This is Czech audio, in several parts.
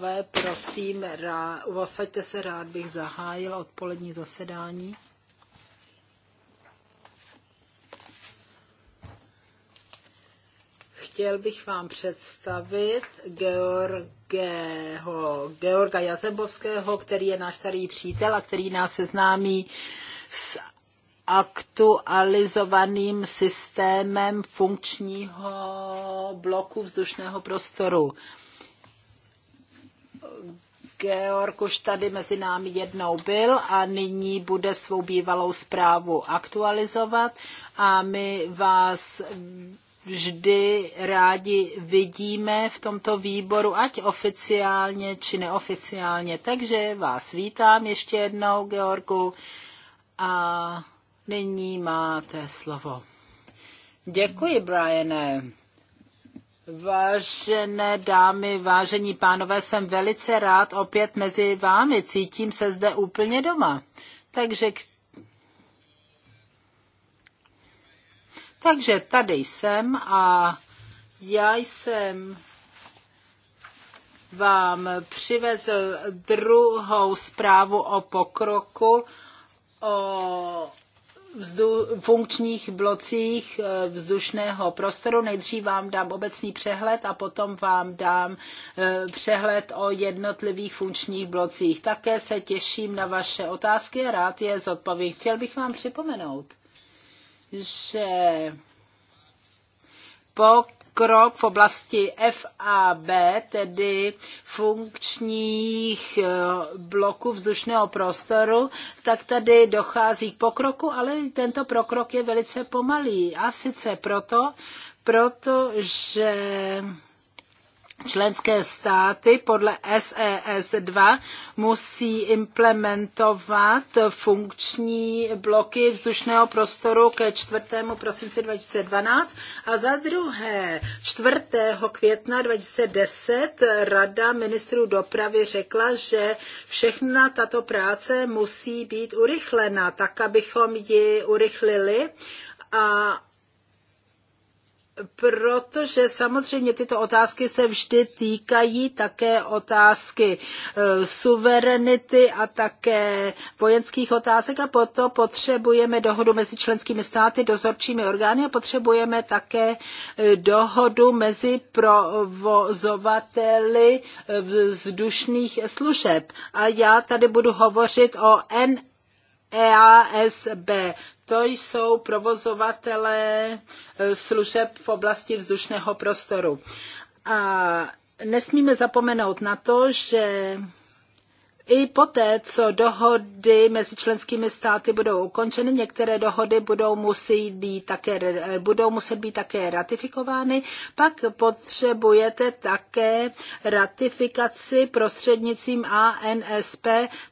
Kolegové, prosím, uvasaďte se, rád bych zahájil odpolední zasedání. Chtěl bych vám představit Georgeho, Georga Jazebovského, který je náš starý přítel a který nás seznámí s aktualizovaným systémem funkčního bloku vzdušného prostoru. Georg už tady mezi námi jednou byl a nyní bude svou bývalou zprávu aktualizovat a my vás vždy rádi vidíme v tomto výboru, ať oficiálně či neoficiálně. Takže vás vítám ještě jednou, Georgu, a nyní máte slovo. Děkuji, Briane. Vážené dámy, vážení pánové, jsem velice rád opět mezi vámi. Cítím se zde úplně doma. Takže, takže tady jsem a já jsem vám přivezl druhou zprávu o pokroku o vzdu, funkčních blocích eh, vzdušného prostoru. Nejdřív vám dám obecný přehled a potom vám dám eh, přehled o jednotlivých funkčních blocích. Také se těším na vaše otázky a rád je zodpovím. Chtěl bych vám připomenout, že po krok v oblasti FAB, tedy funkčních eh, bloků vzdušného prostoru, tak tady dochází k pokroku, ale tento pokrok je velice pomalý. A sice proto, protože členské státy podle SES 2 e musí implementovat funkční bloky vzdušného prostoru ke 4. prosinci 2012 a za druhé 4. května 2010 Rada ministrů dopravy řekla, že všechna tato práce musí být urychlena, tak abychom ji urychlili a protože samozřejmě tyto otázky se vždy týkají také otázky e, suverenity a také vojenských otázek a proto potřebujeme dohodu mezi členskými státy, dozorčími orgány a potřebujeme také e, dohodu mezi provozovateli e, vzdušných služeb. A já tady budu hovořit o N EASB, to jsou provozovatelé e, služeb v oblasti vzdušného prostoru. A nesmíme zapomenout na to, že i poté, co dohody mezi členskými státy budou ukončeny, některé dohody budou muset být také, budou muset být také ratifikovány, pak potřebujete také ratifikaci prostřednicím ANSP,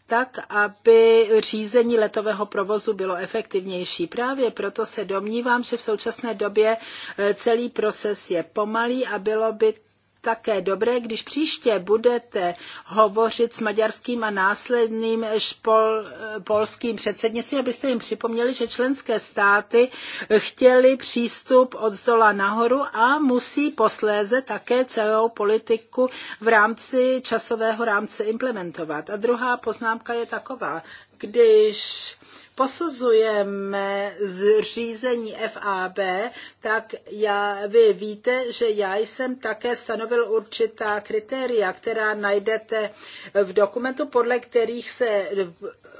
tak, aby řízení letového provozu bylo efektivnější. Právě proto se domnívám, že v současné době eh, celý proces je pomalý a bylo by také dobré, když příště budete hovořit s maďarským a následným špol, polským předsednictvím, abyste jim připomněli, že členské státy chtěli přístup od zdola nahoru a musí posléze také celou politiku v rámci časového rámce implementovat. A druhá poznámka je taková, když posuzujeme zřízení FAB, tak já, vy víte, že já jsem také stanovil určitá kritéria, která najdete v dokumentu, podle kterých se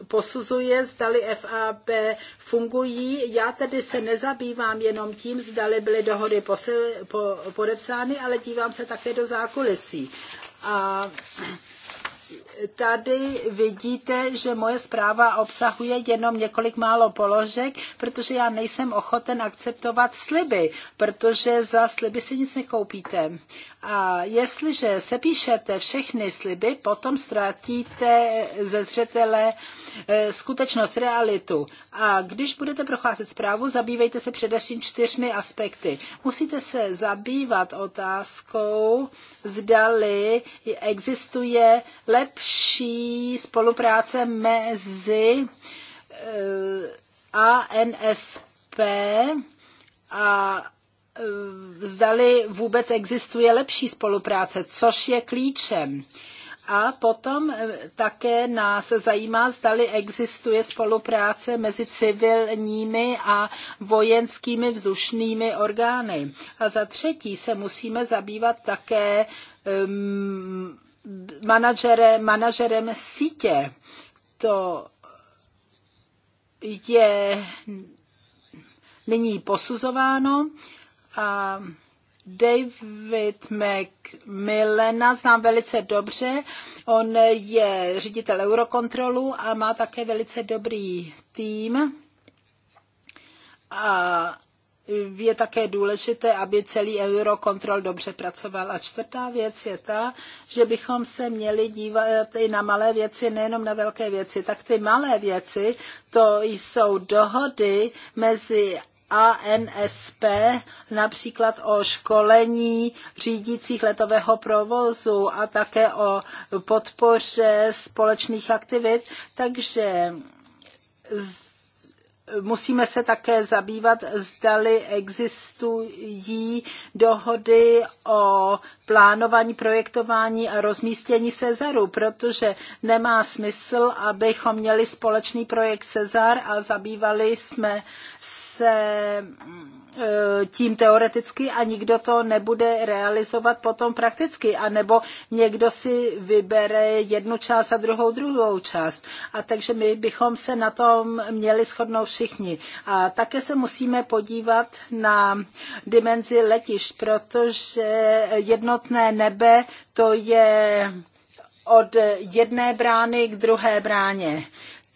posuzuje, zdali FAB fungují. Já tedy se nezabývám jenom tím, zdali byly dohody podepsány, ale dívám se také do zákulisí. A tady vidíte, že moje zpráva obsahuje jenom několik málo položek, protože já nejsem ochoten akceptovat sliby, protože za sliby si nic nekoupíte. A jestliže sepíšete všechny sliby, potom ztratíte ze zřetele e, skutečnost, realitu. A když budete procházet zprávu, zabývejte se především čtyřmi aspekty. Musíte se zabývat otázkou, zdali existuje lepší spolupráce mezi ANSP eh, a eh, zdali vůbec existuje lepší spolupráce, což je klíčem. A potom eh, také nás zajímá, zdali existuje spolupráce mezi civilními a vojenskými vzdušnými orgány. A za třetí se musíme zabývat také um, manažerem, manažerem sítě. To je nyní posuzováno a David McMillena znám velice dobře. On je ředitel Eurokontrolu a má také velice dobrý tým. A je také důležité, aby celý Eurokontrol dobře pracoval. A čtvrtá věc je ta, že bychom se měli dívat i na malé věci, nejenom na velké věci. Tak ty malé věci, to jsou dohody mezi ANSP, například o školení řídících letového provozu a také o podpoře společných aktivit. Takže musíme se také zabývat, zdali existují dohody o plánování, projektování a rozmístění Cezaru, protože nemá smysl, abychom měli společný projekt Cezar a zabývali jsme se E, tím teoreticky a nikdo to nebude realizovat potom prakticky, anebo někdo si vybere jednu část a druhou druhou část. A takže my bychom se na tom měli shodnout všichni. A také se musíme podívat na dimenzi letišť, protože jednotné nebe to je od jedné brány k druhé bráně.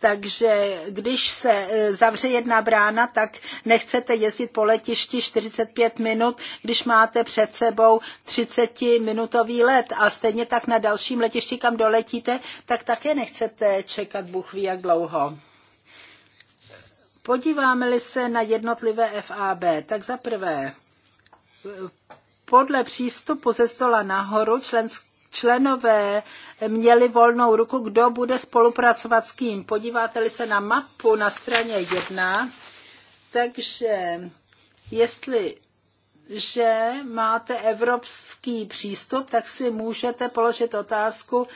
Takže když se e, zavře jedna brána, tak nechcete jezdit po letišti 45 minut, když máte před sebou 30-minutový let a stejně tak na dalším letišti, kam doletíte, tak také nechcete čekat Bůh ví jak dlouho. Podíváme-li se na jednotlivé FAB, tak za prvé e, podle přístupu ze stola nahoru členské členové měli volnou ruku, kdo bude spolupracovat s kým. Podíváte-li se na mapu na straně jedna, takže jestli že máte evropský přístup, tak si můžete položit otázku,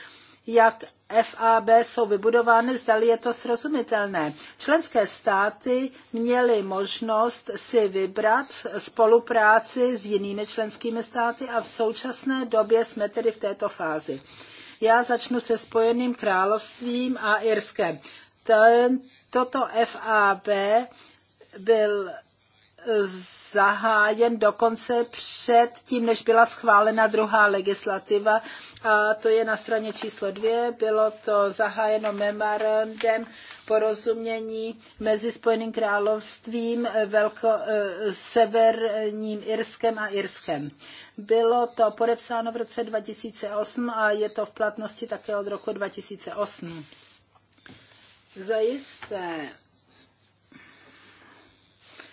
jak FAB jsou vybudovány, zdali je to srozumitelné. Členské státy měly možnost si vybrat spolupráci s jinými členskými státy a v současné době jsme tedy v této fázi. Já začnu se Spojeným královstvím a Irskem. Ten, toto FAB byl z zahájen dokonce před tím, než byla schválena druhá legislativa. A to je na straně číslo dvě. Bylo to zahájeno memorandem porozumění mezi Spojeným královstvím, Velko, eh, Severním Irskem a Irskem. Bylo to podepsáno v roce 2008 a je to v platnosti také od roku 2008. Zajisté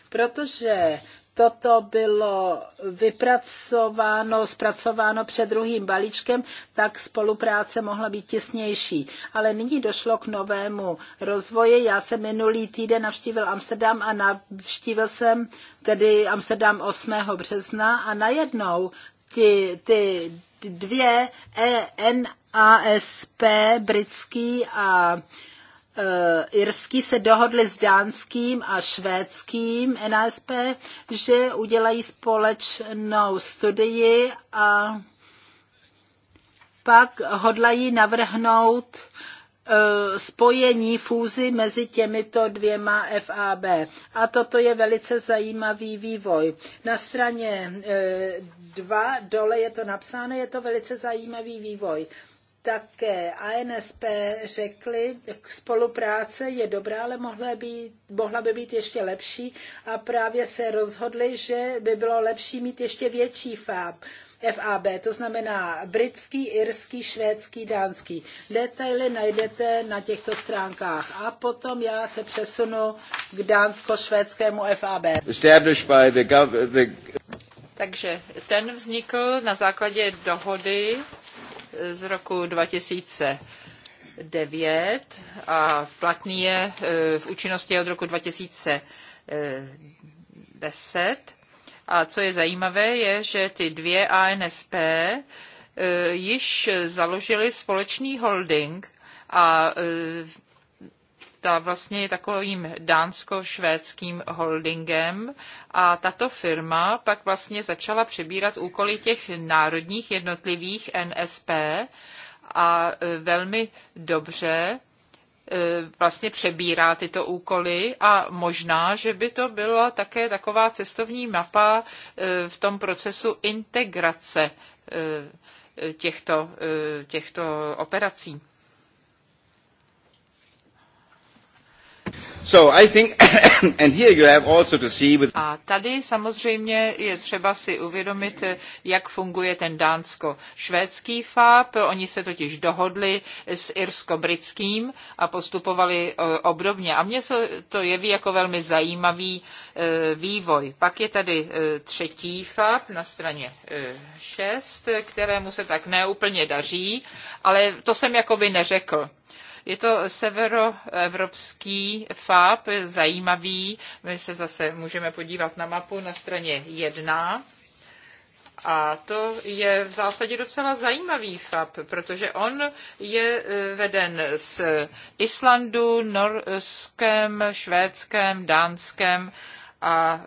protože toto bylo vypracováno, zpracováno před druhým balíčkem, tak spolupráce mohla být těsnější. Ale nyní došlo k novému rozvoji. Já jsem minulý týden navštívil Amsterdam a navštívil jsem tedy Amsterdam 8. března a najednou ty, ty dvě ENASP britský a Eh, irský se dohodli s dánským a švédským NASP, že udělají společnou studii a pak hodlají navrhnout eh, spojení fúzy mezi těmito dvěma FAB. A toto je velice zajímavý vývoj. Na straně eh, dva dole je to napsáno, je to velice zajímavý vývoj také ANSP řekli, spolupráce je dobrá, ale mohla, být, mohla by být ještě lepší a právě se rozhodli, že by bylo lepší mít ještě větší FAB. FAB, to znamená britský, irský, švédský, dánský. Detaily najdete na těchto stránkách. A potom já se přesunu k dánsko-švédskému FAB. Takže ten vznikl na základě dohody z roku 2009 a platný je e, v účinnosti od roku 2010. A co je zajímavé, je, že ty dvě ANSP e, již založily společný holding a e, ta vlastně je takovým dánsko-švédským holdingem a tato firma pak vlastně začala přebírat úkoly těch národních jednotlivých NSP a e, velmi dobře e, vlastně přebírá tyto úkoly a možná, že by to byla také taková cestovní mapa e, v tom procesu integrace těchto, těchto operací. A tady samozřejmě je třeba si uvědomit, jak funguje ten dánsko-švédský FAP. Oni se totiž dohodli s irsko-britským a postupovali e, obdobně. A mně se to jeví jako velmi zajímavý e, vývoj. Pak je tady e, třetí FAP na straně 6, kterému se tak neúplně daří, ale to jsem jakoby neřekl. Je to severoevropský FAP, zajímavý. My se zase můžeme podívat na mapu na straně 1. A to je v zásadě docela zajímavý FAP, protože on je e, veden z Islandu, Norskem, Švédskem, Dánskem a e,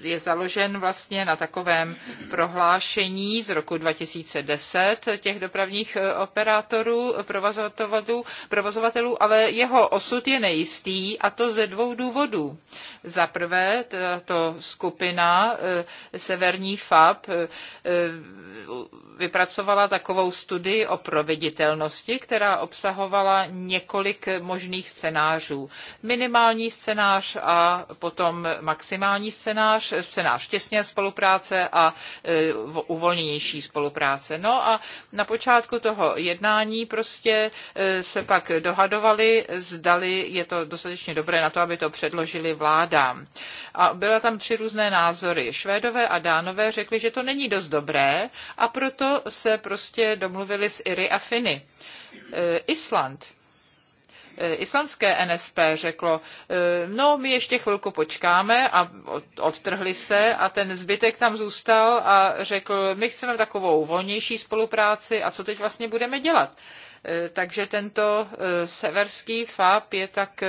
je založen vlastně na takovém prohlášení z roku 2010 těch dopravních e, operátorů, provozovatelů, provozovatelů ale jeho osud je nejistý a to ze dvou důvodů. Za prvé, tato skupina e, Severní FAB e, vypracovala takovou studii o proveditelnosti, která obsahovala několik možných scénářů. Minimální scénář a potom maximální scénář scénář, scénář těsně spolupráce a e, uvolněnější spolupráce. No a na počátku toho jednání prostě e, se pak dohadovali, zdali je to dostatečně dobré na to, aby to předložili vládám. A byla tam tři různé názory. Švédové a Dánové řekli, že to není dost dobré a proto se prostě domluvili s Iry a Finy. E, Island Eh, islandské NSP řeklo, eh, no my ještě chvilku počkáme a odtrhli se a ten zbytek tam zůstal a řekl, my chceme takovou volnější spolupráci a co teď vlastně budeme dělat. Eh, takže tento severský FAP je tak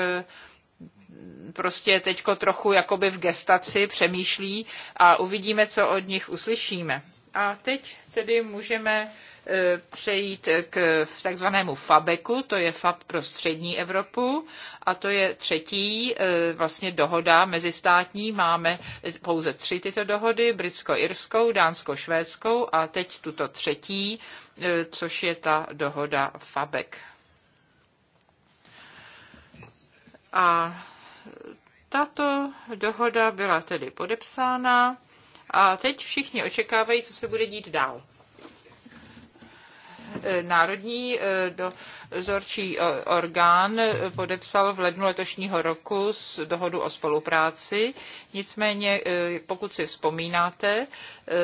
prostě teďko trochu jakoby v gestaci přemýšlí a uvidíme, co od nich uslyšíme. A teď tedy můžeme E, přejít k takzvanému FABEKu, to je FAB pro střední Evropu, a to je třetí e, vlastně dohoda mezistátní. Máme pouze tři tyto dohody, britsko-irskou, dánsko-švédskou a teď tuto třetí, e, což je ta dohoda FABEK. A tato dohoda byla tedy podepsána a teď všichni očekávají, co se bude dít dál. E, národní e, dozorčí e, orgán podepsal v lednu letošního roku s dohodu o spolupráci. Nicméně, pokud si vzpomínáte,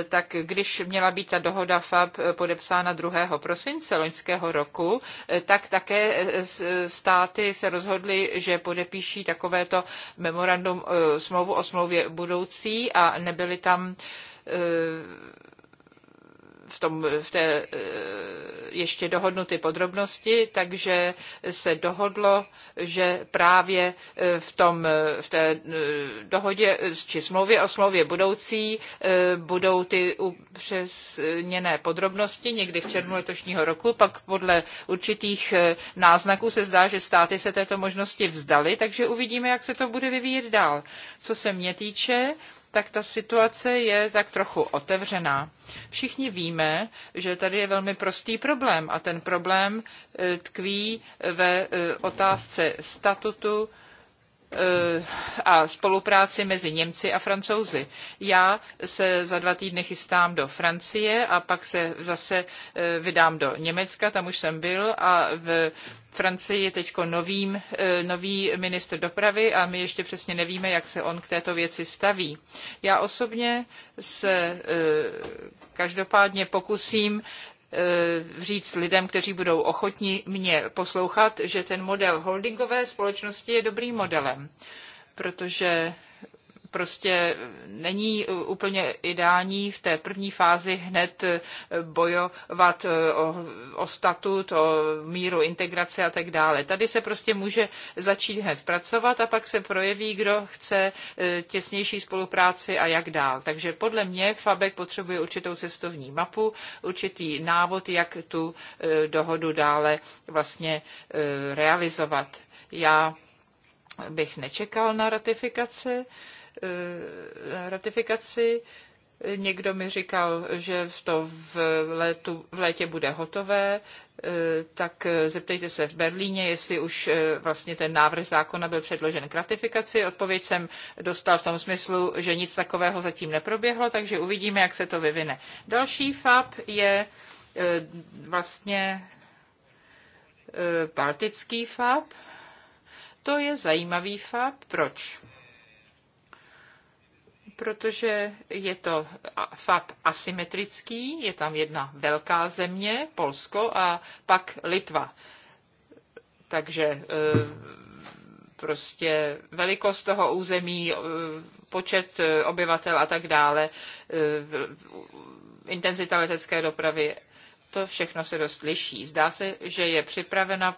tak když měla být ta dohoda FAB podepsána 2. prosince loňského roku, tak také státy se rozhodly, že podepíší takovéto memorandum smlouvu o smlouvě budoucí a nebyly tam v, tom, v té eh, ještě dohodnuty podrobnosti, takže se dohodlo, že právě eh, v, tom, eh, v té dohodě či smlouvě o smlouvě budoucí budou ty upřesněné podrobnosti někdy v červnu letošního roku. Pak podle určitých náznaků se zdá, že státy se této možnosti vzdali, takže uvidíme, jak se to bude vyvíjet dál. Co se mě týče, tak ta situace je tak trochu otevřená. Všichni víme, že tady je velmi prostý problém a ten problém eh, tkví ve eh, otázce statutu Eh, a spolupráci mezi Němci a Francouzi. Já se za dva týdny chystám do Francie a pak se zase eh, vydám do Německa, tam už jsem byl a v Francii je teď novým, eh, nový ministr dopravy a my ještě přesně nevíme, jak se on k této věci staví. Já osobně se každopádně pokusím Eh, říct lidem, kteří budou ochotní mě poslouchat, že ten model holdingové společnosti je dobrým modelem, protože prostě není e, úplně ideální v té první fázi hned e, bojovat e, o, o statut, o míru integrace a tak dále. Tady se prostě může začít hned pracovat a pak se projeví, kdo chce těsnější spolupráci a jak dál. Takže podle mě FABEK potřebuje určitou cestovní mapu, určitý návod, jak tu dohodu dále vlastně realizovat. Já bych nečekal na ratifikaci Eh, ratifikaci. Někdo mi říkal, že to v, létu, v létě bude hotové, eh, tak eh, zeptejte se v Berlíně, jestli už vlastně ten návrh zákona byl předložen k ratifikaci. Odpověď jsem dostal v tom smyslu, že nic takového zatím neproběhlo, takže uvidíme, jak se to vyvine. Další FAB je vlastně baltický FAB. To je zajímavý FAB. Proč? protože je to FAP asymetrický, je tam jedna velká země, Polsko, a pak Litva. Takže e, prostě velikost toho území, e, počet e, obyvatel a tak dále, intenzita letecké dopravy, to všechno se dost liší. Zdá se, že je připravena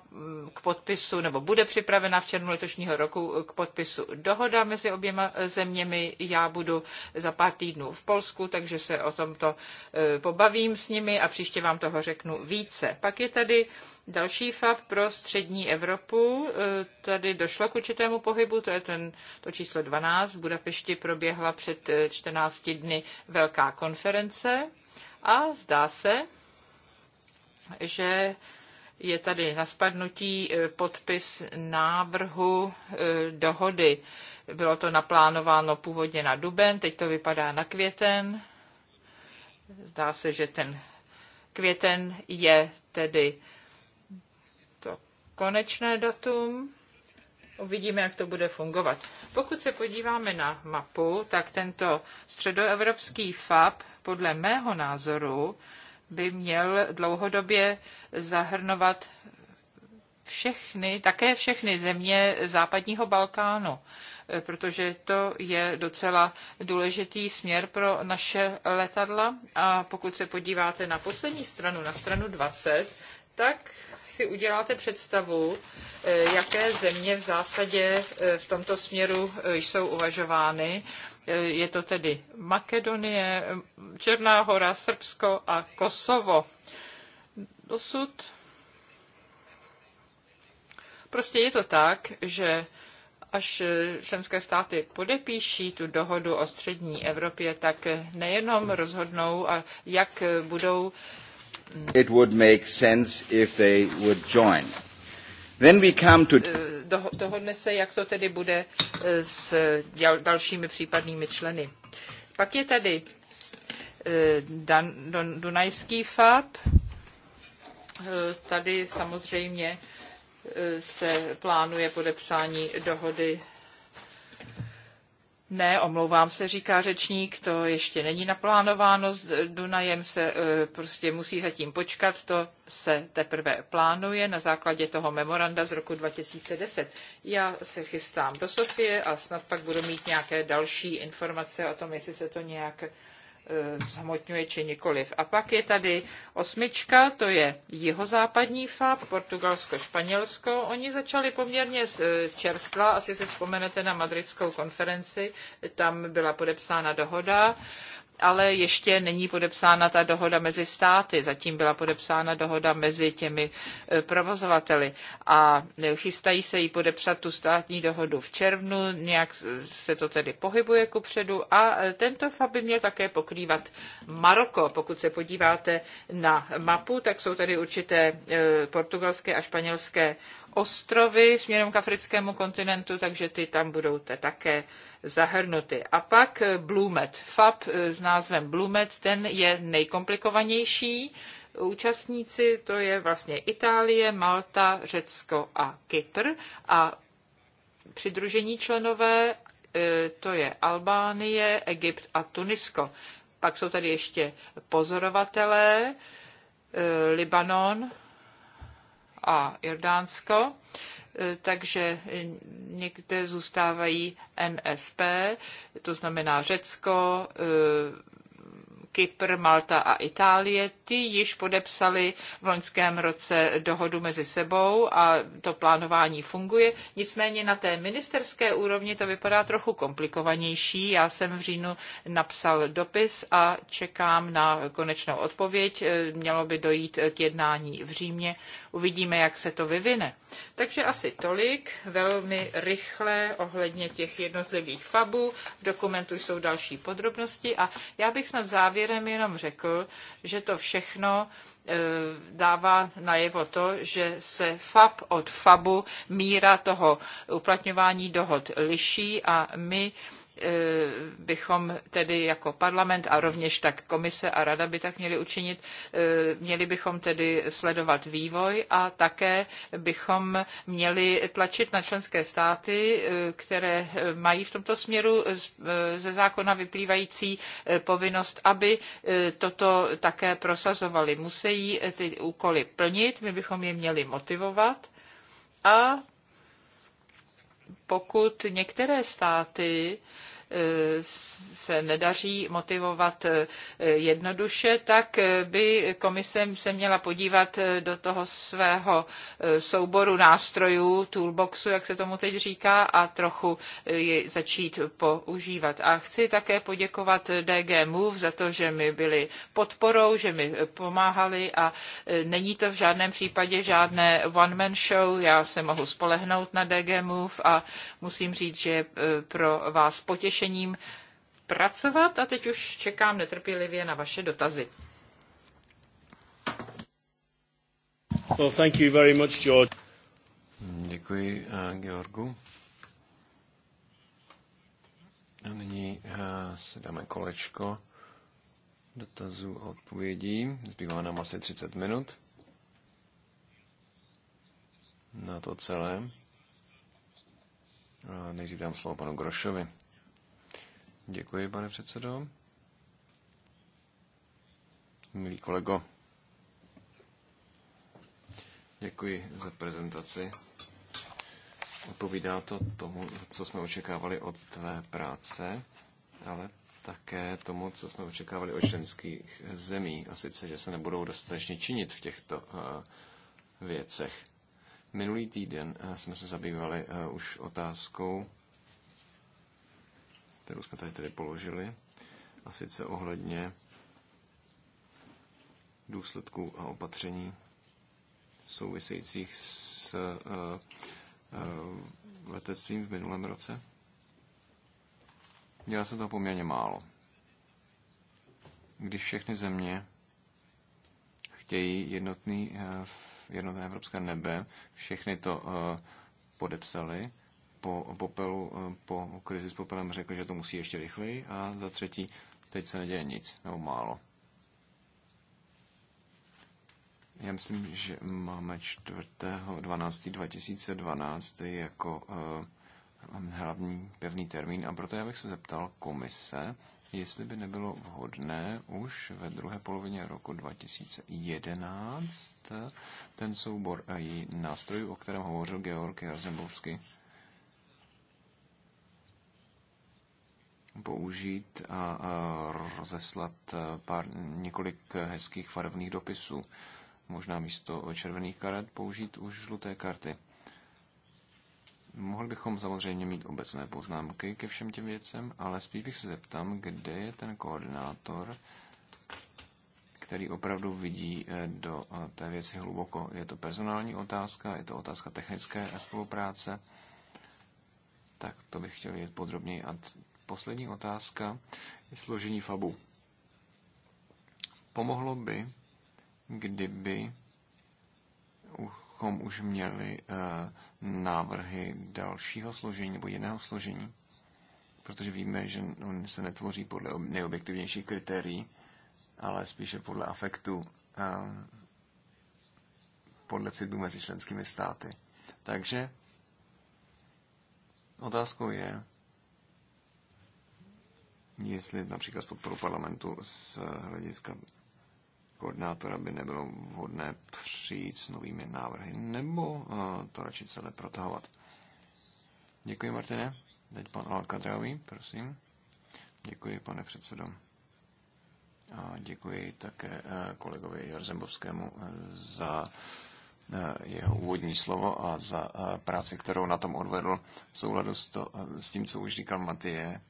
k podpisu, nebo bude připravena v červnu letošního roku k podpisu dohoda mezi oběma eh, zeměmi. Já budu za pár týdnů v Polsku, takže se o tomto eh, pobavím s nimi a příště vám toho řeknu více. Pak je tady Další FAB pro střední Evropu. Eh, tady došlo k určitému pohybu, to je ten, to číslo 12. V Budapešti proběhla před 14 dny velká konference a zdá se, že je tady na spadnutí eh, podpis návrhu eh, dohody. Bylo to naplánováno původně na duben, teď to vypadá na květen. Zdá se, že ten květen je tedy to konečné datum. Uvidíme, jak to bude fungovat. Pokud se podíváme na mapu, tak tento středoevropský FAB podle mého názoru by měl dlouhodobě zahrnovat všechny, také všechny země západního Balkánu, eh, protože to je docela důležitý směr pro naše letadla. A pokud se podíváte na poslední stranu, na stranu 20, tak si uděláte představu, eh, jaké země v zásadě eh, v tomto směru jsou uvažovány Eh, je to tedy Makedonie, Černá hora, Srbsko a Kosovo. Dosud prostě je to tak, že až členské státy podepíší tu dohodu o střední Evropě, tak nejenom rozhodnou, a jak budou It would make sense if they would join. Then we come to eh, dohodne se, jak to tedy bude eh, s dalšími případnými členy. Pak je tady eh, Dan, Don, Dunajský FAB. Eh, tady samozřejmě se plánuje podepsání dohody ne, omlouvám se, říká řečník, to ještě není naplánováno, s Dunajem se e, prostě musí zatím počkat, to se teprve plánuje na základě toho memoranda z roku 2010. Já se chystám do Sofie a snad pak budu mít nějaké další informace o tom, jestli se to nějak zhmotňuje či nikoliv. A pak je tady osmička, to je jihozápadní FAB, Portugalsko, Španělsko. Oni začali poměrně z eh, čerstva, asi si vzpomenete na madridskou konferenci, tam byla podepsána dohoda ale ještě není podepsána ta dohoda mezi státy. Zatím byla podepsána dohoda mezi těmi eh, provozovateli a chystají se jí podepsat tu státní dohodu v červnu, nějak se to tedy pohybuje kupředu a eh, tento FAB by měl také pokrývat Maroko. Pokud se podíváte na mapu, tak jsou tady určité eh, portugalské a španělské ostrovy směrem k africkému kontinentu, takže ty tam budou také zahrnuty. A pak eh, Blumet, FAP eh, s názvem Blumet, ten je nejkomplikovanější. Účastníci to je vlastně Itálie, Malta, Řecko a Kypr a přidružení členové eh, to je Albánie, Egypt a Tunisko. Pak jsou tady ještě pozorovatelé, Libanon, a Jordánsko eh, takže někde zůstávají NSP, to znamená Řecko, eh, Kypr, Malta a Itálie, ty již podepsali v loňském roce dohodu mezi sebou a to plánování funguje. Nicméně na té ministerské úrovni to vypadá trochu komplikovanější. Já jsem v říjnu napsal dopis a čekám na konečnou odpověď. E, mělo by dojít k jednání v Římě. Uvidíme, jak se to vyvine. Takže asi tolik, velmi rychle ohledně těch jednotlivých fabů. V dokumentu jsou další podrobnosti a já bych snad závěr závěrem jenom řekl, že to všechno eh, dává najevo to, že se FAB od FABu míra toho uplatňování dohod liší a my E, bychom tedy jako parlament a rovněž tak komise a rada by tak měli učinit, e, měli bychom tedy sledovat vývoj a také bychom měli tlačit na členské státy, e, které mají v tomto směru ze zákona vyplývající povinnost, aby toto také prosazovali. Musí ty úkoly plnit, my bychom je měli motivovat a pokud některé státy se nedaří motivovat eh, jednoduše, tak eh, by komise se měla podívat eh, do toho svého souboru nástrojů, toolboxu, jak se tomu teď říká, a trochu ji začít používat. A chci také poděkovat DG Move za to, že mi byli podporou, že mi pomáhali a není to v žádném případě žádné one-man show. Já se mohu spolehnout na DG Move a musím říct, že pro vás potěšení potěšením pracovat a teď už čekám netrpělivě na vaše dotazy. Well, thank you very much, George. Děkuji, uh, Georgu. A nyní uh, si dáme kolečko dotazů a odpovědí. Zbývá nám asi 30 minut na to celé. Uh, nejdřív dám slovo panu Grošovi. Děkuji, pane předsedo. Milý kolego, děkuji za prezentaci. Odpovídá to tomu, co jsme očekávali od tvé práce, ale také tomu, co jsme očekávali od členských zemí, a sice, že se nebudou dostatečně činit v těchto eh, věcech. Minulý týden eh, jsme se zabývali eh, už otázkou kterou jsme tady tedy položili, a sice ohledně důsledků a opatření souvisejících s eh, eh, letectvím v minulém roce. Dělá se to poměrně málo. Když všechny země chtějí jednotný, eh, jednotné evropské nebe, všechny to podepsali, po, popelu, eh, po krizi s popelem řekli, že to musí ještě rychleji a za třetí, teď se neděje nic nebo málo. Já myslím, že máme 4.12.2012 jako uh, hlavní pevný termín a proto já bych se zeptal komise, jestli by nebylo vhodné už ve druhé polovině roku 2011 ten soubor nástrojů, o kterém hovořil Georg Jarzembovský, použít a rozeslat e, pár, několik hezkých farevných dopisů. Možná místo červených karet použít už žluté karty. Mohli bychom samozřejmě mít obecné poznámky ke všem těm věcem, ale spíš bych se zeptám, kde je ten koordinátor, který opravdu vidí e, do e, té věci hluboko. Je to personální otázka, je to otázka technické spolupráce, tak to bych chtěl vědět podrobněji a poslední otázka je složení FABu. Pomohlo by, kdyby uchom už měli eh, návrhy dalšího složení nebo jiného složení, protože víme, že on se netvoří podle nejobjektivnějších kritérií, ale spíše podle afektu, eh, podle citů mezi členskými státy. Takže otázkou je, jestli například z podporu parlamentu z hlediska koordinátora by nebylo vhodné přijít s novými návrhy, nebo eh, to radši celé protahovat. Děkuji, Martine. Teď pan Alkadraoui, prosím. Děkuji, pane předsedo. A děkuji také eh, kolegovi Jarzembovskému eh, za jeho úvodní slovo a za práci, kterou na tom odvedl v souladu s, to, s tím, co už říkal Matěje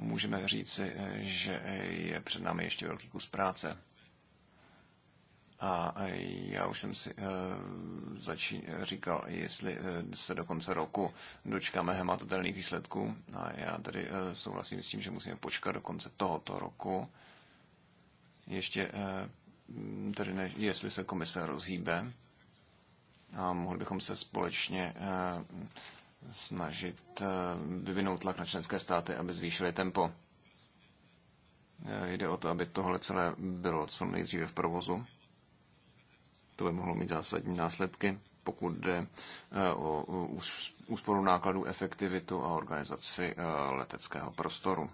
můžeme říci, eh, že je před námi ještě velký kus práce. A eh, já už jsem si eh, začí, říkal, jestli se do konce roku dočkáme hematotelných výsledků. A já tady souhlasím s tím, že musíme počkat do konce tohoto roku. Ještě tedy ne, jestli se komise rozhýbe. A mohli bychom se společně snažit eh, vyvinout tlak na členské státy, aby zvýšili tempo. Eh, jde o to, aby tohle celé bylo co nejdříve v provozu. To by mohlo mít zásadní následky, pokud jde eh, o úsporu nákladů, efektivitu a organizaci leteckého prostoru.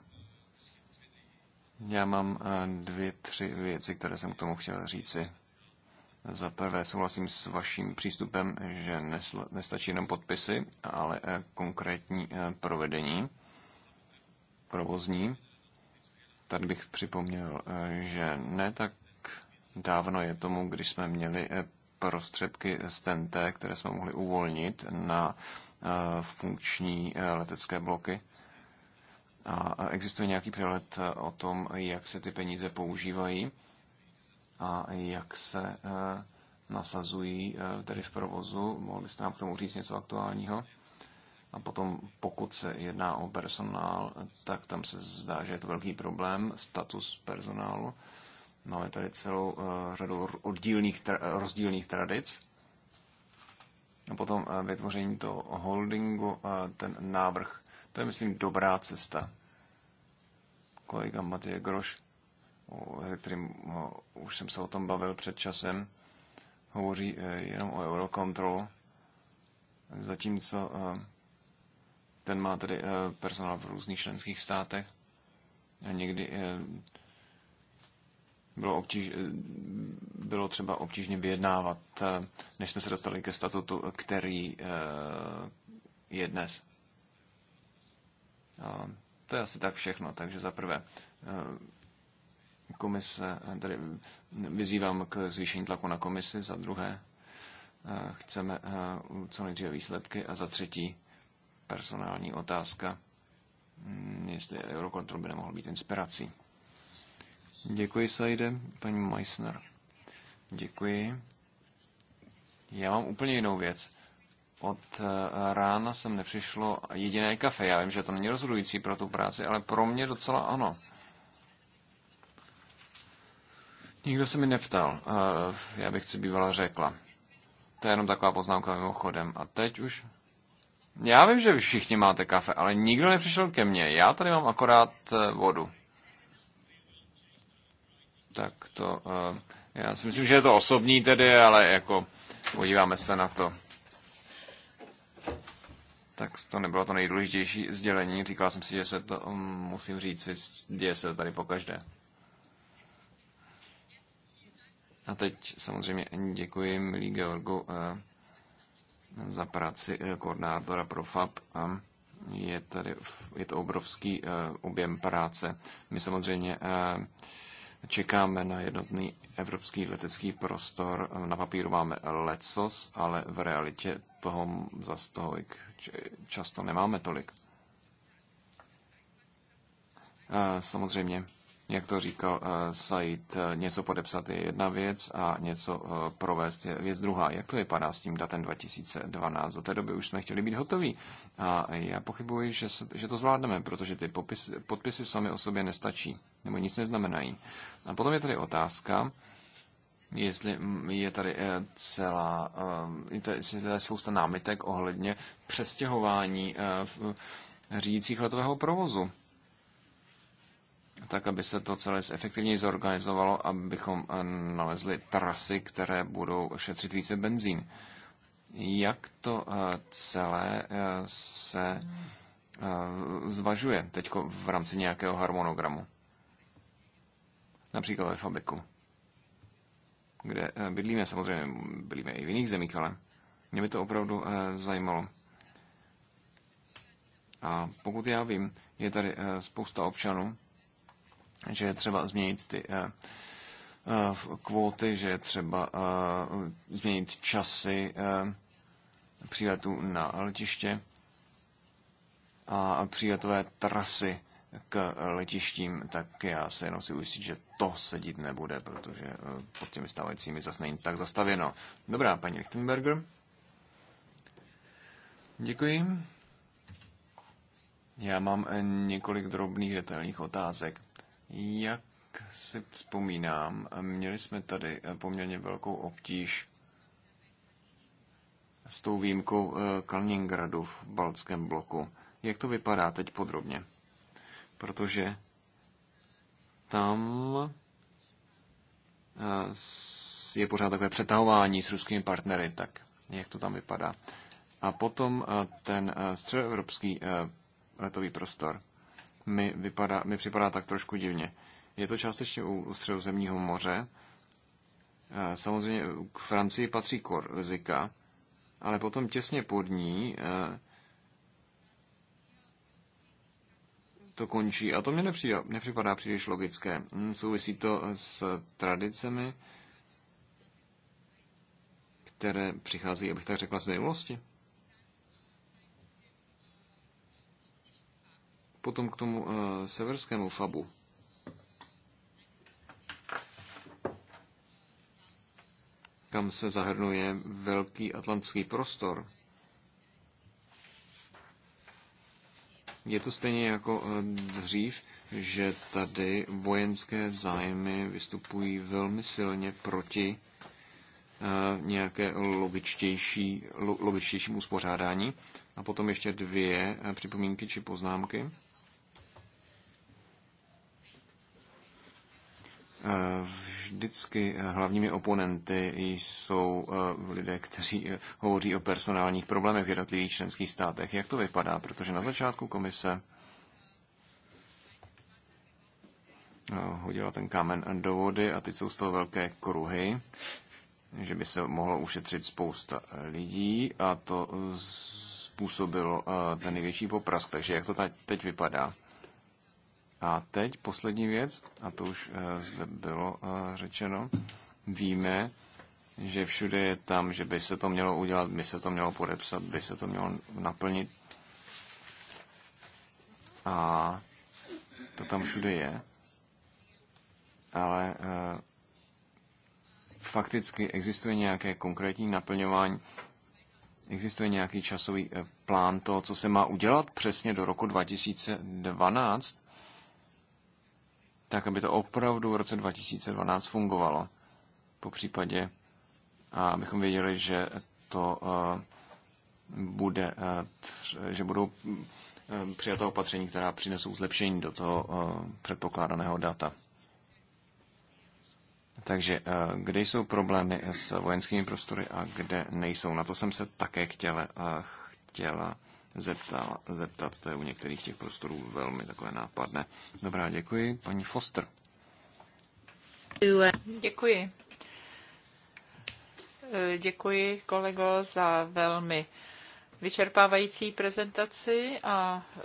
Já mám dvě, tři věci, které jsem k tomu chtěl říci. Za prvé souhlasím s vaším přístupem, že nestačí jenom podpisy, ale eh, konkrétní eh, provedení provozní. Tady bych připomněl, eh, že ne tak dávno je tomu, když jsme měli prostředky z TNT, které jsme mohli uvolnit na funkční letecké bloky. A existuje nějaký přehled o tom, jak se ty peníze používají a jak se eh, nasazují eh, tedy v provozu. Mohli byste nám k tomu říct něco aktuálního? A potom, pokud se jedná o personál, tak tam se zdá, že je to velký problém, status personálu. Máme tady celou eh, řadu oddílných, rozdílných tradic. A potom vytvoření toho holdingu, ten návrh. To je, myslím, dobrá cesta. Kolega Matěj Groš kterým už jsem se o tom bavil před časem, hovoří eh, jenom o Eurocontrol, zatímco eh, ten má tedy eh, personál v různých členských státech. A někdy bylo, obtíž, bylo třeba obtížně vyjednávat, než jsme se dostali ke statutu, který je dnes. to je asi tak všechno. Takže za prvé, komise, tedy vyzývám k zvýšení tlaku na komisi, za druhé eh, chceme eh, co nejdříve výsledky a za třetí personální otázka, mm, jestli Eurocontrol by nemohl být inspirací. Děkuji, Sajde, paní Meissner. Děkuji. Já mám úplně jinou věc. Od eh, rána jsem nepřišlo jediné kafe. Já vím, že to není rozhodující pro tu práci, ale pro mě docela ano. Nikdo se mi neptal. Já bych si bývala řekla. To je jenom taková poznámka mimochodem. A teď už... Já vím, že vy všichni máte kafe, ale nikdo nepřišel ke mně. Já tady mám akorát e, vodu. Tak to... E, já si myslím, že je to osobní tedy, ale jako podíváme se na to. Tak to nebylo to nejdůležitější sdělení. Říkal jsem si, že se to mm, musím říct, děje se to tady po každé. A teď samozřejmě děkuji milí Georgu eh, za práci eh, koordinátora pro FAB. Je, tady, je to obrovský eh, objem práce. My samozřejmě čekáme na jednotný evropský letecký prostor. Na papíru máme lecos, ale v realitě toho za toho často nemáme tolik. Samozřejmě jak to říkal eh, Said, eh, něco podepsat je jedna věc a něco eh, provést je věc druhá. Jak to vypadá s tím datem 2012? Do té doby už jsme chtěli být hotoví. A já pochybuji, že, že to zvládneme, protože ty popis, podpisy sami o sobě nestačí, nebo nic neznamenají. A potom je tady otázka, jestli je tady celá, jestli je tady spousta námitek ohledně přestěhování řídících letového provozu tak aby se to celé efektivněji zorganizovalo, abychom eh, nalezli trasy, které budou šetřit více benzín. Jak to eh, celé eh, se zvažuje teď v rámci nějakého harmonogramu? Například ve Fabiku, kde bydlíme, samozřejmě bydlíme i v jiných zemích, ale mě by to opravdu zajímalo. A pokud já vím, je tady spousta občanů, že je třeba změnit ty eh, eh, kvóty, že je třeba eh, změnit časy příletů na letiště a příletové trasy k letištím, tak já se jenom si ujistit, že to sedít nebude, protože pod těmi stávajícími zase není tak zastavěno. Dobrá, paní Lichtenberger. Děkuji. Já mám několik drobných detailních otázek. Jak si vzpomínám, měli jsme tady eh, poměrně velkou obtíž s tou výjimkou eh, Kaliningradu v Baltském bloku. Jak to vypadá teď podrobně? Protože tam eh, je pořád takové přetahování s ruskými partnery, tak jak to tam vypadá. A potom ten středoevropský letový prostor mi, vypadá, mi připadá tak trošku divně. Je to částečně u, u středozemního moře. E, samozřejmě k Francii patří Korzika, ale potom těsně pod ní e, to končí. A to mě nepřijde, nepřipadá příliš logické. Hm, souvisí to s tradicemi, které přichází, abych tak řekla, z minulosti. Potom k tomu eh, severskému fabu. Kam se zahrnuje velký atlantský prostor. Je to stejně jako eh, dřív, že tady vojenské zájmy vystupují velmi silně proti eh, nějaké logičtější, logičtějšímu uspořádání. A potom ještě dvě připomínky či poznámky. Vždycky eh, hlavními oponenty jsou eh, lidé, kteří eh, hovoří o personálních problémech v jednotlivých členských státech. Jak to vypadá? Protože na začátku komise hodila ten kámen do vody a teď jsou z toho velké kruhy, že by se mohlo ušetřit spousta lidí a to způsobilo ten největší poprask. Takže jak to teď vypadá? A teď poslední věc, a to už eh, zde bylo eh, řečeno, víme, že všude je tam, že by se to mělo udělat, by se to mělo podepsat, by se to mělo naplnit. A to tam všude je. Ale e, fakticky existuje nějaké konkrétní naplňování, existuje nějaký časový plán toho, co se má udělat přesně do roku 2012 tak aby to opravdu v roce 2012 fungovalo. Po případě, a abychom věděli, že to e, bude, e, že budou e, přijata opatření, která přinesou zlepšení do toho předpokládaného data. Takže kde jsou problémy s vojenskými prostory a kde nejsou? Na to jsem se také chtěla, chtěla zeptal, zeptat. To je u některých těch prostorů velmi takové nápadné. Dobrá, děkuji. Paní Foster. Děkuji. Eh, děkuji, kolego, za velmi vyčerpávající prezentaci a eh,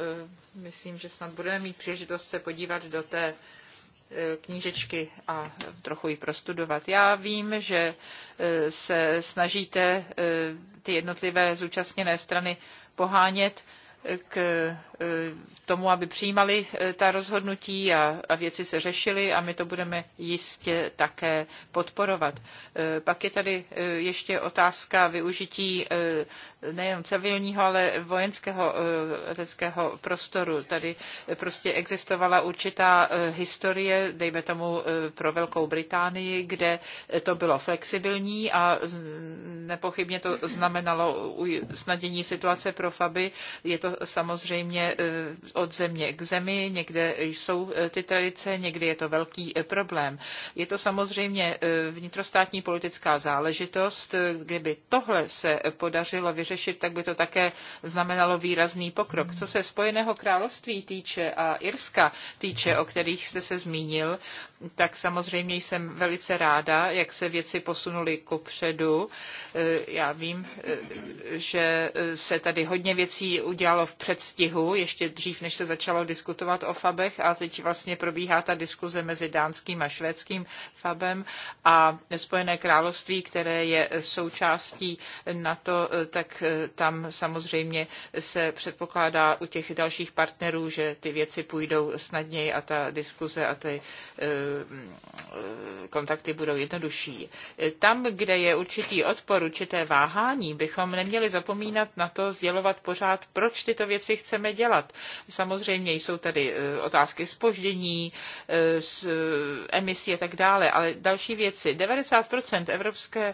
myslím, že snad budeme mít příležitost se podívat do té eh, knížečky a trochu ji prostudovat. Já vím, že se snažíte ty jednotlivé zúčastněné strany pohánět eh, k eh, tomu, aby přijímali eh, ta rozhodnutí a, a věci se řešily a my to budeme jistě také podporovat. Pak je tady ještě otázka využití nejenom civilního, ale vojenského eh, leteckého prostoru. Tady prostě existovala určitá eh, historie, dejme tomu eh, pro Velkou Británii, kde to bylo flexibilní a nepochybně to znamenalo snadění situace pro Faby. Je to samozřejmě od země k zemi, někde jsou ty tradice, někdy je to velký problém. Je to samozřejmě vnitrostátní politická záležitost, kdyby tohle se podařilo vyřešit, řešit, tak by to také znamenalo výrazný pokrok. Co se Spojeného království týče a Irska týče, o kterých jste se zmínil, tak samozřejmě jsem velice ráda, jak se věci posunuly kopředu. E, já vím, e, že e, se tady hodně věcí udělalo v předstihu, ještě dřív, než se začalo diskutovat o FABech a teď vlastně probíhá ta diskuze mezi dánským a švédským FABem a Spojené království, které je součástí NATO, tak tam samozřejmě se předpokládá u těch dalších partnerů, že ty věci půjdou snadněji a ta diskuze a ty Eh, kontakty budou jednodušší. Tam, kde je určitý odpor, určité váhání, bychom neměli zapomínat na to sdělovat pořád, proč tyto věci chceme dělat. Samozřejmě jsou tady eh, otázky spoždění, eh, emisí a tak dále, ale další věci. 90% evropské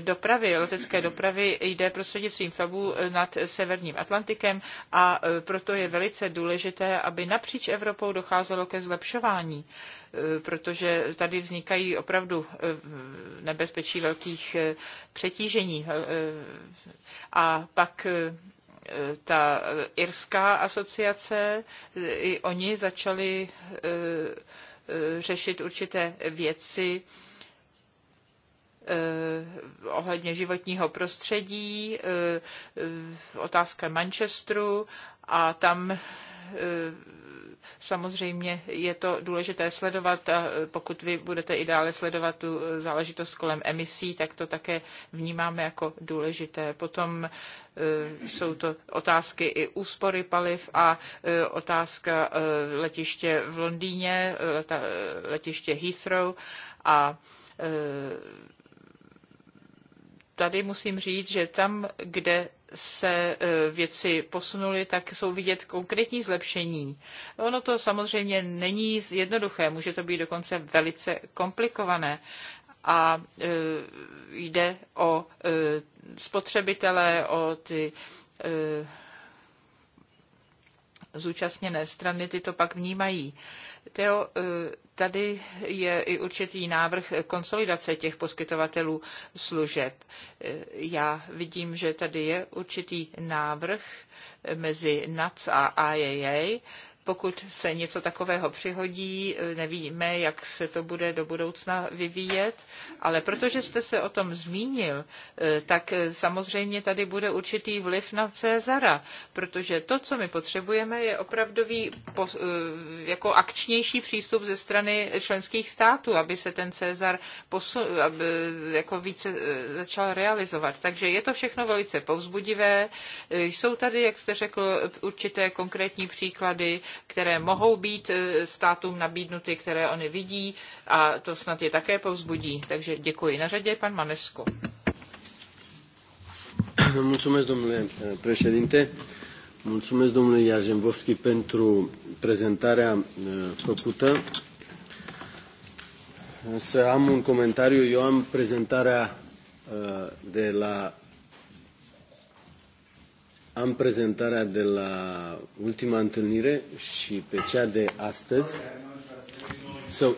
dopravy, letecké dopravy jde prostřednictvím FABu nad severním Atlantikem a proto je velice důležité, aby napříč Evropou docházelo ke zlepšování. Eh, protože tady vznikají opravdu eh, nebezpečí velkých eh, přetížení. A pak ta irská asociace, i oni začali řešit určité věci, ohledně životního prostředí, otázka Manchesteru a tam Samozřejmě je to důležité sledovat a pokud vy budete i dále sledovat tu záležitost kolem emisí, tak to také vnímáme jako důležité. Potom e, jsou to otázky i úspory paliv a e, otázka e, letiště v Londýně, letiště Heathrow a tady musím říct, že tam, kde se e, věci posunuly, tak jsou vidět konkrétní zlepšení. Ono to samozřejmě není jednoduché, může to být dokonce velice komplikované a e, jde o e, spotřebitele, o ty zúčastněné strany, ty to pak vnímají. Teo tady je i určitý návrh konsolidace těch poskytovatelů služeb. Já vidím, že tady je určitý návrh mezi NAC a IAA, pokud se něco takového přihodí, nevíme, jak se to bude do budoucna vyvíjet, ale protože jste se o tom zmínil, eh, tak eh, samozřejmě tady bude určitý vliv na Cezara, protože to, co my potřebujeme, je opravdový eh, jako akčnější přístup ze strany členských států, aby se ten Cezar aby jako více začal realizovat. Takže je to všechno velice povzbudivé. Jsou tady, jak jste řekl, určité konkrétní příklady, které mohou být eh, státům nabídnuty, které oni vidí a to snad je také povzbudí. Takže děkuji. Na řadě je pan Manesko. No, Mulțumesc, domnule eh, președinte. Mulțumesc domnule Iarzembovski pentru prezentarea eh, făcută. Însă am un comentariu. Eu am prezentarea de la Am prezentarea de la ultima întâlnire și pe cea de astăzi. So,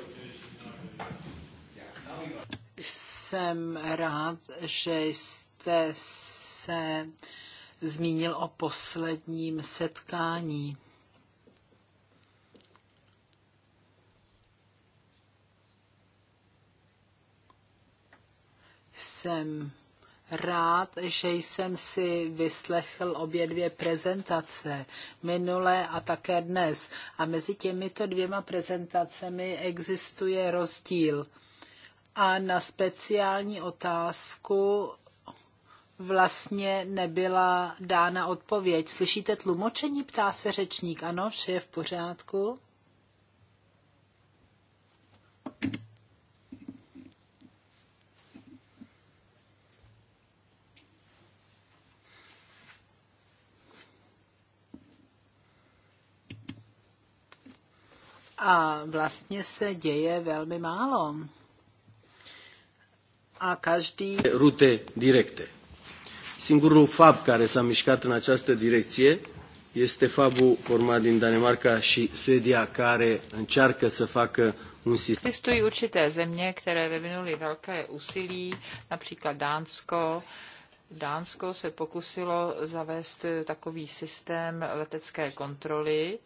jsem rád, že jste se zmínil o posledním setkání. Jsem rád, že jsem si vyslechl obě dvě prezentace, minulé a také dnes. A mezi těmito dvěma prezentacemi existuje rozdíl. A na speciální otázku vlastně nebyla dána odpověď. Slyšíte tlumočení, ptá se řečník. Ano, vše je v pořádku. A vlastně se děje velmi málo. A každý... Rute directe. Singurul fab care s-a mișcat în această direcție este fabul format din Danemarca și Suedia care încearcă să facă un systém. Existují určité země, které vyvinuly velké úsilí, například Dánsko, Dánsko se pokusilo zavést takový systém letecké kontroly,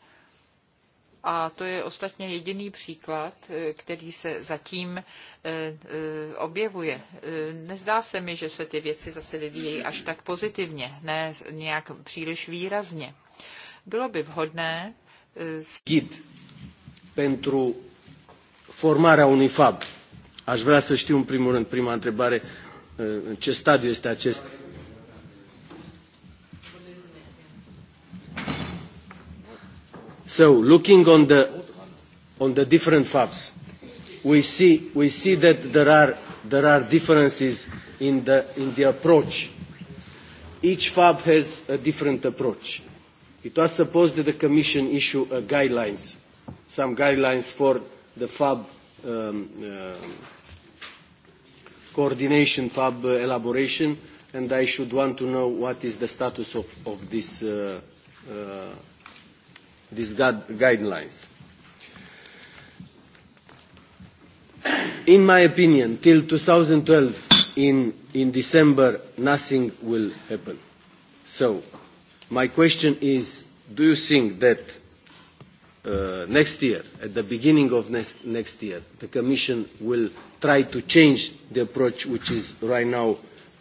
a to je ostatně jediný příklad, eh, který se zatím eh, eh, objevuje. Nezdá se mi, že se ty věci zase vyvíjejí až tak pozitivně, ne nějak příliš výrazně. Bylo by vhodné... skid pentru formarea unui fab. Aș vrea să știu în primul rând, prima întrebare, în ce stadiu este acest So looking on the, on the different FABs, we see, we see that there are, there are differences in the, in the approach. Each FAB has a different approach. It was supposed that the Commission issue a uh, guidelines, some guidelines for the FAB um, uh, coordination, FAB uh, elaboration, and I should want to know what is the status of, of this uh, uh these guidelines. In my opinion, till 2012, in, in December, nothing will happen. So, my question is, do you think that uh, next year, at the beginning of next, next year, the Commission will try to change the approach, which is right now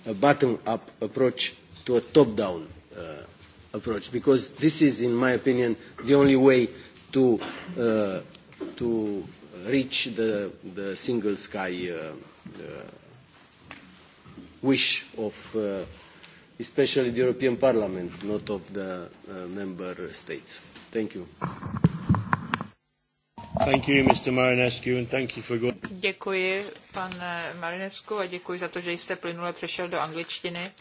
a bottom-up approach, to a top-down approach, because this is, in my opinion, the only way to, uh, to reach the, the single sky uh, uh, wish of uh, especially the European Parliament, not of the uh, member states. Thank you. Thank you, Mr. Marinescu, and thank you for going... Děkuji, pan Marinescu, a děkuji za to, že jste plynule přešel do angličtiny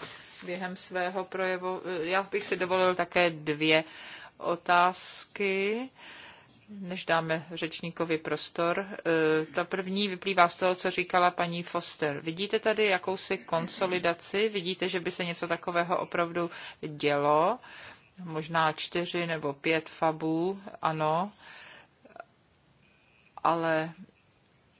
během svého projevu. Já bych si dovolil také dvě otázky, než dáme řečníkovi prostor. E, ta první vyplývá z toho, co říkala paní Foster. Vidíte tady jakousi konsolidaci? Vidíte, že by se něco takového opravdu dělo? Možná čtyři nebo pět fabů, ano ale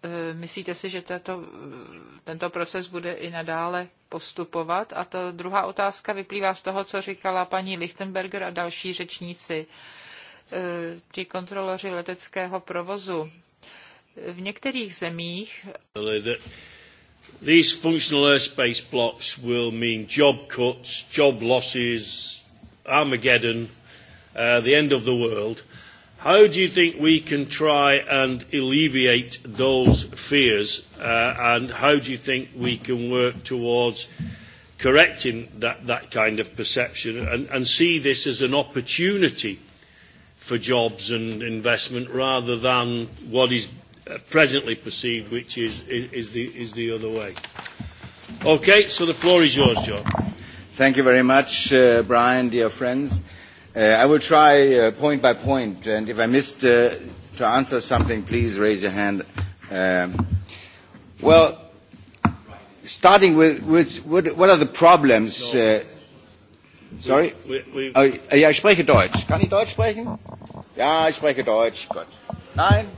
Eh, myslíte si, že tato, eh, tento proces bude i nadále postupovat? A ta druhá otázka vyplývá z toho, co říkala paní Lichtenberger a další řečníci, eh, ti kontroloři leteckého provozu. V některých zemích These functional airspace blocks will mean job cuts, job losses, Armageddon, uh, the end of the world. How do you think we can try and alleviate those fears? Uh, and how do you think we can work towards correcting that, that kind of perception and, and see this as an opportunity for jobs and investment rather than what is uh, presently perceived, which is, is, is, the, is the other way? Okay, so the floor is yours, John. Thank you very much, uh, Brian, dear friends. Uh, I will try uh, point by point, and if I missed uh, to answer something, please raise your hand. Um, well, starting with, with what, what are the problems? No. Uh, sorry? We, we, oh, ja, ich spreche Deutsch. Kann ich Deutsch sprechen? Ja, ich spreche Deutsch. Gott. Nein?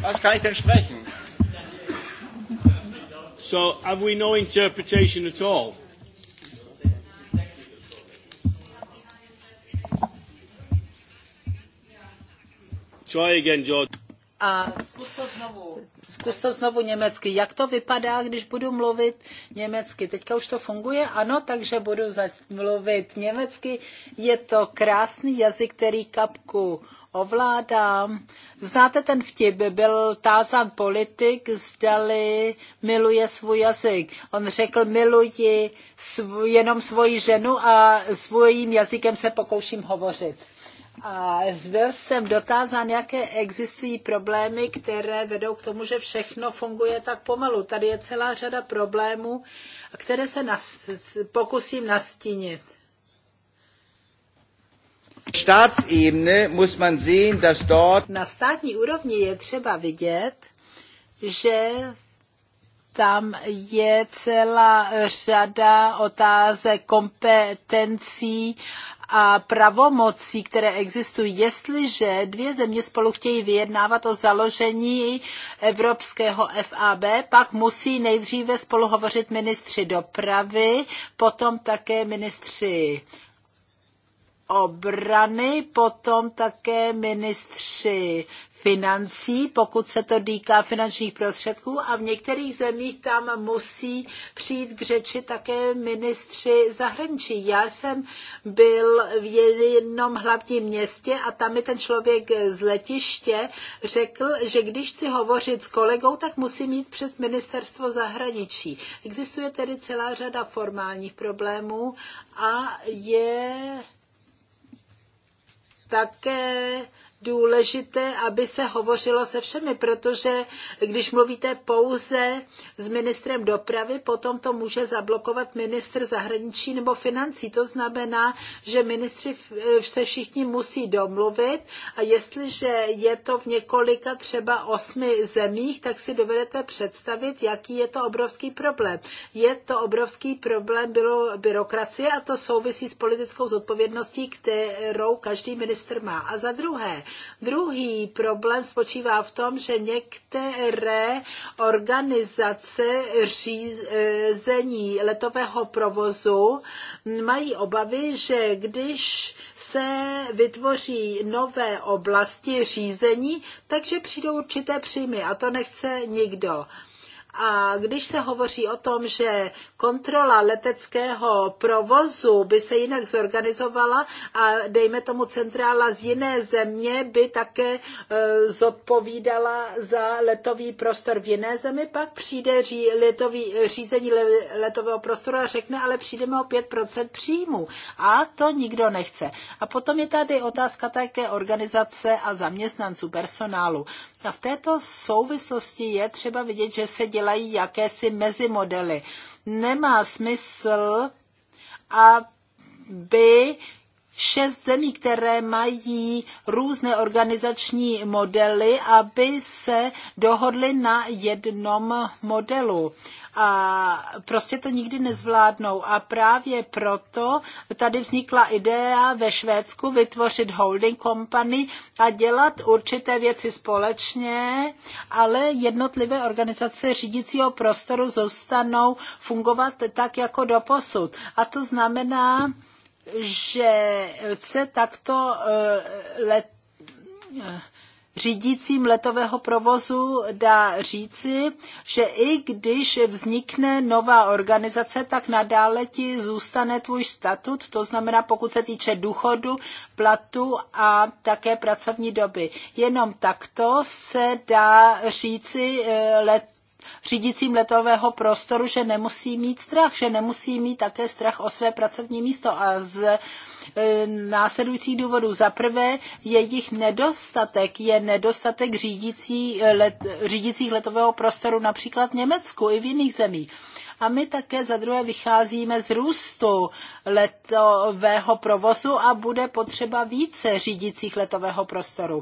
Was kann ich denn sprechen? So, have we no interpretation at all? Try again, George. A zkus to, znovu. zkus to znovu německy. Jak to vypadá, když budu mluvit německy? Teďka už to funguje? Ano, takže budu mluvit německy. Je to krásný jazyk, který kapku ovládám. Znáte ten vtip, byl tázan politik, zdali miluje svůj jazyk. On řekl, miluji jenom svoji ženu a svým jazykem se pokouším hovořit. A byl jsem dotázán, jaké existují problémy, které vedou k tomu, že všechno funguje tak pomalu. Tady je celá řada problémů, které se nas- pokusím nastínit. Na státní úrovni je třeba vidět, že tam je celá řada otázek kompetencí a pravomocí, které existují, jestliže dvě země spolu chtějí vyjednávat o založení evropského FAB, pak musí nejdříve spolu hovořit ministři dopravy, potom také ministři obrany, potom také ministři financí, pokud se to týká finančních prostředků a v některých zemích tam musí přijít k řeči také ministři zahraničí. Já jsem byl v jednom hlavním městě a tam mi ten člověk z letiště řekl, že když chci hovořit s kolegou, tak musí mít přes ministerstvo zahraničí. Existuje tedy celá řada formálních problémů a je také důležité, aby se hovořilo se všemi, protože když mluvíte pouze s ministrem dopravy, potom to může zablokovat ministr zahraničí nebo financí. To znamená, že ministři se všichni musí domluvit a jestliže je to v několika třeba osmi zemích, tak si dovedete představit, jaký je to obrovský problém. Je to obrovský problém bylo byrokracie a to souvisí s politickou zodpovědností, kterou každý minister má. A za druhé, Druhý problém spočívá v tom, že některé organizace řízení letového provozu mají obavy, že když se vytvoří nové oblasti řízení, takže přijdou určité příjmy a to nechce nikdo. A když se hovoří o tom, že kontrola leteckého provozu by se jinak zorganizovala a dejme tomu centrála z jiné země by také e, zodpovídala za letový prostor v jiné zemi, pak přijde ří, letový, řízení letového prostoru a řekne, ale přijdeme o 5% příjmu. A to nikdo nechce. A potom je tady otázka také organizace a zaměstnanců, personálu. A v této souvislosti je třeba vidět, že se dělá dělají jakési mezimodely. Nemá smysl, aby šest zemí, které mají různé organizační modely, aby se dohodly na jednom modelu a prostě to nikdy nezvládnou. A právě proto tady vznikla idea ve Švédsku vytvořit holding company a dělat určité věci společně, ale jednotlivé organizace řídícího prostoru zůstanou fungovat tak jako doposud. A to znamená, že se takto eh, let řídícím letového provozu dá říci, že i když vznikne nová organizace, tak nadále ti zůstane tvůj statut, to znamená pokud se týče důchodu, platu a také pracovní doby. Jenom takto se dá říci eh, let řídícím letového prostoru, že nemusí mít strach, že nemusí mít také strach o své pracovní místo. A z e, následujících důvodů. Za prvé, jejich nedostatek je nedostatek řídící let, řídících letového prostoru například v Německu i v jiných zemích. A my také za druhé vycházíme z růstu letového provozu a bude potřeba více řídících letového prostoru.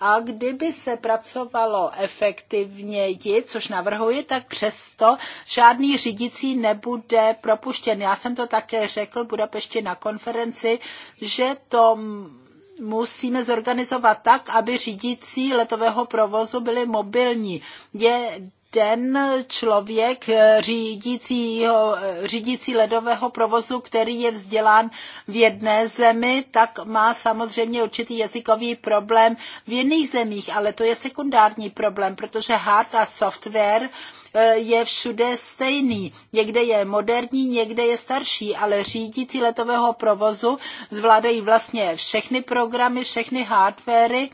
A kdyby se pracovalo efektivněji, což navrhuji, tak přesto žádný řídící nebude propuštěn. Já jsem to také řekl Budapešti na konferenci, že to musíme zorganizovat tak, aby řídící letového provozu byli mobilní. Je ten člověk eh, řídícího, eh, řídící ledového provozu, který je vzdělán v jedné zemi, tak má samozřejmě určitý jazykový problém v jiných zemích, ale to je sekundární problém, protože hard a software eh, je všude stejný. Někde je moderní, někde je starší, ale řídící letového provozu zvládají vlastně všechny programy, všechny hardwary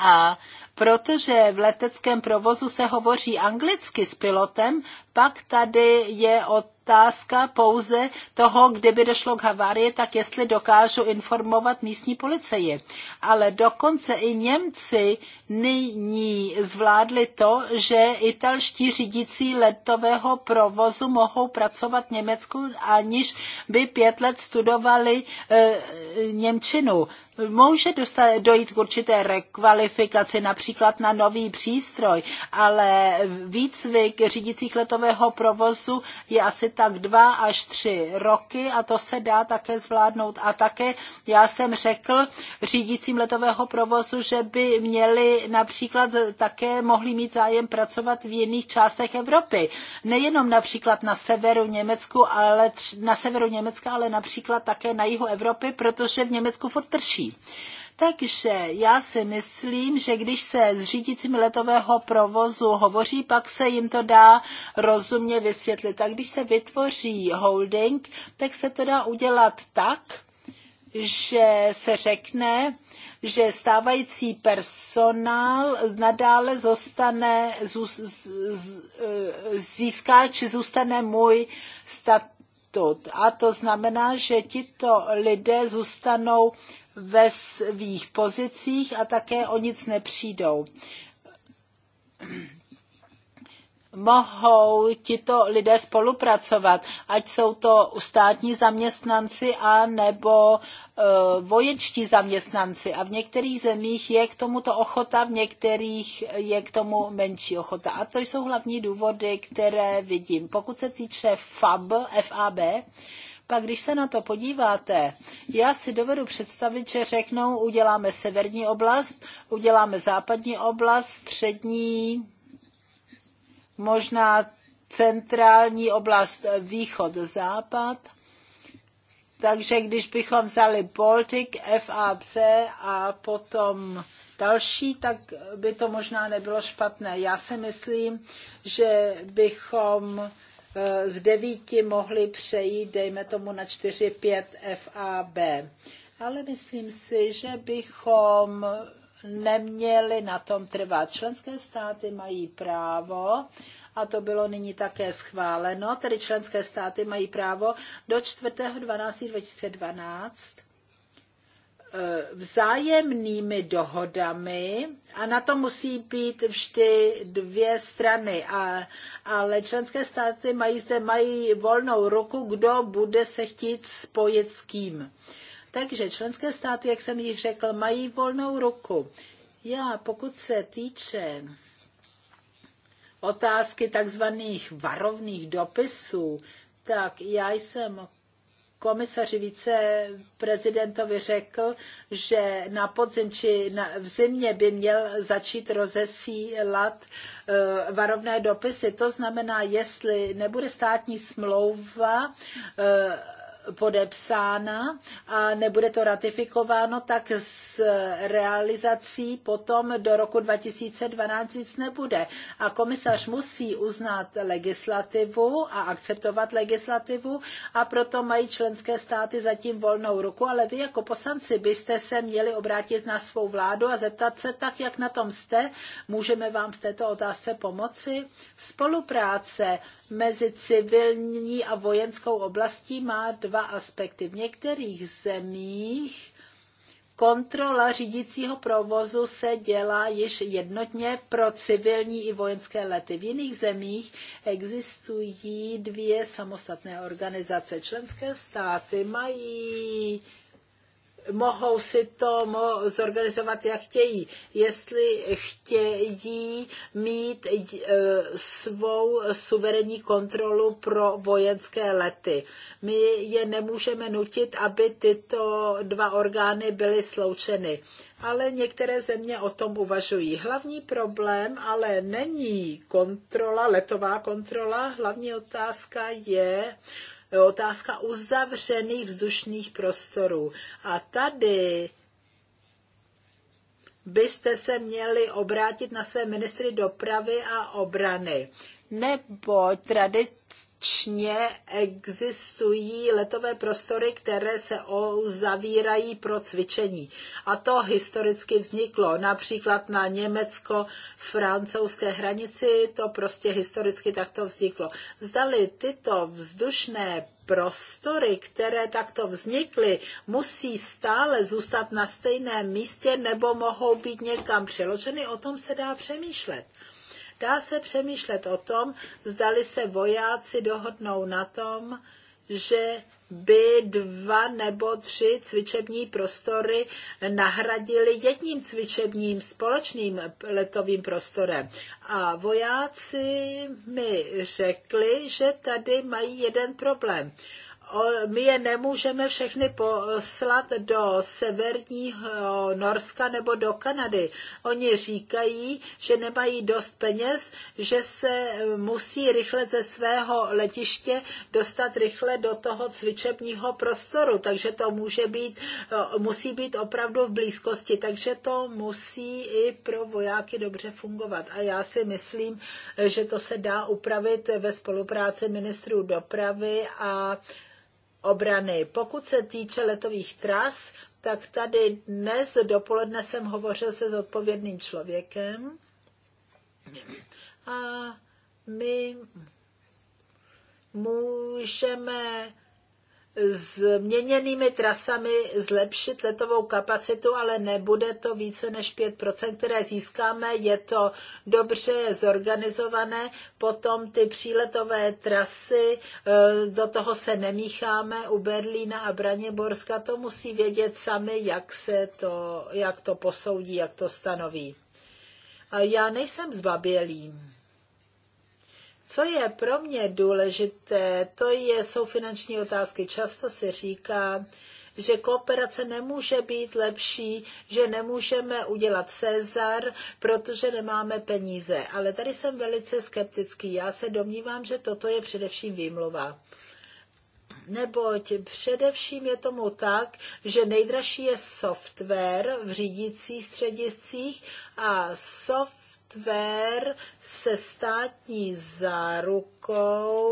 a Protože v leteckém provozu se hovoří anglicky s pilotem, pak tady je otázka pouze toho, kdyby došlo k havárii, tak jestli dokážu informovat místní policie. Ale dokonce i Němci nyní zvládli to, že italští řídící letového provozu mohou pracovat v Německu, aniž by pět let studovali e, Němčinu. Může dostat, dojít k určité rekvalifikaci, například na nový přístroj, ale výcvik řídících letového provozu je asi tak dva až tři roky a to se dá také zvládnout. A také já jsem řekl řídícím letového provozu, že by měli například také mohli mít zájem pracovat v jiných částech Evropy. Nejenom například na severu Německu, ale na severu Německa, ale například také na jihu Evropy, protože v Německu furt prší větší. Takže já si myslím, že když se s řídícími letového provozu hovoří, pak se jim to dá rozumně vysvětlit. A když se vytvoří holding, tak se to dá udělat tak, že se řekne, že stávající personál nadále zůstane získá či zůstane můj statut. A to znamená, že tito lidé zůstanou ve svých pozicích a také o nic nepřijdou. Mohou tito lidé spolupracovat, ať jsou to státní zaměstnanci a nebo e, vojenčtí zaměstnanci. A v některých zemích je k tomuto ochota, v některých je k tomu menší ochota. A to jsou hlavní důvody, které vidím. Pokud se týče FAB, FAB pak když se na to podíváte, já si dovedu představit, že řeknou, uděláme severní oblast, uděláme západní oblast, střední, možná centrální oblast východ-západ. Takže když bychom vzali Baltic, FAC a potom další, tak by to možná nebylo špatné. Já si myslím, že bychom Eh, z devíti mohli přejít, dejme tomu, na čtyři, pět FAB. Ale myslím si, že bychom neměli na tom trvat. Členské státy mají právo, a to bylo nyní také schváleno, tedy členské státy mají právo do 2012 Eh, vzájemnými dohodami a na to musí být vždy dvě strany, a, ale členské státy mají zde mají volnou ruku, kdo bude se chtít spojit s kým. Takže členské státy, jak jsem již řekl, mají volnou ruku. Já, pokud se týče otázky takzvaných varovných dopisů, tak já jsem komisaři více prezidentovi řekl, že na podzim či na, v zimě by měl začít rozesílat e, varovné dopisy. To znamená, jestli nebude státní smlouva, e, podepsána a nebude to ratifikováno, tak s realizací potom do roku 2012 nic nebude. A komisař musí uznat legislativu a akceptovat legislativu a proto mají členské státy zatím volnou ruku, ale vy jako poslanci byste se měli obrátit na svou vládu a zeptat se tak, jak na tom jste, můžeme vám v této otázce pomoci. Spolupráce mezi civilní a vojenskou oblastí má dva aspekty. V některých zemích kontrola řídícího provozu se dělá již jednotně pro civilní i vojenské lety. V jiných zemích existují dvě samostatné organizace. Členské státy mají mohou si to zorganizovat, jak chtějí. Jestli chtějí mít e, svou suverénní kontrolu pro vojenské lety. My je nemůžeme nutit, aby tyto dva orgány byly sloučeny. Ale některé země o tom uvažují. Hlavní problém ale není kontrola, letová kontrola. Hlavní otázka je, otázka uzavřených vzdušných prostorů. A tady byste se měli obrátit na své ministry dopravy a obrany. Nebo tradice skutečně existují letové prostory, které se zavírají pro cvičení. A to historicky vzniklo. Například na německo-francouzské hranici to prostě historicky takto vzniklo. Zdali tyto vzdušné prostory, které takto vznikly, musí stále zůstat na stejném místě nebo mohou být někam přeloženy, o tom se dá přemýšlet. Dá se přemýšlet o tom, zdali se vojáci dohodnou na tom, že by dva nebo tři cvičební prostory nahradili jedním cvičebním společným letovým prostorem. A vojáci mi řekli, že tady mají jeden problém my je nemůžeme všechny poslat do severního Norska nebo do Kanady. Oni říkají, že nemají dost peněz, že se musí rychle ze svého letiště dostat rychle do toho cvičebního prostoru, takže to může být, musí být opravdu v blízkosti, takže to musí i pro vojáky dobře fungovat. A já si myslím, že to se dá upravit ve spolupráci ministrů dopravy a obrany. Pokud se týče letových tras, tak tady dnes dopoledne jsem hovořil se zodpovědným člověkem a my můžeme změněnými trasami zlepšit letovou kapacitu, ale nebude to více než 5%, které získáme. Je to dobře zorganizované, potom ty příletové trasy, e, do toho se nemícháme u Berlína a Braněborska. to musí vědět sami, jak, se to, jak to posoudí, jak to stanoví. Já nejsem zbabělý co je pro mě důležité, to je, jsou finanční otázky. Často se říká, že kooperace nemůže být lepší, že nemůžeme udělat Cezar, protože nemáme peníze. Ale tady jsem velice skeptický. Já se domnívám, že toto je především výmluva. Neboť především je tomu tak, že nejdražší je software v řídících střediscích a software software se státní zárukou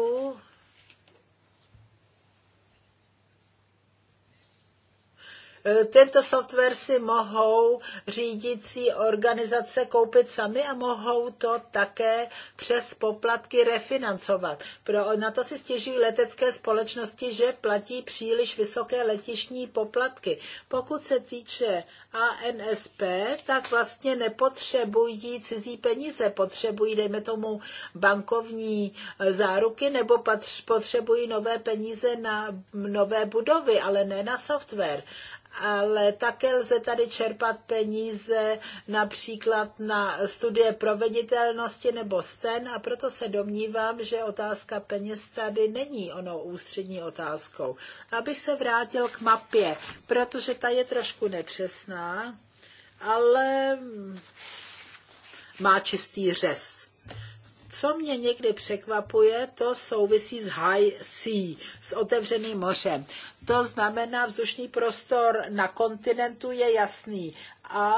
Eh, tento software si mohou řídící organizace koupit sami a mohou to také přes poplatky refinancovat. Pro, na to si stěžují letecké společnosti, že platí příliš vysoké letišní poplatky. Pokud se týče ANSP, tak vlastně nepotřebují cizí peníze, potřebují, dejme tomu, bankovní eh, záruky nebo potřebují nové peníze na nové budovy, ale ne na software ale také lze tady čerpat peníze například na studie proveditelnosti nebo STEN a proto se domnívám, že otázka peněz tady není onou ústřední otázkou. Abych se vrátil k mapě, protože ta je trošku nepřesná, ale má čistý řez co mě někdy překvapuje, to souvisí s high sea, s otevřeným mořem. To znamená, vzdušný prostor na kontinentu je jasný a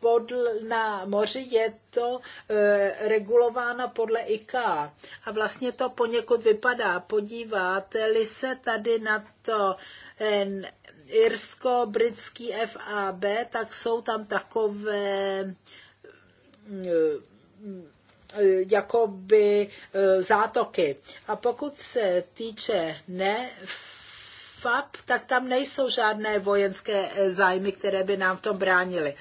podle, na moři je to e, regulováno podle IK A vlastně to poněkud vypadá. Podíváte-li se tady na to en, irsko-britský FAB, tak jsou tam takové e, E, jakoby e, zátoky. A pokud se týče ne FAP, tak tam nejsou žádné vojenské e, zájmy, které by nám v tom bránily.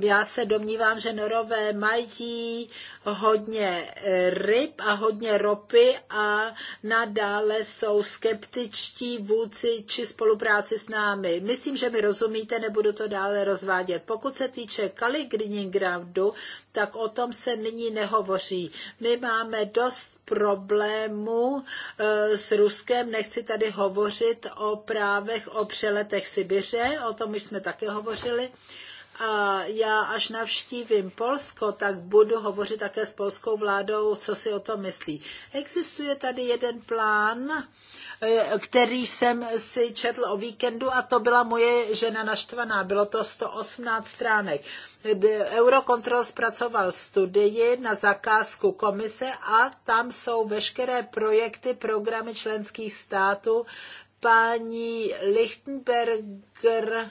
Já se domnívám, že norové mají hodně eh, ryb a hodně ropy a nadále jsou skeptičtí vůdci či spolupráci s námi. Myslím, že mi rozumíte, nebudu to dále rozvádět. Pokud se týče Kaliningradu, tak o tom se nyní nehovoří. My máme dost problémů eh, s Ruskem. Nechci tady hovořit o právech o přeletech Sibiře, o tom už jsme také hovořili a já až navštívím Polsko, tak budu hovořit také s polskou vládou, co si o tom myslí. Existuje tady jeden plán, eh, který jsem si četl o víkendu a to byla moje žena naštvaná. Bylo to 118 stránek. Eurocontrol zpracoval studii na zakázku komise a tam jsou veškeré projekty, programy členských států. Paní Lichtenberger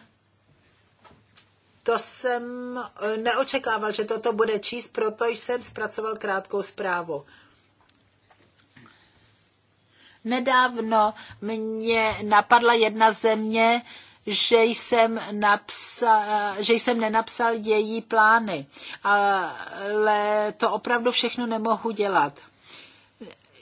to jsem eh, neočekával, že toto bude číst, proto jsem zpracoval krátkou zprávu. Nedávno mě napadla jedna země, že jsem, napsal, že jsem nenapsal její plány, ale to opravdu všechno nemohu dělat.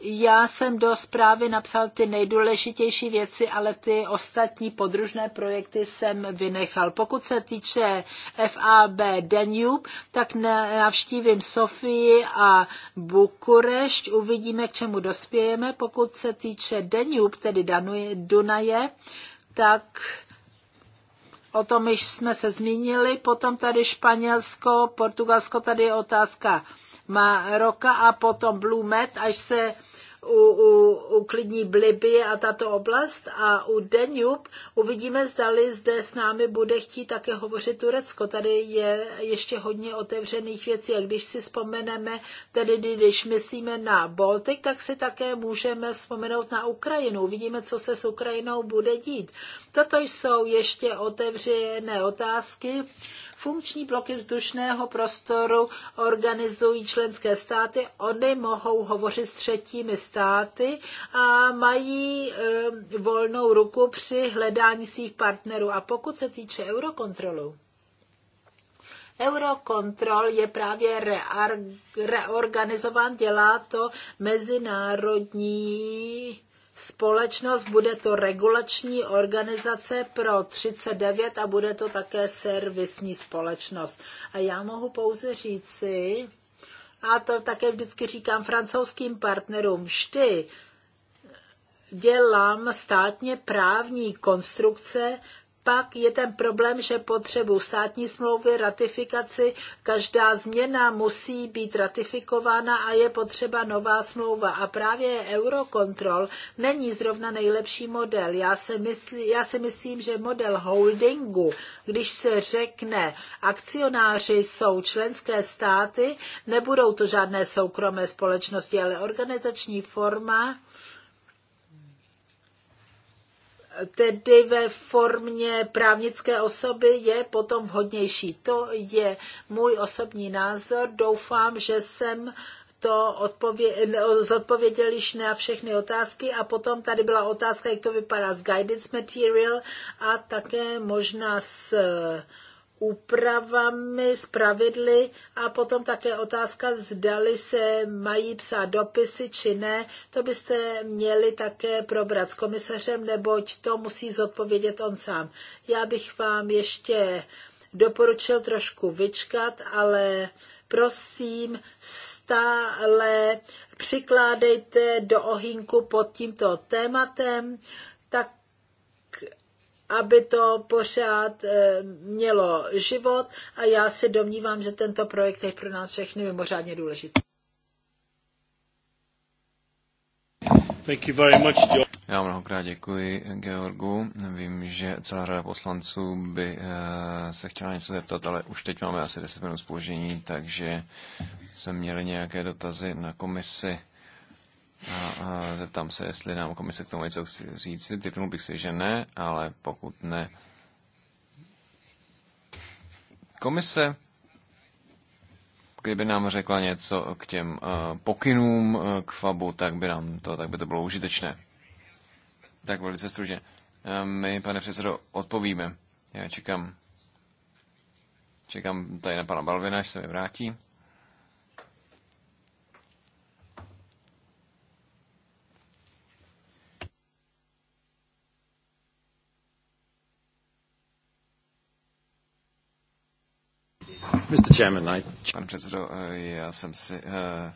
Já jsem do zprávy napsal ty nejdůležitější věci, ale ty ostatní podružné projekty jsem vynechal. Pokud se týče FAB Danube, tak navštívím Sofii a Bukurešť, uvidíme, k čemu dospějeme. Pokud se týče Danube, tedy Dunaje, tak o tom již jsme se zmínili. Potom tady Španělsko, Portugalsko, tady je otázka Maroka a potom Blue Med, až se u, u, klidní Bliby a tato oblast a u Danube uvidíme, zdali zde s námi bude chtít také hovořit Turecko. Tady je ještě hodně otevřených věcí a když si vzpomeneme, tedy když myslíme na Baltik, tak si také můžeme vzpomenout na Ukrajinu. Uvidíme, co se s Ukrajinou bude dít. Toto jsou ještě otevřené otázky Funkční bloky vzdušného prostoru organizují členské státy, oni mohou hovořit s třetími státy a mají eh, volnou ruku při hledání svých partnerů. A pokud se týče eurokontrolu, Eurokontrol je právě reorganizován, dělá to mezinárodní společnost, bude to regulační organizace pro 39 a bude to také servisní společnost. A já mohu pouze říci, a to také vždycky říkám francouzským partnerům, vždy dělám státně právní konstrukce pak je ten problém, že potřebu státní smlouvy, ratifikaci, každá změna musí být ratifikována a je potřeba nová smlouva. A právě Eurocontrol není zrovna nejlepší model. Já si, myslí, já si myslím, že model holdingu, když se řekne, akcionáři jsou členské státy, nebudou to žádné soukromé společnosti, ale organizační forma, tedy ve formě právnické osoby je potom vhodnější. To je můj osobní názor. Doufám, že jsem to zodpověděl již na všechny otázky a potom tady byla otázka, jak to vypadá s guidance material a také možná s úpravami, s pravidly a potom také otázka, zdali se mají psát dopisy či ne, to byste měli také probrat s komisařem, neboť to musí zodpovědět on sám. Já bych vám ještě doporučil trošku vyčkat, ale prosím, stále přikládejte do ohýnku pod tímto tématem aby to pořád eh, mělo život a já se domnívám, že tento projekt je pro nás všechny mimořádně důležitý. Thank you very much, Joe. Já mnohokrát děkuji Georgu. Vím, že celá řada poslanců by eh, se chtěla něco zeptat, ale už teď máme asi 10 minut spoužení, takže jsme měli nějaké dotazy na komisi. A, a zeptám se, jestli nám komise k tomu něco chci říct. Typnul bych si, že ne, ale pokud ne. Komise, kdyby nám řekla něco k těm uh, pokynům uh, k FABu, tak by nám to, tak by to bylo užitečné. Tak velice stručně. Eh, my, pane předsedo, odpovíme. Já čekám, čekám tady na pana Balvina, až se mi vrátí. Pane předsedo, eh, já jsem si eh, eh,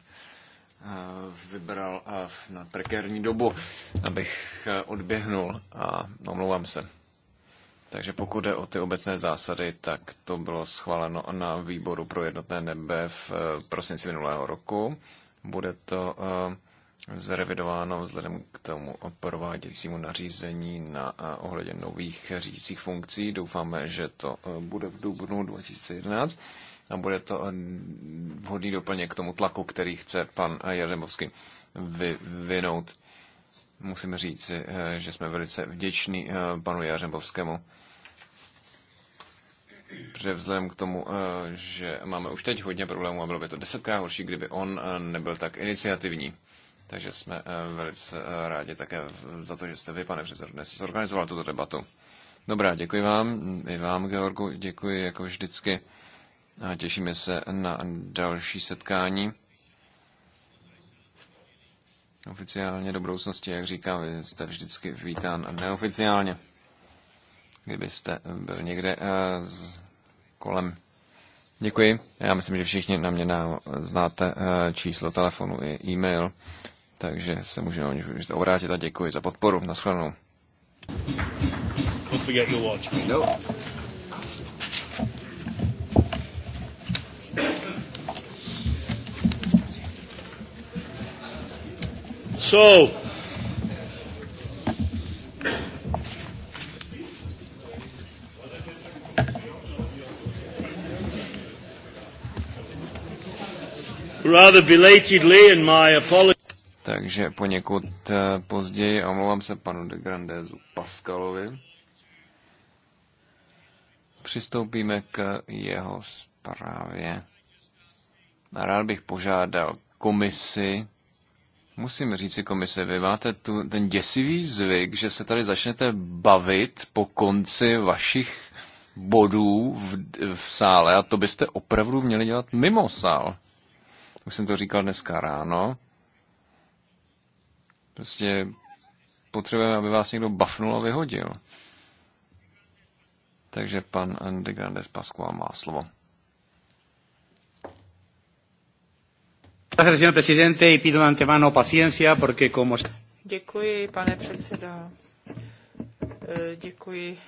vybral na prekérní dobu, abych odběhnul a omlouvám se. Takže pokud jde o ty obecné zásady, tak to bylo schváleno na výboru pro jednotné nebe v prosinci minulého roku. Bude to zrevidováno vzhledem k tomu prováděcímu nařízení na ohledě nových řídících funkcí. Doufáme, že to bude v dubnu 2011 a bude to eh, vhodný doplněk k tomu tlaku, který chce pan eh, Jařemovský vyvinout. Musím říct, eh, že jsme velice vděční panu Jařembovskému. Protože vzhledem k tomu, že máme už teď hodně problémů a bylo by to desetkrát horší, kdyby on nebyl tak iniciativní. Takže jsme velice rádi také za to, že jste vy, pane předsedo, dnes zorganizoval tuto debatu. Dobrá, děkuji vám, i vám, Georgu, děkuji jako vždycky a těšíme se na další setkání. Oficiálně do budoucnosti, jak říkám, vy jste vždycky vítán neoficiálně. Kdybyste byl někde uh, kolem. Děkuji. Já myslím, že všichni na mě nám znáte uh, číslo telefonu i e-mail, takže se můžeme o něj obrátit a děkuji za podporu. Naschledanou. Don't forget your watch. No. So, rather belatedly and my apologies. Takže poněkud eh, později omlouvám se panu de Grandezu Pascalovi. Přistoupíme k jeho zprávě. Rád bych požádal komisi, Musím říct si komise, vy máte tu, ten děsivý zvyk, že se tady začnete bavit po konci vašich bodů v, v sále a to byste opravdu měli dělat mimo sál. Už jsem to říkal dneska ráno. Prostě potřebujeme, aby vás někdo bafnul a vyhodil. Takže pan Andy Grandes Pascual má slovo. Děkuji, pane předsedající. Eh, děkuji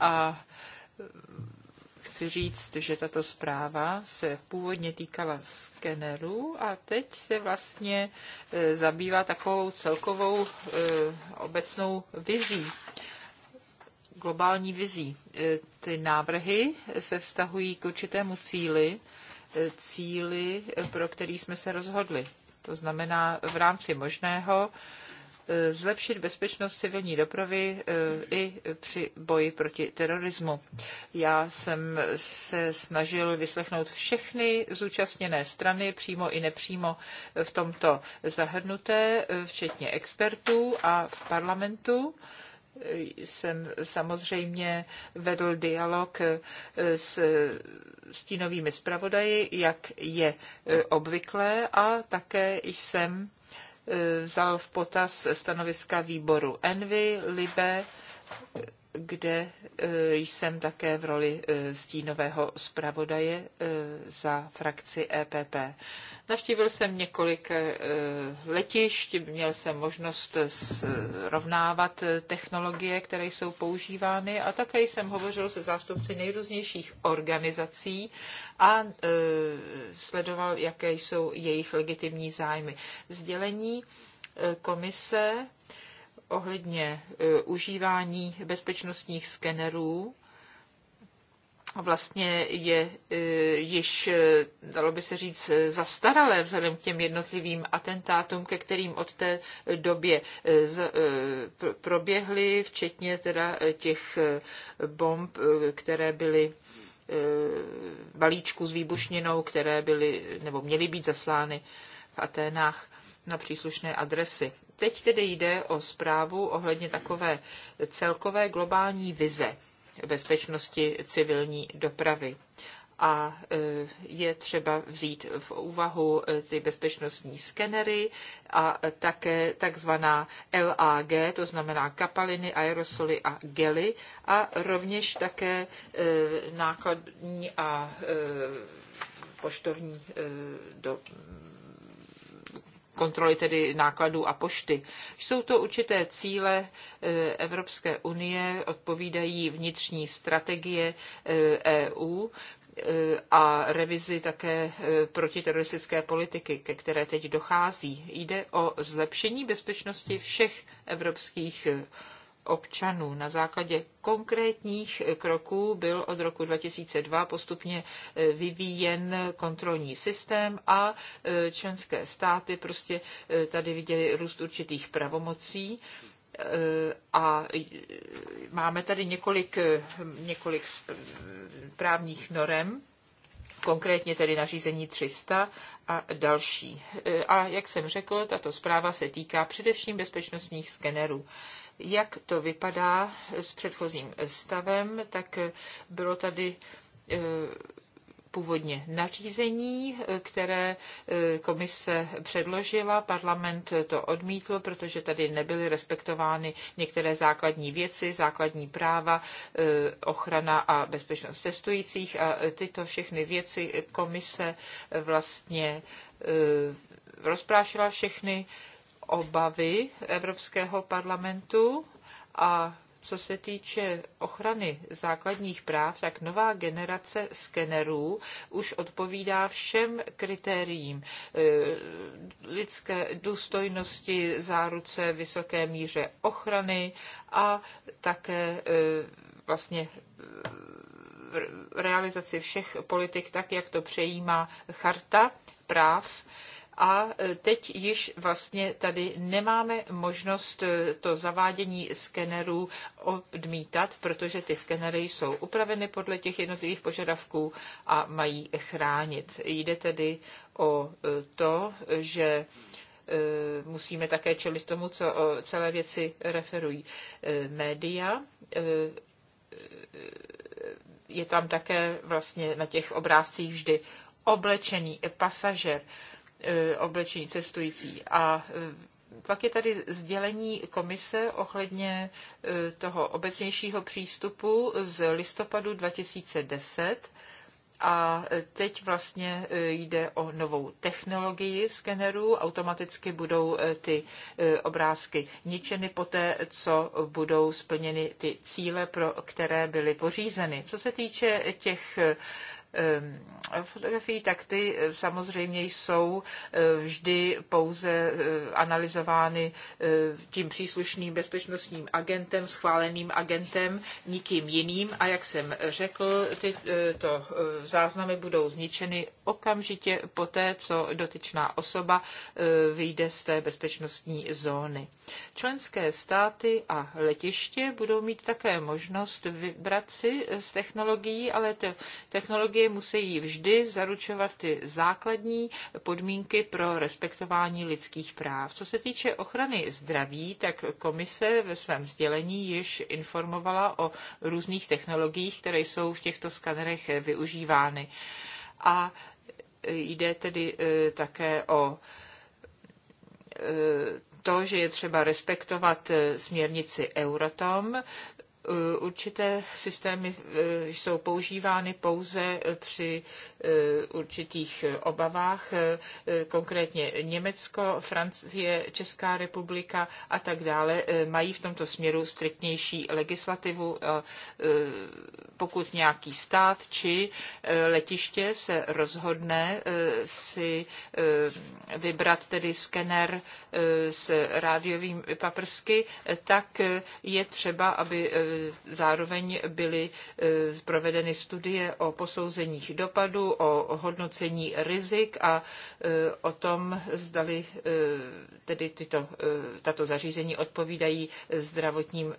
a eh, chci říct, že tato zpráva se původně týkala skenerů a teď se vlastně eh, zabývá takovou celkovou obecnou vizí, globální vizí. Ty návrhy se vztahují k určitému cíli, cíly, pro který jsme se rozhodli. To znamená v rámci možného eh, zlepšit bezpečnost civilní dopravy eh, i při boji proti terorismu. Já jsem se snažil vyslechnout všechny zúčastněné strany, přímo i nepřímo v tomto zahrnuté, eh, včetně expertů a v parlamentu jsem samozřejmě vedl dialog s stínovými zpravodaji, jak je obvyklé, a také jsem vzal v potaz stanoviska výboru Envy, Libe, kde e, jsem také v roli e, stínového zpravodaje e, za frakci EPP. Navštívil jsem několik letišť, měl jsem možnost srovnávat technologie, které jsou používány a také jsem hovořil se zástupci nejrůznějších organizací a sledoval, jaké jsou jejich legitimní zájmy. Sdělení komise ohledně e, užívání bezpečnostních skenerů vlastně je e, již, e, dalo by se říct, zastaralé vzhledem k těm jednotlivým atentátům, ke kterým od té době proběhly, včetně teda těch bomb, které byly balíčků s výbušninou, které byly nebo měly být zaslány v Aténách na příslušné adresy. Teď tedy jde o zprávu ohledně takové celkové globální vize bezpečnosti civilní dopravy a e, je třeba vzít v úvahu e, ty bezpečnostní skenery a také takzvaná LAG, to znamená kapaliny, aerosoly a gely a rovněž také e, nákladní a poštovní do, kontroly tedy nákladů a pošty. Jsou to určité cíle eh, Evropské unie, odpovídají vnitřní strategie EU, eh, e eh, a revizi také protiteroristické politiky, ke které teď dochází. Jde o zlepšení bezpečnosti všech evropských občanů. Na základě konkrétních kroků byl od roku 2002 postupně e, vyvíjen kontrolní systém a e, členské státy prostě e, tady viděli růst určitých pravomocí a máme tady několik, několik právních norem, konkrétně tedy nařízení 300 a další. A jak jsem řekl, tato zpráva se týká především bezpečnostních skenerů jak to vypadá s předchozím stavem, tak bylo tady eh, původně nařízení, eh, které eh, komise předložila. Parlament to odmítl, protože tady nebyly respektovány některé základní věci, základní práva, ochrana a bezpečnost cestujících a tyto všechny věci komise vlastně rozprášila všechny obavy Evropského parlamentu a co se týče ochrany základních práv, tak nová generace skenerů už odpovídá všem kritériím eh, lidské důstojnosti, záruce, vysoké míře ochrany a také eh, vlastně eh, realizaci všech politik tak, jak to přejímá charta práv a e, teď již vlastně tady nemáme možnost e, to zavádění skenerů odmítat, protože ty skenery jsou upraveny podle těch jednotlivých požadavků a mají chránit. Jde tedy o e, to, že musíme také čelit tomu, co o celé věci referují média je tam také vlastně na těch obrázcích vždy oblečený pasažer. E, oblečení cestující. A e, pak je tady sdělení komise ohledně e, toho obecnějšího přístupu z listopadu 2010. A teď vlastně jde o novou technologii skenerů. Automaticky budou ty obrázky ničeny poté, co budou splněny ty cíle, pro které byly pořízeny. Co se týče těch Eh, fotografií, tak ty eh, samozřejmě jsou eh, vždy pouze analyzovány tím příslušným bezpečnostním agentem, schváleným agentem, nikým jiným. A jak jsem řekl, tyto záznamy budou zničeny okamžitě po té, co dotyčná osoba vyjde z té bezpečnostní zóny. Členské státy a letiště budou mít také možnost vybrat si z technologií, ale ty technologie strategii musí vždy zaručovat ty základní podmínky pro respektování lidských práv. Co se týče ochrany zdraví, tak komise ve svém sdělení již informovala o různých technologiích, které jsou v těchto skanerech využívány. A jde tedy e, také o e, to, že je třeba respektovat e, směrnici Euratom, Eh, určité systémy eh, jsou používány pouze eh, při určitých obavách, konkrétně Německo, Francie, Česká republika a tak dále mají v tomto směru striktnější legislativu. Pokud nějaký stát či letiště se rozhodne si vybrat tedy skener s rádiovým paprsky, tak je třeba, aby Zároveň byly eh, provedeny studie o posouzeních dopadu, o hodnocení rizik a eh, o tom, zdali eh, tedy tyto, tato zařízení odpovídají zdravotním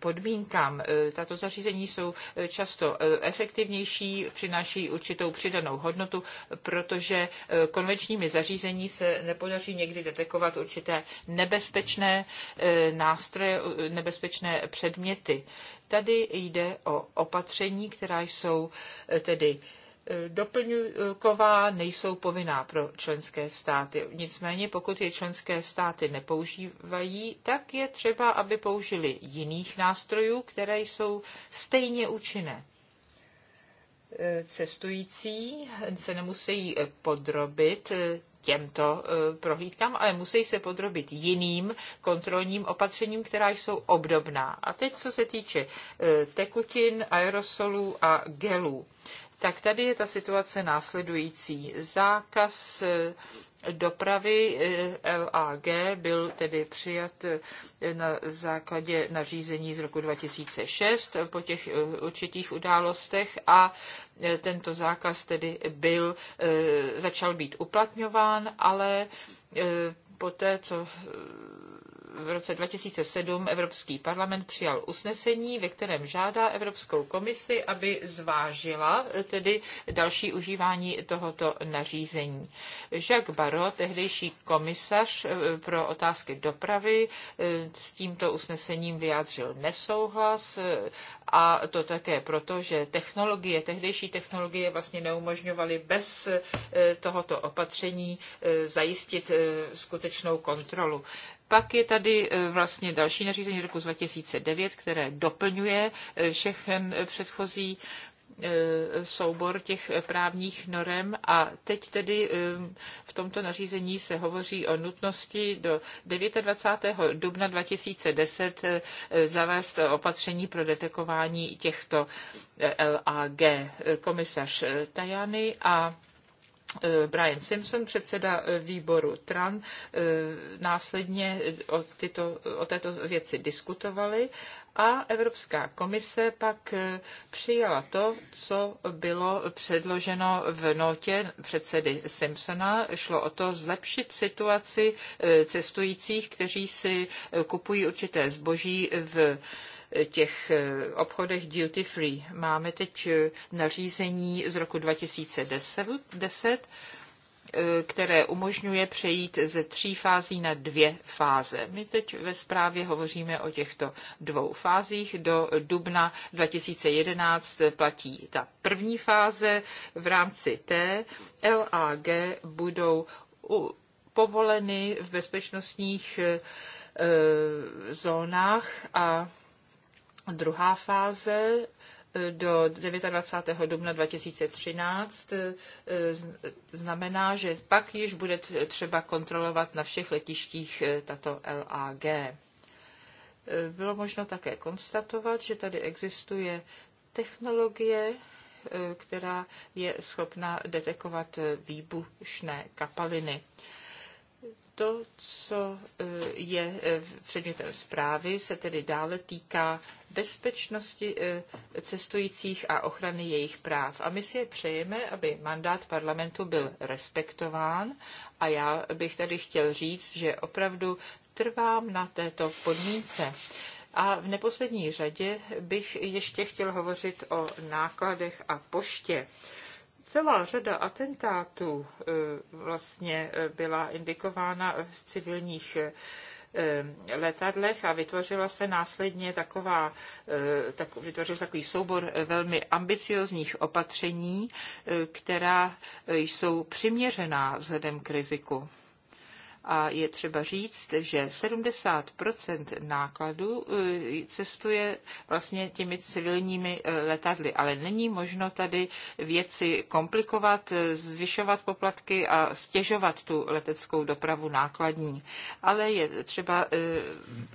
podmínkám. E, tato zařízení jsou e, často e, efektivnější, přináší určitou přidanou hodnotu, protože konvenčními zařízení se nepodaří někdy detekovat určité nebezpečné nástroje, nebezpečné předměty. Tady jde o opatření, která jsou tedy doplňková, nejsou povinná pro členské státy. Nicméně, pokud je členské státy nepoužívají, tak je třeba, aby použili jiných nástrojů, které jsou stejně účinné. Cestující se nemusí podrobit těmto eh, prohlídkám, ale musí se podrobit jiným kontrolním opatřením, která jsou obdobná. A teď, co se týče eh, tekutin, aerosolů a gelů tak tady je ta situace následující. Zákaz eh, dopravy eh, LAG byl tedy přijat eh, na základě nařízení z roku 2006 po těch určitých událostech a tento zákaz tedy byl, začal být uplatňován, ale poté, co v roce 2007 Evropský parlament přijal usnesení, ve kterém žádá Evropskou komisi, aby zvážila tedy další užívání tohoto nařízení. Jacques Barrot, tehdejší komisař eh, pro otázky dopravy, eh, s tímto usnesením vyjádřil nesouhlas eh, a to také proto, že technologie, tehdejší technologie vlastně neumožňovaly bez tohoto opatření zajistit skutečnou kontrolu. Pak je tady eh, vlastně další nařízení roku 2009, které doplňuje eh, všechen eh, předchozí soubor těch právních norem a teď tedy v tomto nařízení se hovoří o nutnosti do 29. dubna 2010 zavést opatření pro detekování těchto LAG. Komisař Tajany a Eh, Brian Simpson, předseda eh, výboru TRAN, eh, následně o, tyto, o této věci diskutovali a Evropská komise pak přijala to, co bylo předloženo v notě předsedy Simpsona. Šlo o to zlepšit situaci cestujících, kteří si kupují určité zboží v těch eh, obchodech duty free. Máme teď eh, nařízení z roku 2010, eh, které umožňuje přejít ze tří fází na dvě fáze. My teď ve zprávě hovoříme o těchto dvou fázích. Do dubna 2011 platí ta první fáze. V rámci té LAG budou povoleny v bezpečnostních zónách a Druhá fáze eh, do 29. dubna 2013 eh, znamená, že pak již bude třeba kontrolovat na všech letištích eh, tato LAG. Bylo možno také konstatovat, že tady existuje technologie, která je schopna detekovat výbušné kapaliny. To, co e, je e, předmětem zprávy, se tedy dále týká bezpečnosti e, cestujících a ochrany jejich práv. A my si přejeme, aby mandát parlamentu byl respektován. A já bych tady chtěl říct, že opravdu trvám na této podmínce. A v neposlední řadě bych ještě chtěl hovořit o nákladech a poště. Celá řada atentátů eh, vlastně eh, byla indikována v civilních eh, letadlech a vytvořila se následně taková, tak, vytvořil takový soubor velmi ambiciozních opatření, která jsou přiměřená vzhledem k riziku. A je třeba říct, že 70 nákladů eh, cestuje vlastně těmi civilními eh, letadly, ale není možno tady věci komplikovat, eh, zvyšovat poplatky a stěžovat tu leteckou dopravu nákladní. Ale je třeba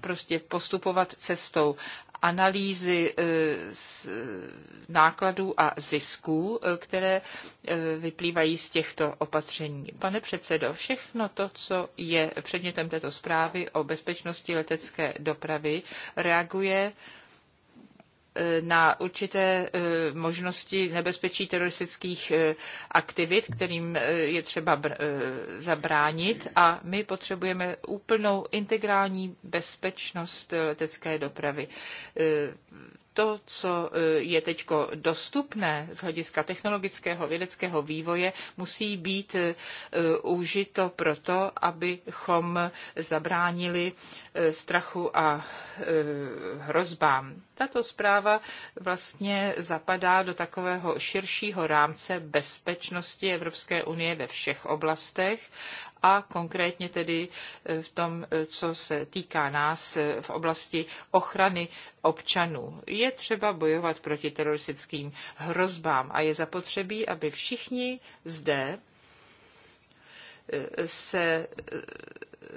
prostě postupovat cestou analýzy eh, nákladů a zisků, eh, které eh, vyplývají z těchto opatření. Pane předsedo, všechno to, co je předmětem této zprávy o bezpečnosti letecké dopravy, reaguje Eh, na určité eh, možnosti nebezpečí teroristických eh, aktivit, kterým je třeba zabránit a my potřebujeme úplnou integrální bezpečnost letecké dopravy to, co eh, je teď dostupné z hlediska technologického vědeckého vývoje, musí být eh, užito proto, abychom zabránili eh, strachu a hrozbám. Tato zpráva vlastně zapadá do takového širšího rámce bezpečnosti Evropské unie ve všech oblastech a konkrétně tedy eh, v tom, eh, co se týká nás eh, v oblasti ochrany občanů. Je třeba bojovat proti teroristickým hrozbám a je zapotřebí, aby všichni zde se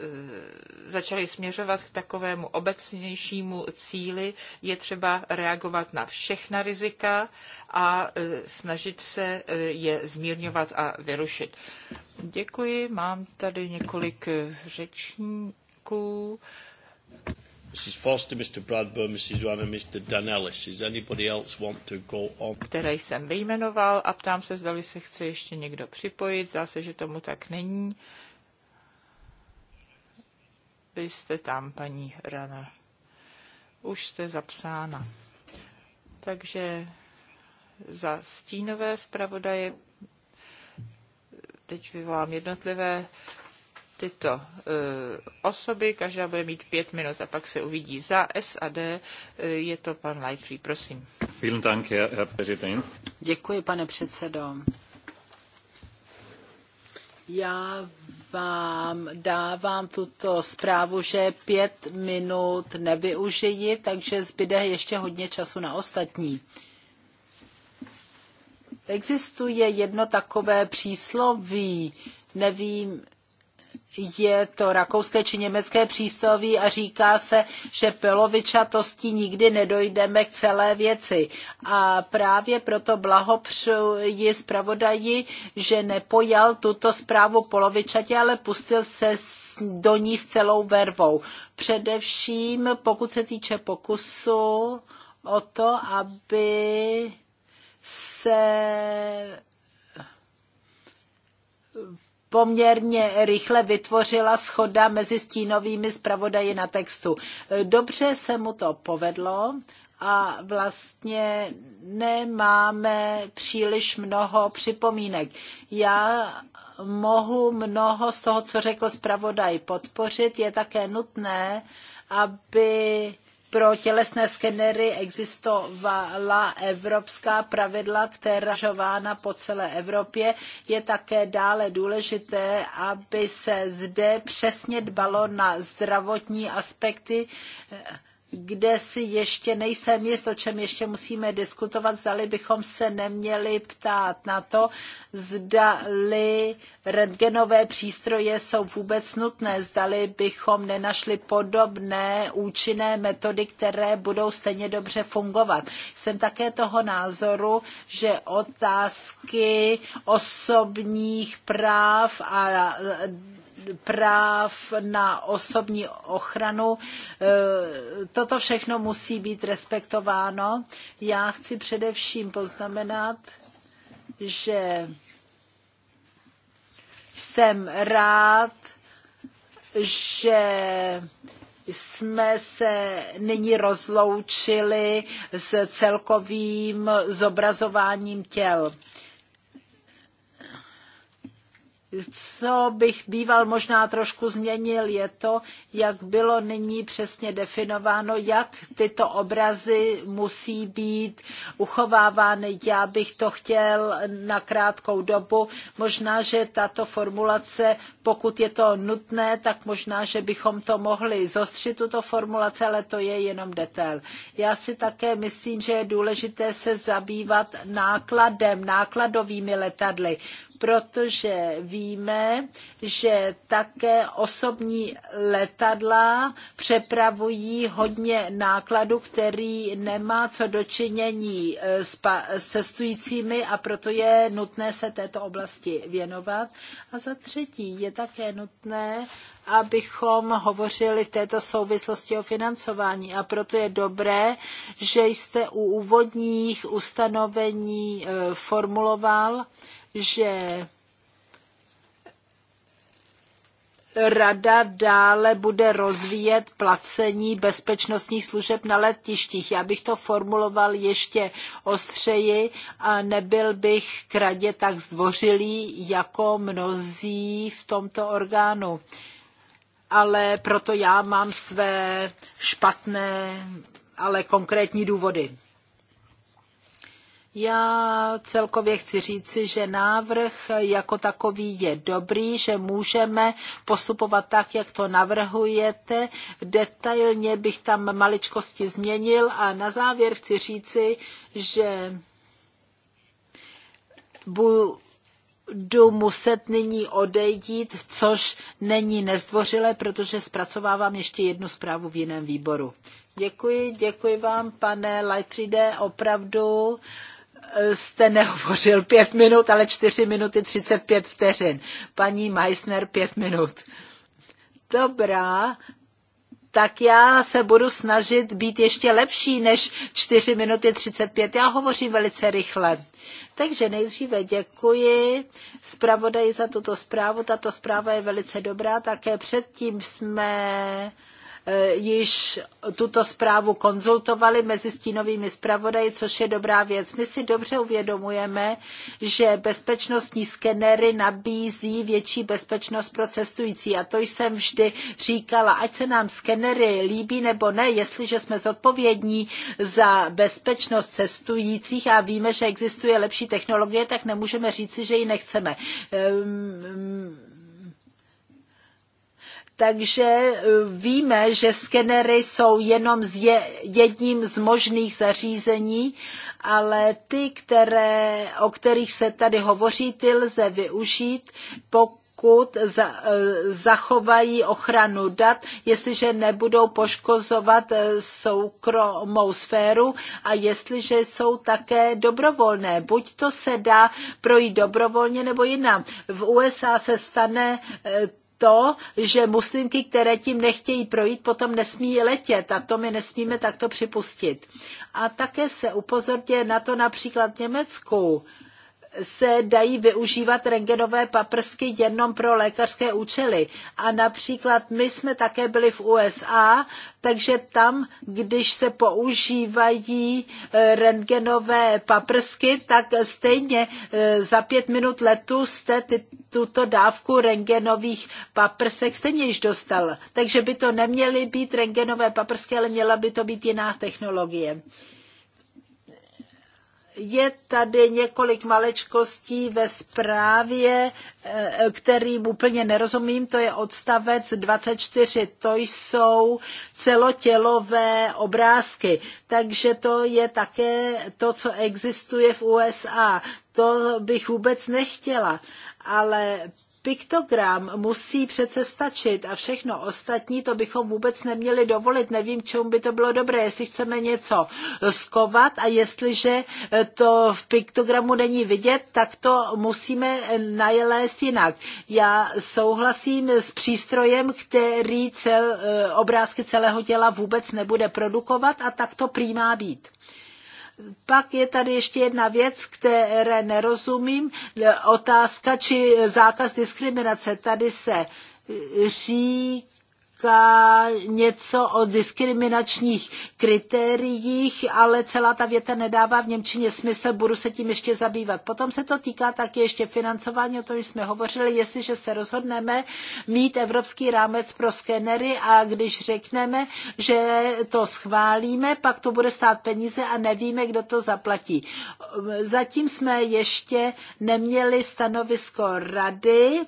Eh, začali směřovat k takovému obecnějšímu cíli, je třeba reagovat na všechna rizika a eh, snažit se eh, je zmírňovat a vyrušit. Děkuji, mám tady několik řečníků. Mrs. Foster, Mr. Mrs. Mr. anybody else want to go on? Které jsem vyjmenoval a ptám se, zdali se chce ještě někdo připojit. Zdá se, že tomu tak není. Uh, vy jste tam, paní Rana. Už jste zapsána. Takže za stínové zpravodaje teď vyvolám jednotlivé tyto e, osoby, každá bude mít pět minut a pak se uvidí za S a D. Eh, je to pan Lightfree, prosím. Dank, Herr Präsident. Děkuji, pane předsedo. Já vám dávám tuto zprávu, že pět minut nevyužiji, takže zbyde ještě hodně času na ostatní. Existuje jedno takové přísloví, nevím, je to rakouské či německé přísloví a říká se, že polovičatostí nikdy nedojdeme k celé věci. A právě proto blahopřuji zpravodaji, že nepojal tuto zprávu polovičatě, ale pustil se do ní s celou vervou. Především pokud se týče pokusu o to, aby se poměrně rychle vytvořila schoda mezi stínovými zpravodaji na textu. Dobře se mu to povedlo a vlastně nemáme příliš mnoho připomínek. Já mohu mnoho z toho, co řekl zpravodaj, podpořit. Je také nutné, aby pro tělesné skenery existovala evropská pravidla, která žována po celé Evropě. Je také dále důležité, aby se zde přesně dbalo na zdravotní aspekty kde si ještě nejsem jist, o čem ještě musíme diskutovat, zdali bychom se neměli ptát na to, zdali rentgenové přístroje jsou vůbec nutné, zdali bychom nenašli podobné účinné metody, které budou stejně dobře fungovat. Jsem také toho názoru, že otázky osobních práv a práv na osobní ochranu. E, toto všechno musí být respektováno. Já chci především poznamenat, že jsem rád, že jsme se nyní rozloučili s celkovým zobrazováním těl. Co bych býval možná trošku změnil, je to, jak bylo nyní přesně definováno, jak tyto obrazy musí být uchovávány. Já bych to chtěl na krátkou dobu. Možná, že tato formulace, pokud je to nutné, tak možná, že bychom to mohli zostřit, tuto formulaci, ale to je jenom detail. Já si také myslím, že je důležité se zabývat nákladem, nákladovými letadly protože víme, že také osobní letadla přepravují hodně nákladu, který nemá co dočinění eh, s, s cestujícími a proto je nutné se této oblasti věnovat. A za třetí je také nutné, abychom hovořili v této souvislosti o financování. A proto je dobré, že jste u úvodních ustanovení eh, formuloval, že Rada dále bude rozvíjet placení bezpečnostních služeb na letištích. Já bych to formuloval ještě ostřeji a nebyl bych k radě tak zdvořilý jako mnozí v tomto orgánu. Ale proto já mám své špatné, ale konkrétní důvody. Já celkově chci říci, že návrh jako takový je dobrý, že můžeme postupovat tak, jak to navrhujete. Detailně bych tam maličkosti změnil a na závěr chci říci, že budu muset nyní odejít, což není nezdvořilé, protože zpracovávám ještě jednu zprávu v jiném výboru. Děkuji, děkuji vám, pane Lightride, opravdu jste nehovořil pět minut, ale čtyři minuty třicet pět vteřin. Paní Meissner pět minut. Dobrá, tak já se budu snažit být ještě lepší než 4 minuty 35. Já hovořím velice rychle. Takže nejdříve děkuji zpravodaji za tuto zprávu. Tato zpráva je velice dobrá. Také předtím jsme Eh, již tuto zprávu konzultovali mezi stínovými zpravodaji, což je dobrá věc. My si dobře uvědomujeme, že bezpečnostní skenery nabízí větší bezpečnost pro cestující a to jsem vždy říkala, ať se nám skenery líbí nebo ne, jestliže jsme zodpovědní za bezpečnost cestujících a víme, že existuje lepší technologie, tak nemůžeme říci, že ji nechceme. Um, takže e, víme, že skenery jsou jenom z je, jedním z možných zařízení, ale ty, které, o kterých se tady hovoří, ty lze využít, pokud za, e, zachovají ochranu dat, jestliže nebudou poškozovat e, soukromou sféru a jestliže jsou také dobrovolné. Buď to se dá projít dobrovolně nebo jinam. V USA se stane to, že muslimky, které tím nechtějí projít, potom nesmí letět a to my nesmíme takto připustit. A také se upozorně na to například v Německu, se dají využívat rengenové paprsky jenom pro lékařské účely. A například my jsme také byli v USA, takže tam, když se používají e, rengenové paprsky, tak stejně e, za pět minut letu jste ty, tuto dávku rengenových paprsek stejně již dostal. Takže by to neměly být rengenové paprsky, ale měla by to být jiná technologie je tady několik malečkostí ve zprávě, e, kterým úplně nerozumím, to je odstavec 24, to jsou celotělové obrázky, takže to je také to, co existuje v USA. To bych vůbec nechtěla, ale piktogram musí přece stačit a všechno ostatní to bychom vůbec neměli dovolit. Nevím, čemu by to bylo dobré, jestli chceme něco skovat a jestliže eh, to v piktogramu není vidět, tak to musíme eh, najelést jinak. Já souhlasím s přístrojem, který cel, eh, obrázky celého těla vůbec nebude produkovat a tak to prý má být. Pak je tady ještě jedna věc, které nerozumím, otázka či zákaz diskriminace. Tady se říká, říká něco o diskriminačních kritériích, ale celá ta věta nedává v Němčině smysl, budu se tím ještě zabývat. Potom se to týká taky ještě financování, o tom jsme hovořili, jestliže se rozhodneme mít evropský rámec pro skenery a když řekneme, že to schválíme, pak to bude stát peníze a nevíme, kdo to zaplatí. Zatím jsme ještě neměli stanovisko rady,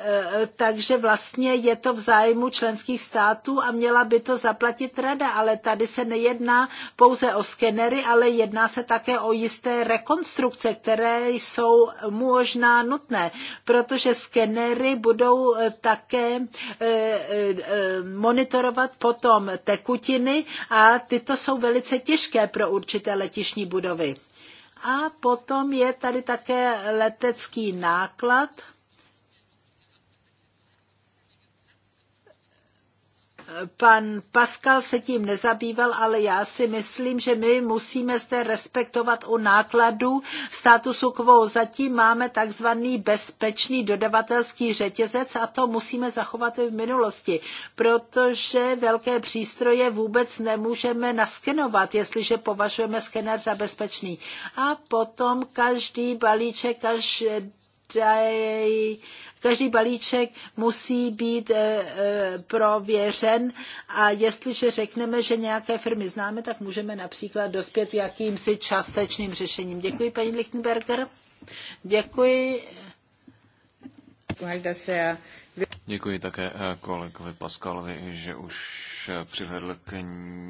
Eh, takže vlastně je to v zájmu členských států a měla by to zaplatit rada, ale tady se nejedná pouze o skenery, ale jedná se také o jisté rekonstrukce, které jsou možná nutné, protože skenery budou eh, také eh, monitorovat potom tekutiny a tyto jsou velice těžké pro určité letišní budovy. A potom je tady také letecký náklad Pan Pascal se tím nezabýval, ale já si myslím, že my musíme zde respektovat u nákladů statusu quo. Zatím máme takzvaný bezpečný dodavatelský řetězec a to musíme zachovat i v minulosti, protože velké přístroje vůbec nemůžeme naskenovat, jestliže považujeme skener za bezpečný. A potom každý balíček, každý Každý balíček musí být eh, eh, prověřen a jestliže řekneme, že nějaké firmy známe, tak můžeme například dospět jakýmsi částečným řešením. Děkuji, paní Lichtenberger. Děkuji. Děkuji také eh, kolegovi Paskalovi, že už přihledl k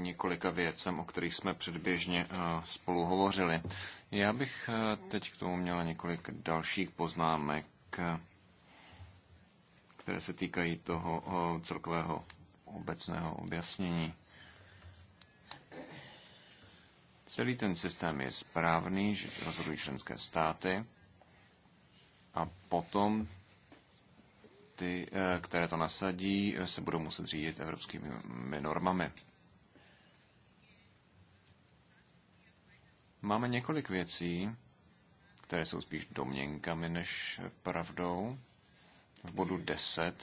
několika věcem, o kterých jsme předběžně spolu hovořili. Já bych teď k tomu měla několik dalších poznámek které se týkají toho celkového obecného objasnění. Celý ten systém je správný, že rozhodují členské státy a potom ty, e, které to nasadí, e, se budou muset řídit evropskými mm, normami. Máme několik věcí, které jsou spíš domněnkami než pravdou v bodu 10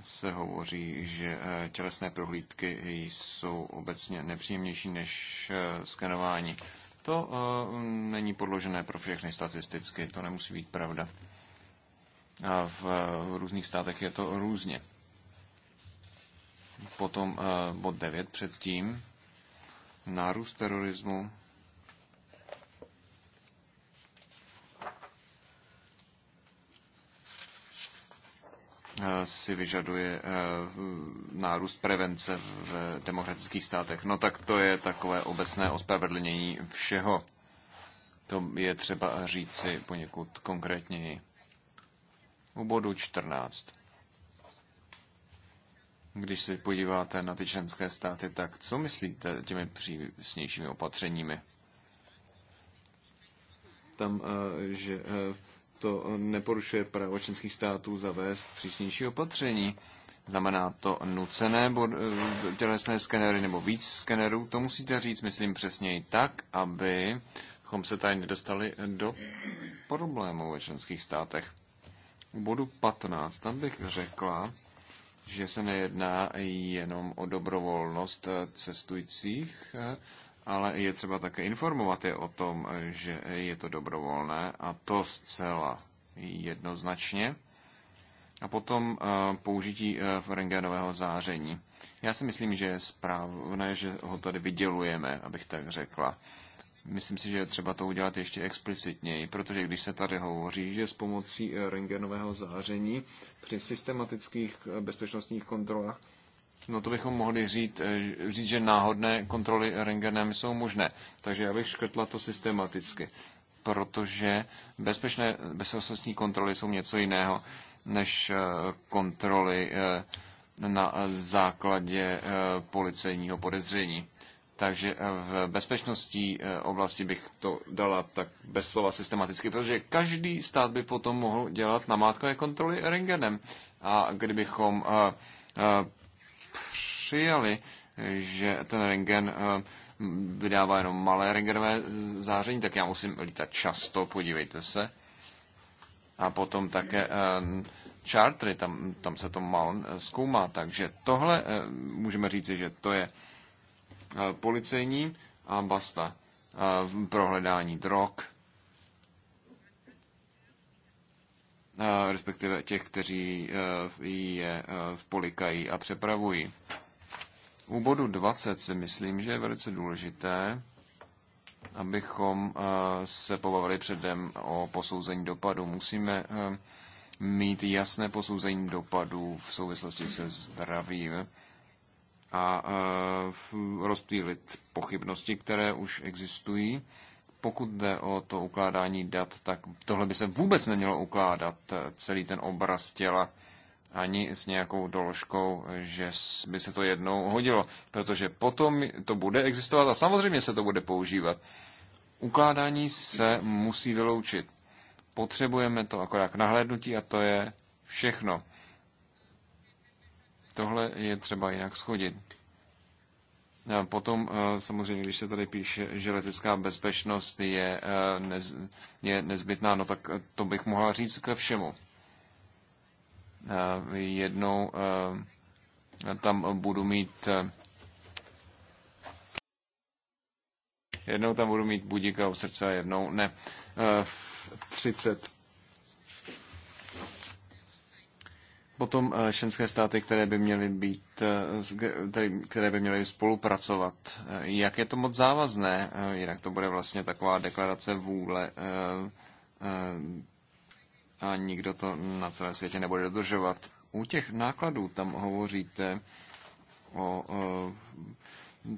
se hovoří, že eh, tělesné prohlídky jsou obecně nepříjemnější než eh, skenování. To eh, není podložené pro všechny statisticky, to nemusí být pravda. A v různých státech je to různě. Potom bod 9 předtím. Nárůst terorismu Eh, si vyžaduje eh, nárůst prevence v demokratických státech. No tak to je takové obecné ospravedlnění všeho. To je třeba si poněkud konkrétněji. U bodu 14. Když se podíváte na ty členské státy, tak co myslíte těmi přísnějšími opatřeními? Tam, eh, že to neporušuje právo členských států zavést přísnější opatření. Znamená to nucené eh, tělesné skenery nebo víc skenerů? To musíte říct, myslím, přesněji tak, abychom se tady nedostali do problémů ve členských státech. U bodu 15 tam bych řekla, že se nejedná jenom o dobrovolnost eh, cestujících eh, ale je třeba také informovat je o tom, že je to dobrovolné a to zcela jednoznačně. A potom eh, použití eh, rengénového záření. Já si myslím, že je správné, že ho tady vydělujeme, abych tak řekla. Myslím si, že je třeba to udělat ještě explicitněji, protože když se tady hovoří, že s pomocí eh, rengenového záření při systematických bezpečnostních kontrolách No to bychom mohli říct, eh, říct, že náhodné kontroly rengenem jsou možné. Takže já bych škrtla to systematicky, protože bezpečné bezpečnostní kontroly jsou něco jiného než eh, kontroly eh, na základě policejního podezření. Takže v bezpečnostní oblasti bych to dala tak bez slova systematicky, protože každý stát by potom mohl dělat namátkové kontroly rengenem. A kdybychom přijali, že ten rengen eh, vydává jenom malé rengenové záření, tak já musím lítat často, podívejte se. A potom také eh, chartery, tam, tam se to mal eh, zkoumá, takže tohle můžeme říci, že to je policejní a basta prohledání drog, respektive těch, kteří je polikají a přepravují. U bodu 20 si myslím, že je velice důležité, abychom eh, se pobavili předem o posouzení dopadu. Musíme eh, mít jasné posouzení dopadu v souvislosti se zdravím a eh, rozptýlit pochybnosti, které už existují. Pokud jde o to ukládání dat, tak tohle by se vůbec nemělo ukládat, celý ten obraz těla ani s nějakou doložkou, že by se to jednou hodilo, protože potom to bude existovat a samozřejmě se to bude používat. Ukládání se musí vyloučit. Potřebujeme to akorát k nahlédnutí a to je všechno. Tohle je třeba jinak schodit. A potom eh, samozřejmě, když se tady píše, že letecká bezpečnost je, eh, nez, je nezbytná, no tak eh, to bych mohla říct ke všemu. Eh, jednou eh, tam budu mít eh, jednou tam budu mít budíka u srdce a jednou ne. 30. Potom členské státy, které by měly být, které by měly spolupracovat. Jak je to moc závazné? Jinak to bude vlastně taková deklarace vůle a nikdo to na celém světě nebude dodržovat. U těch nákladů tam hovoříte o, o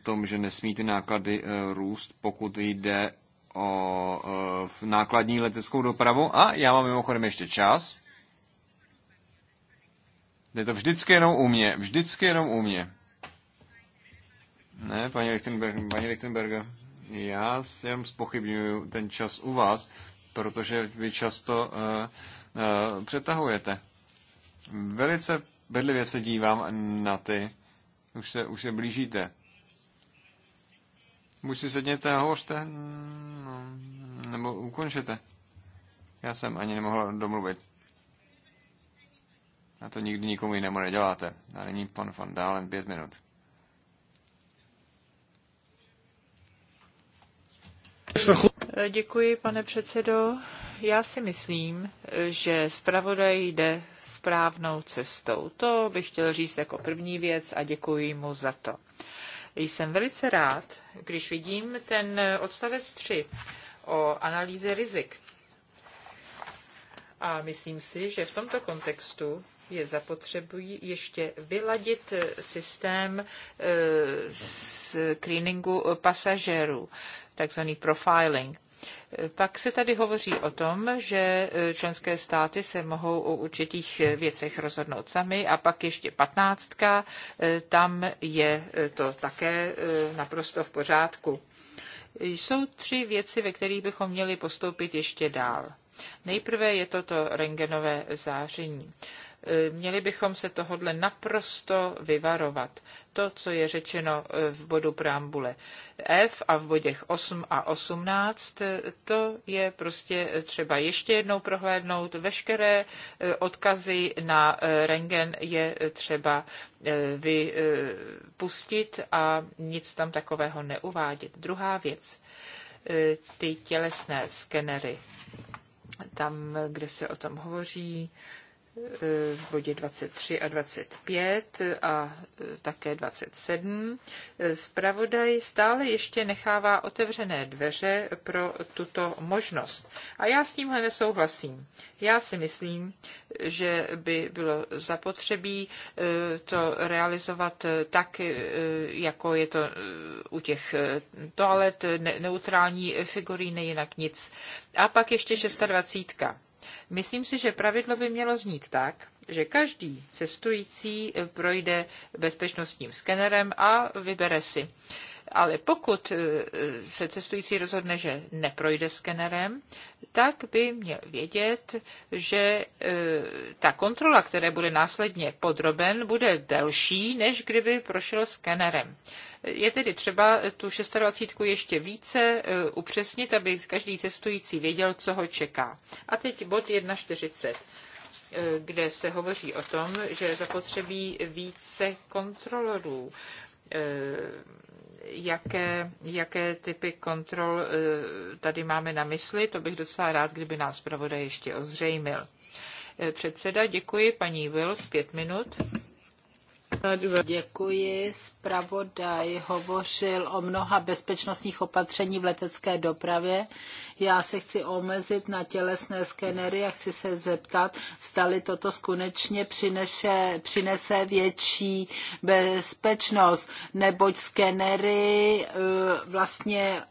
tom, že nesmí ty náklady e, růst, pokud jde o e, nákladní leteckou dopravu. A já mám mimochodem ještě čas. Je to vždycky jenom u mě. Vždycky jenom u mě. Ne, paní Lichtenberger, paní Lichtenberger, já si jenom ten čas u vás, protože vy často eh, eh, přetahujete. Velice bedlivě se dívám na ty. Už se, už se blížíte. Buď si sedněte a hovořte, no, nebo ukončete. Já jsem ani nemohl domluvit. A to nikdy nikomu jinému neděláte. A nyní pan Van Dalen pět minut. Děkuji, pane předsedo. Já si myslím, že zpravodaj jde správnou cestou. To bych chtěl říct jako první věc a děkuji mu za to. Jsem velice rád, když vidím ten odstavec 3 o analýze rizik. A myslím si, že v tomto kontextu je zapotřebují ještě vyladit systém eh, screeningu pasažérů takzvaný profiling. Eh, pak se tady hovoří o tom, že eh, členské státy se mohou o určitých eh, věcech rozhodnout sami a pak ještě patnáctka, tam je to také naprosto v pořádku. Jsou tři věci, ve kterých bychom měli postoupit ještě dál. Nejprve je toto rengenové záření. Eh, měli bychom se tohodle naprosto vyvarovat. To, co je řečeno eh, v bodu preambule F a v bodech 8 a 18, eh, to je prostě třeba ještě jednou prohlédnout. Veškeré odkazy na rengen je třeba vypustit a nic tam takového neuvádět. Druhá věc, ty tělesné skenery tam, kde se o tom hovoří, v bodě 23 a 25 a e, také 27. Spravodaj stále ještě nechává otevřené dveře pro tuto možnost. A já s tímhle nesouhlasím. Já si myslím, že by bylo zapotřebí e, to realizovat e, tak, jako je to u těch toalet, neutrální figuríny, jinak nic. A pak ještě 26. Myslím si, že pravidlo by mělo znít tak, že každý cestující projde bezpečnostním skenerem a vybere si ale pokud e, se cestující rozhodne, že neprojde skenerem, tak by měl vědět, že e, ta kontrola, které bude následně podroben, bude delší, než kdyby prošel skenerem. Je tedy třeba tu 26 ještě více e, upřesnit, aby každý cestující věděl, co ho čeká. A teď bod 1.40 kde se hovoří o tom, že zapotřebí více kontrolorů jaké, jaké typy kontrol eh, tady máme na mysli. To bych docela rád, kdyby nás zpravodaj ještě ozřejmil. Eh, předseda, děkuji. Paní Wills, pět minut. Děkuji. Zpravodaj hovořil o mnoha bezpečnostních opatření v letecké dopravě. Já se chci omezit na tělesné skenery a chci se zeptat, zdali toto skutečně přinese, přinese větší bezpečnost, neboť skenery eh, vlastně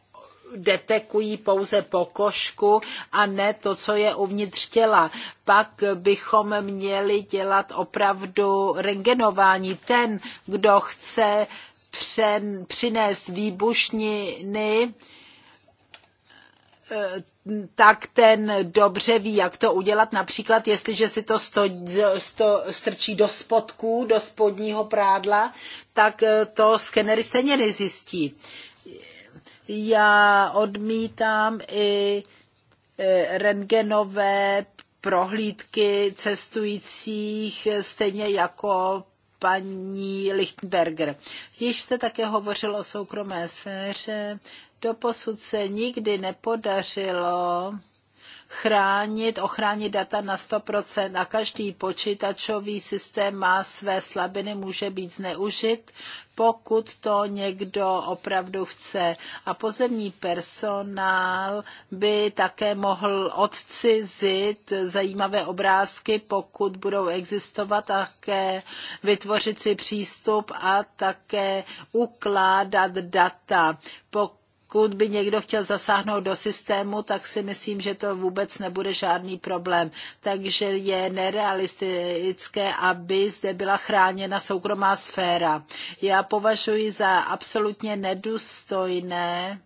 detekují pouze pokožku a ne to, co je uvnitř těla. Pak bychom měli dělat opravdu rengenování. Ten, kdo chce přen, přinést výbušniny, eh, tak ten dobře ví, jak to udělat. Například, jestliže si to sto, sto, strčí do spodku, do spodního prádla, tak eh, to skenery stejně nezjistí. Já odmítám i e, rentgenové prohlídky cestujících, stejně jako paní Lichtenberger. Již jste také hovořil o soukromé sféře. Doposud se nikdy nepodařilo chránit, ochránit data na 100% a každý počítačový systém má své slabiny, může být zneužit, pokud to někdo opravdu chce. A pozemní personál by také mohl odcizit zajímavé obrázky, pokud budou existovat, také vytvořit si přístup a také ukládat data. Pokud pokud by někdo chtěl zasáhnout do systému, tak si myslím, že to vůbec nebude žádný problém. Takže je nerealistické, aby zde byla chráněna soukromá sféra. Já považuji za absolutně nedůstojné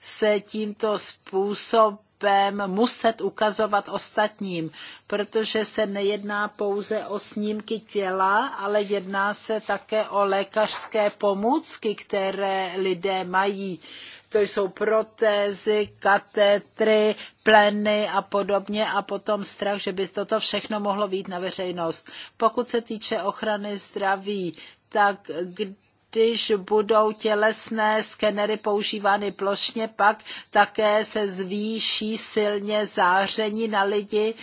se tímto způsobem způsobem muset ukazovat ostatním, protože se nejedná pouze o snímky těla, ale jedná se také o lékařské pomůcky, které lidé mají. To jsou protézy, katetry, pleny a podobně a potom strach, že by toto všechno mohlo být na veřejnost. Pokud se týče ochrany zdraví, tak kdy když budou tělesné skenery používány plošně, pak také se zvýší silně záření na lidi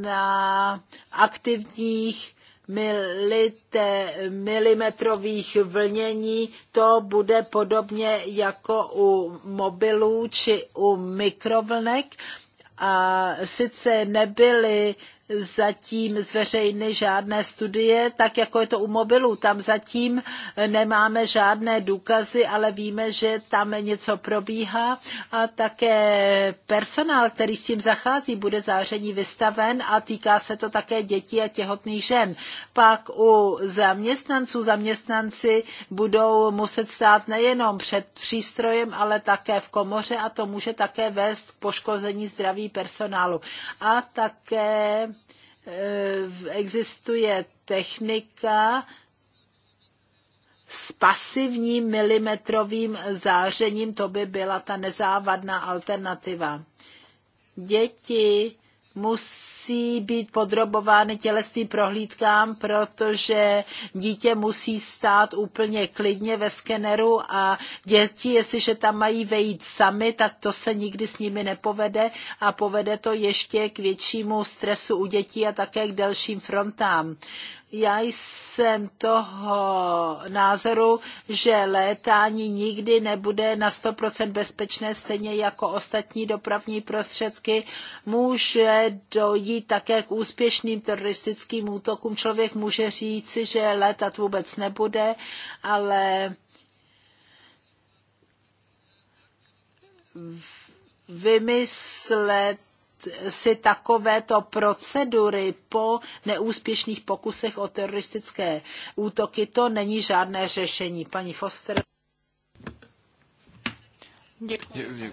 na aktivních milite, milimetrových vlnění. To bude podobně jako u mobilů či u mikrovlnek. A sice nebyly zatím zveřejny žádné studie, tak jako je to u mobilů. Tam zatím nemáme žádné důkazy, ale víme, že tam něco probíhá a také personál, který s tím zachází, bude záření vystaven a týká se to také dětí a těhotných žen. Pak u zaměstnanců zaměstnanci budou muset stát nejenom před přístrojem, ale také v komoře a to může také vést k poškození zdraví personálu. A také Eh, existuje technika s pasivním milimetrovým zářením, to by byla ta nezávadná alternativa. Děti musí být podrobovány tělesným prohlídkám, protože dítě musí stát úplně klidně ve skeneru a děti, jestliže tam mají vejít sami, tak to se nikdy s nimi nepovede a povede to ještě k většímu stresu u dětí a také k delším frontám. Já jsem toho názoru, že létání nikdy nebude na 100% bezpečné, stejně jako ostatní dopravní prostředky. Může dojít také k úspěšným teroristickým útokům. Člověk může říci, že létat vůbec nebude, ale vymyslet si takovéto procedury po neúspěšných pokusech o teroristické útoky, to není žádné řešení. Paní Foster. Děkuji.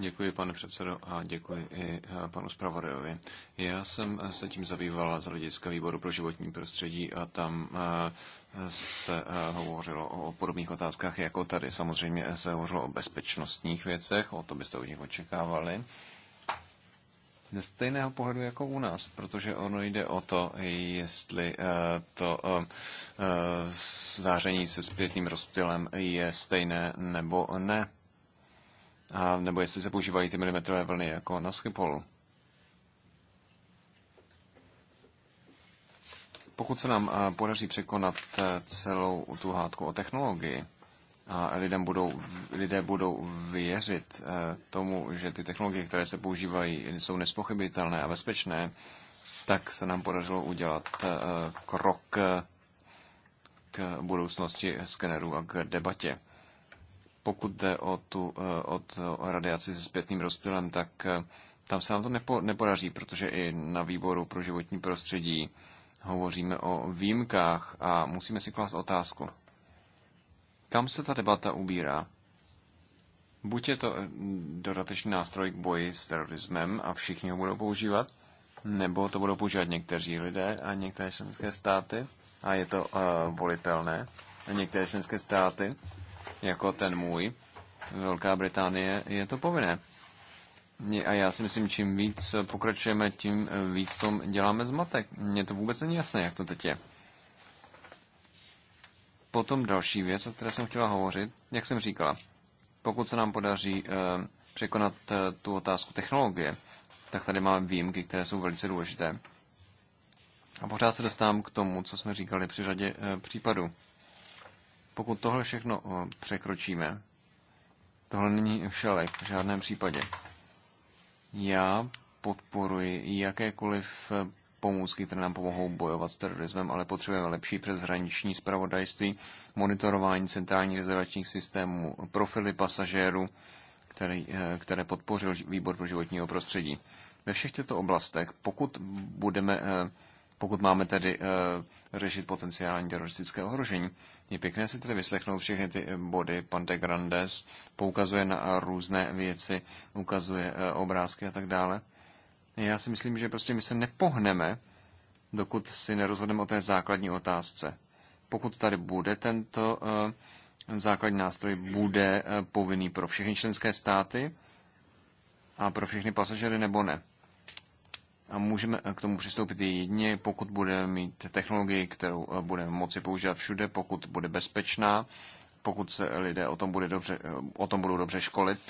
Děkuji, pane předsedo, a děkuji i eh, panu zpravodajovi. Já jsem eh, se tím zabývala z hlediska výboru pro životní prostředí a tam eh, se hovořilo o podobných otázkách jako tady. Samozřejmě se hovořilo o bezpečnostních věcech, o to byste od nich očekávali ze stejného pohledu jako u nás, protože ono jde o to, jestli to záření se zpětným rozptylem je stejné nebo ne. A, nebo jestli se používají ty milimetrové vlny jako na Schipholu. Pokud se nám podaří překonat e, celou tu hádku o technologii, a lidem budou, lidé budou věřit e, tomu, že ty technologie, které se používají, jsou nespochybitelné a bezpečné, tak se nám podařilo udělat e, krok k budoucnosti skenerů a k debatě pokud jde o tu eh, od eh, radiaci se zpětným rozptylem, tak eh, tam se nám to nepo, nepodaří, protože i na výboru pro životní prostředí hovoříme o výjimkách a musíme si klást otázku. Kam se ta debata ubírá? Buď je to dodatečný nástroj k boji s terorismem a všichni ho budou používat, nebo to budou používat někteří lidé a některé členské státy a je to uh, volitelné. A některé členské státy jako ten můj, Velká Británie, je to povinné. A já si myslím, čím víc pokračujeme, tím eh, víc tom děláme zmatek. Mně to vůbec není jasné, jak to teď je. Potom další věc, o které jsem chtěla hovořit, jak jsem říkala, pokud se nám podaří eh, překonat eh, tu otázku technologie, tak tady máme výjimky, které jsou velice důležité. A pořád se dostávám k tomu, co jsme říkali při řadě případů. Pokud tohle všechno eh, překročíme, tohle není všelek v žádném případě. Já podporuji jakékoliv eh, pomůcky, které nám pomohou bojovat s terorismem, ale potřebujeme lepší přeshraniční zpravodajství, monitorování centrálních rezervačních systémů, profily pasažérů, které, eh, které podpořil Výbor pro životního prostředí. Ve všech těchto oblastech, pokud, budeme, pokud máme tedy řešit potenciální teroristické ohrožení, je pěkné si tedy vyslechnout všechny ty eh, body. Pan Grandes poukazuje na eh, různé věci, ukazuje eh, obrázky a tak dále. Já si myslím, že prostě my se nepohneme, dokud si nerozhodneme o té základní otázce. Pokud tady bude tento základní nástroj, bude povinný pro všechny členské státy a pro všechny pasažery nebo ne. A můžeme eh, k tomu přistoupit jedině, pokud bude mít technologii, kterou eh, budeme moci používat všude, pokud bude bezpečná, pokud se lidé o tom, bude dobře, eh, o tom budou dobře školit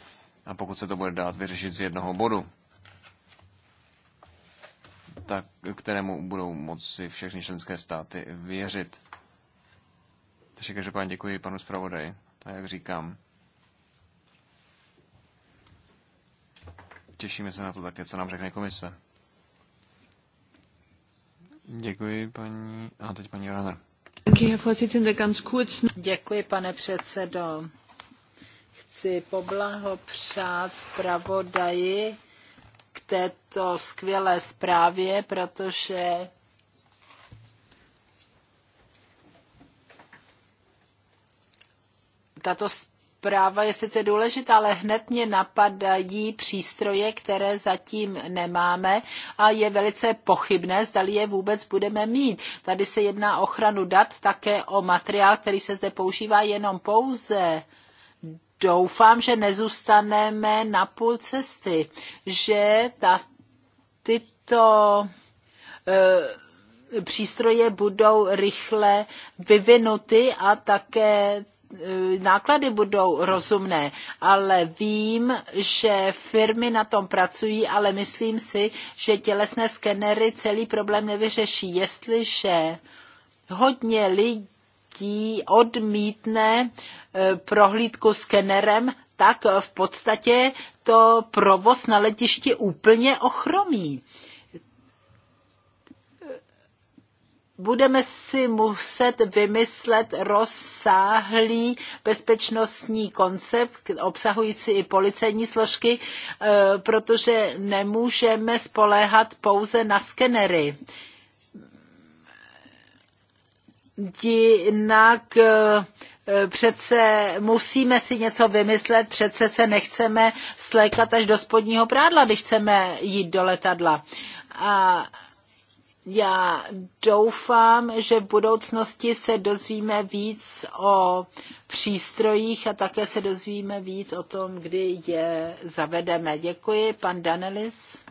a pokud se to bude dát vyřešit z jednoho bodu, tak, kterému budou moci všechny členské státy věřit. Takže každopádně děkuji panu zpravodaji. A jak říkám, těšíme se na to také, co nám řekne komise. Děkuji, paní. A teď paní Rana. Děkuji, pane předsedo. Chci poblahopřát zpravodaji k této skvělé zprávě, protože tato zpráva práva je sice důležitá, ale hned mě napadají přístroje, které zatím nemáme a je velice pochybné, zdali je vůbec budeme mít. Tady se jedná o ochranu dat, také o materiál, který se zde používá jenom pouze doufám, že nezůstaneme na půl cesty, že ta, tyto e, přístroje budou rychle vyvinuty a také Eh, náklady budou rozumné, ale vím, že firmy na tom pracují, ale myslím si, že tělesné skenery celý problém nevyřeší. Jestliže hodně lidí odmítne eh, prohlídku skenerem, tak v podstatě to provoz na letišti úplně ochromí. budeme si muset vymyslet rozsáhlý bezpečnostní koncept, obsahující i policejní složky, e, protože nemůžeme spoléhat pouze na skenery. Jinak e, přece musíme si něco vymyslet, přece se nechceme slékat až do spodního prádla, když chceme jít do letadla. A já doufám, že v budoucnosti se dozvíme víc o přístrojích a také se dozvíme víc o tom, kdy je zavedeme. Děkuji, pan Danelis.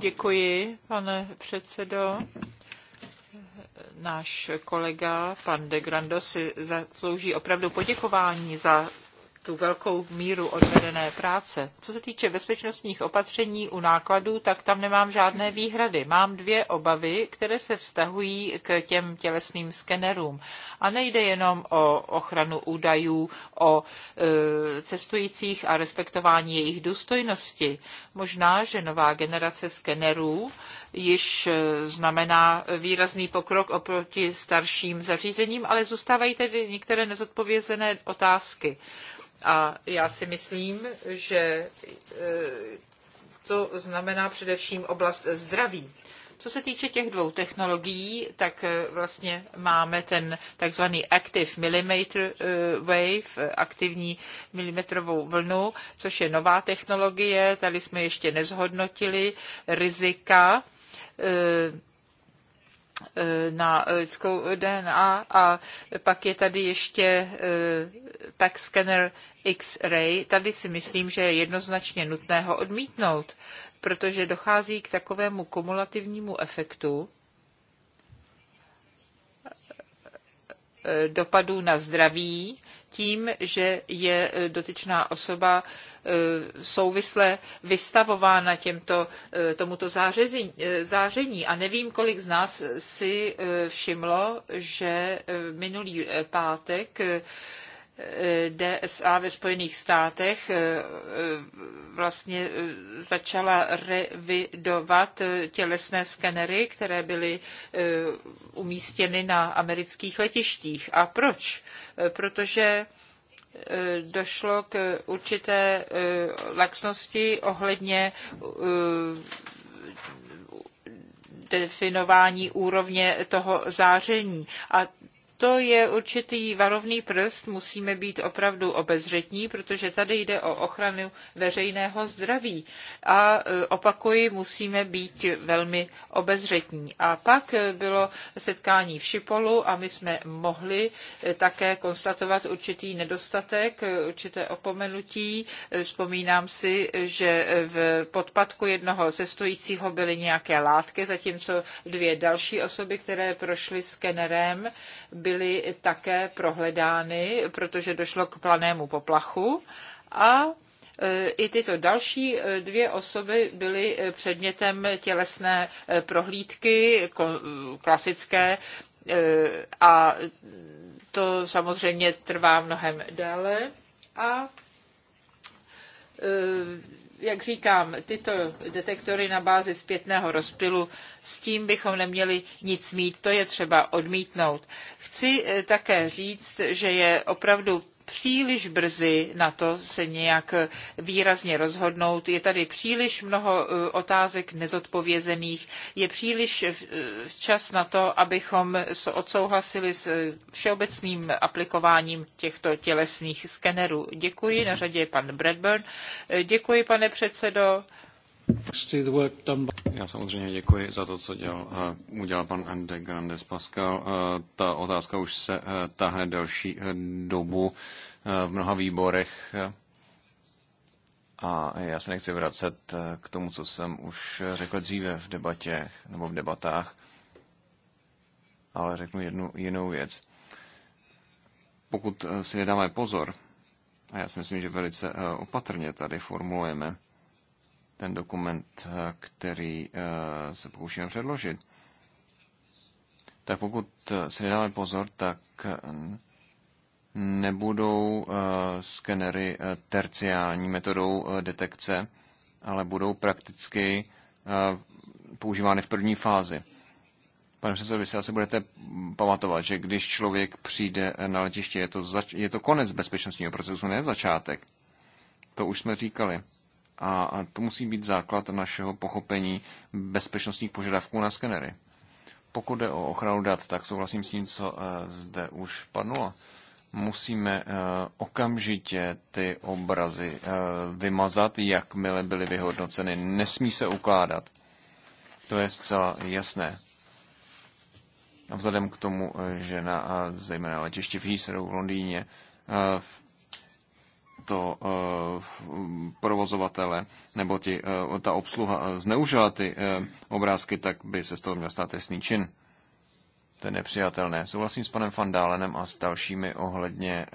Děkuji, pane předsedo náš kolega pan de Grando si zaslouží opravdu poděkování za tu velkou míru odvedené práce. Co se týče bezpečnostních opatření u nákladů, tak tam nemám žádné výhrady. Mám dvě obavy, které se vztahují k těm tělesným skenerům. A nejde jenom o ochranu údajů, o e, cestujících a respektování jejich důstojnosti. Možná, že nová generace skenerů již e, znamená výrazný pokrok oproti starším zařízením, ale zůstávají tedy některé nezodpovězené otázky. A já si myslím, že e, to znamená především oblast zdraví. Co se týče těch dvou technologií, tak e, vlastně máme ten takzvaný active millimeter e, wave, aktivní milimetrovou vlnu, což je nová technologie. Tady jsme ještě nezhodnotili rizika na lidskou DNA a pak je tady ještě PAC scanner X-ray, tady si myslím, že je jednoznačně nutné ho odmítnout, protože dochází k takovému kumulativnímu efektu eh, dopadů na zdraví, tím, že je eh, dotyčná osoba eh, souvisle vystavována těmto, tomuto zářezení, záření. A nevím, kolik z nás si všimlo, že minulý pátek DSA ve Spojených státech eh, eh, vlastně eh, začala revidovat tělesné skenery, které byly umístěny na amerických letištích. A proč? Protože došlo k určité laxnosti ohledně definování úrovně toho záření. A to je určitý varovný prst, musíme být opravdu obezřetní, protože tady jde o ochranu veřejného zdraví. A e, opakuji, musíme být velmi obezřetní. A pak e, bylo setkání v Šipolu a my jsme mohli e, také konstatovat určitý nedostatek, určité opomenutí. Vzpomínám si, že v podpadku jednoho cestujícího byly nějaké látky, zatímco dvě další osoby, které prošly skenerem, by byly také prohledány, protože došlo k planému poplachu a e, i tyto další e, dvě osoby byly e, předmětem tělesné prohlídky, klasické, a to samozřejmě trvá mnohem déle. A jak říkám, tyto detektory na bázi zpětného rozptylu, s tím bychom neměli nic mít, to je třeba odmítnout. Chci eh, také říct, že je opravdu příliš brzy na to se nějak výrazně rozhodnout. Je tady příliš mnoho e, otázek nezodpovězených. Je příliš e, čas na to, abychom odsouhlasili s e, všeobecným aplikováním těchto tělesných skenerů. Děkuji. Na řadě je pan Bradburn. Děkuji, pane předsedo. Já samozřejmě děkuji za to, co dělal, uh, udělal pan De Grandes Pascal. Uh, ta otázka už se uh, táhne delší uh, dobu uh, v mnoha výborech. Uh, a já se nechci vracet uh, k tomu, co jsem už řekl dříve v debatě nebo v debatách, ale řeknu jednu jinou věc. Pokud si nedáme pozor, a já si myslím, že velice opatrně tady formulujeme, ten dokument, eh, který eh, se pokoušíme předložit. Tak pokud eh, si nedáme pozor, tak nebudou skenery terciální metodou detekce, ale budou prakticky používány v první fázi. Pane předsedo, vy se asi budete pamatovat, že když člověk přijde na letiště, je to, zač- je to konec bezpečnostního procesu, ne začátek. To už jsme říkali a to musí být základ našeho pochopení bezpečnostních požadavků na skenery. Pokud jde o ochranu dat, tak souhlasím s tím, co eh, zde už padlo. Musíme eh, okamžitě ty obrazy eh, vymazat, jakmile byly vyhodnoceny. Nesmí se ukládat. To je zcela jasné. A vzhledem k tomu, že na zejména letišti v Heathrow v Londýně v to eh, provozovatele nebo ti, eh, ta obsluha eh, zneužila ty obrázky, tak by se z toho měl stát trestný čin. To je nepřijatelné. Souhlasím s panem Fandálenem a s dalšími ohledně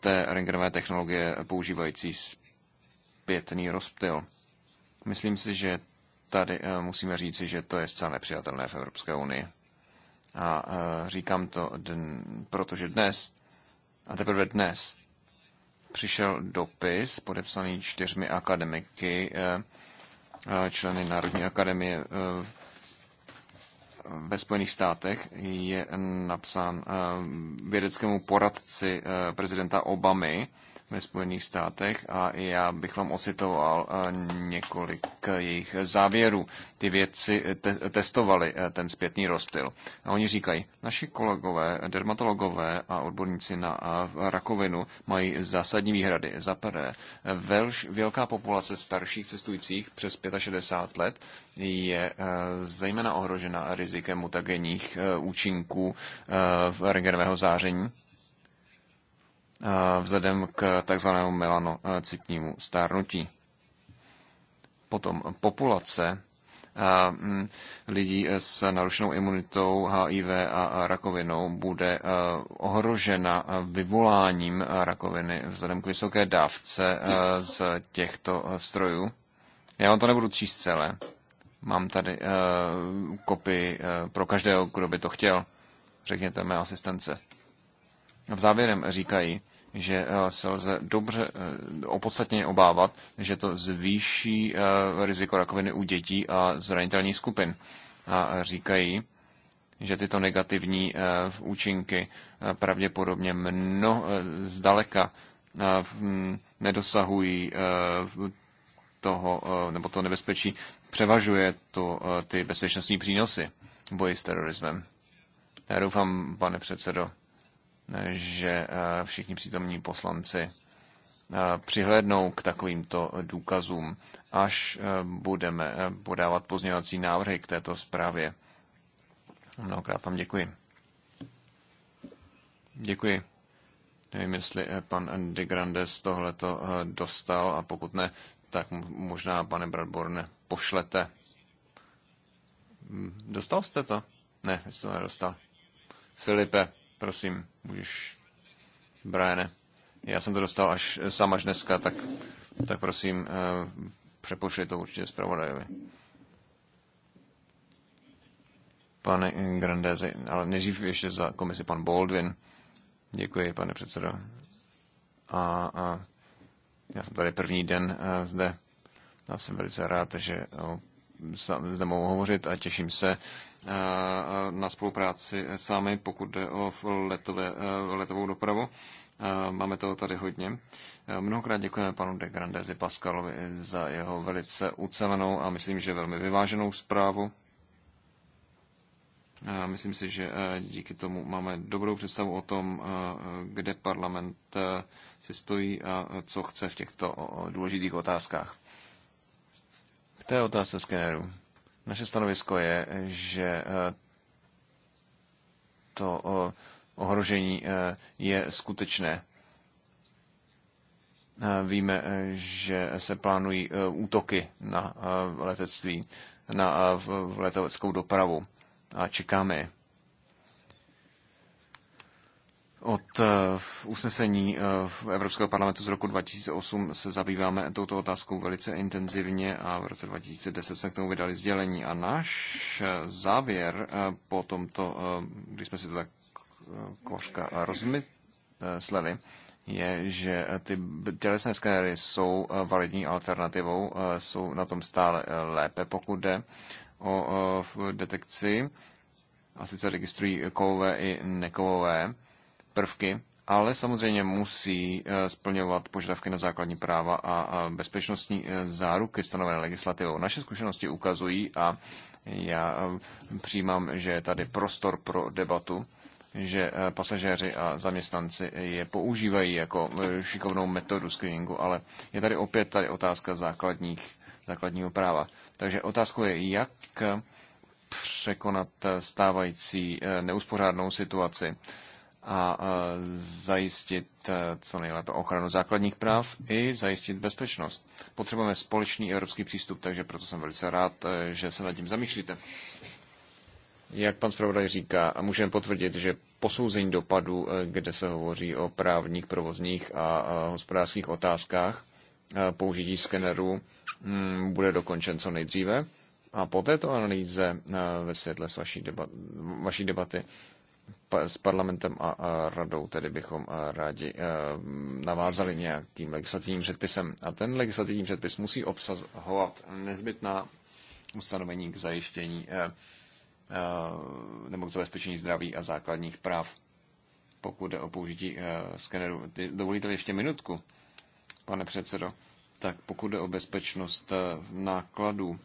té rengerové technologie používající zpětný rozptyl. Myslím si, že tady musíme říci, že to je zcela nepřijatelné v Evropské unii. A říkám to, dn, protože dnes, a teprve dnes, přišel dopis podepsaný čtyřmi akademiky, eh, eh, členy Národní akademie eh, ve Spojených státech, je napsán vědeckému poradci prezidenta Obamy, ve Spojených státech a já bych vám ocitoval eh, několik jejich závěrů. Ty vědci eh, te- testovali eh, ten zpětný rozptyl. A oni říkají, naši kolegové, dermatologové a odborníci na rakovinu mají zásadní výhrady. Za prvé, velká populace starších cestujících přes 65 let je zejména ohrožena rizikem mutagenních účinků regenerového záření Eh, vzhledem k takzvanému melanocitnímu eh, stárnutí. Potom populace eh, mm, lidí s narušenou imunitou, HIV a rakovinou bude ohrožena vyvoláním rakoviny vzhledem k vysoké dávce z těchto strojů. Já vám to nebudu číst celé. Mám tady kopii pro každého, kdo by to chtěl. Řekněte mé asistence. V závěrem říkají, že eh, se lze dobře eh, opodstatně obávat, že to zvýší eh, riziko rakoviny u dětí a zranitelných skupin. A říkají, že tyto negativní účinky pravděpodobně mno, zdaleka hm, nedosahují toho, nebo to nebezpečí převažuje to, ty bezpečnostní přínosy boji s terorismem. Já doufám, pane předsedo, že eh, všichni přítomní poslanci eh, přihlédnou k takovýmto důkazům, až eh, budeme podávat pozměňovací návrhy k této zprávě. Mnohokrát vám děkuji. Děkuji. Nevím, jestli pan de Grandes tohleto dostal a pokud ne, tak možná, pane Bradborne, pošlete. Dostal jste to? Ne, jste to nedostal. Filipe, prosím. Můžeš, Briane. Já jsem to dostal až sám až dneska, tak, tak prosím, eh, přepošli to určitě zpravodajovi. Pane Grandézi, ale nejdřív ještě za komisi pan Baldwin. Děkuji, pane předsedo. A, a já jsem tady první den eh, zde. Já jsem velice rád, že zde mohu hovořit a těším se eh, eh, na spolupráci sami, pokud jde o letové, eh, letovou dopravu. Máme toho tady hodně. Mnohokrát děkujeme panu de Grandezi Pascalovi za jeho velice ucelenou a myslím, že velmi vyváženou zprávu. Myslím si, že díky tomu máme dobrou představu o tom, kde parlament si stojí a co chce v těchto důležitých otázkách. K té otázce skenéru. Naše stanovisko je, že eh, to eh, ohrožení eh, je skutečné. Víme, že se plánují útoky na letectví, na leteckou dopravu a čekáme je od eh, usnesení eh, Evropského parlamentu z roku 2008 se zabýváme touto otázkou velice intenzivně a v roce 2010 jsme k tomu vydali sdělení. A náš eh, závěr po tomto, když jsme si to tak kořka rozmysleli, je, že ty tělesné skenery jsou validní alternativou, jsou na tom stále lépe, pokud jde o detekci a sice registrují kovové i nekovové prvky, ale samozřejmě musí eh, splňovat požadavky na základní práva a bezpečnostní eh, záruky stanovené legislativou. Naše zkušenosti ukazují, a já eh, přijímám, že je tady prostor pro debatu, že pasažéři a zaměstnanci je používají jako šikovnou metodu screeningu, ale je tady opět tady otázka základních, základního práva. Takže otázkou je, jak překonat stávající neuspořádnou situaci a zajistit e, co nejlépe ochranu základních práv i zajistit bezpečnost. Potřebujeme společný evropský přístup, takže proto jsem velice rád, e, že se nad tím zamýšlíte. Jak pan zpravodaj říká, můžeme potvrdit, že posouzení dopadu, e, kde se hovoří o právních, provozních a hospodářských otázkách, použití skenerů mm, bude dokončen co nejdříve. A po této analýze ve světle s vaší, debat, vaší debaty s parlamentem a radou tedy bychom rádi navázali nějakým legislativním předpisem. A ten legislativní předpis musí obsahovat nezbytná ustanovení k zajištění nebo k zabezpečení zdraví a základních práv, pokud jde o použití skeneru. Dovolíte ještě minutku, pane předsedo? Tak pokud jde o bezpečnost nákladu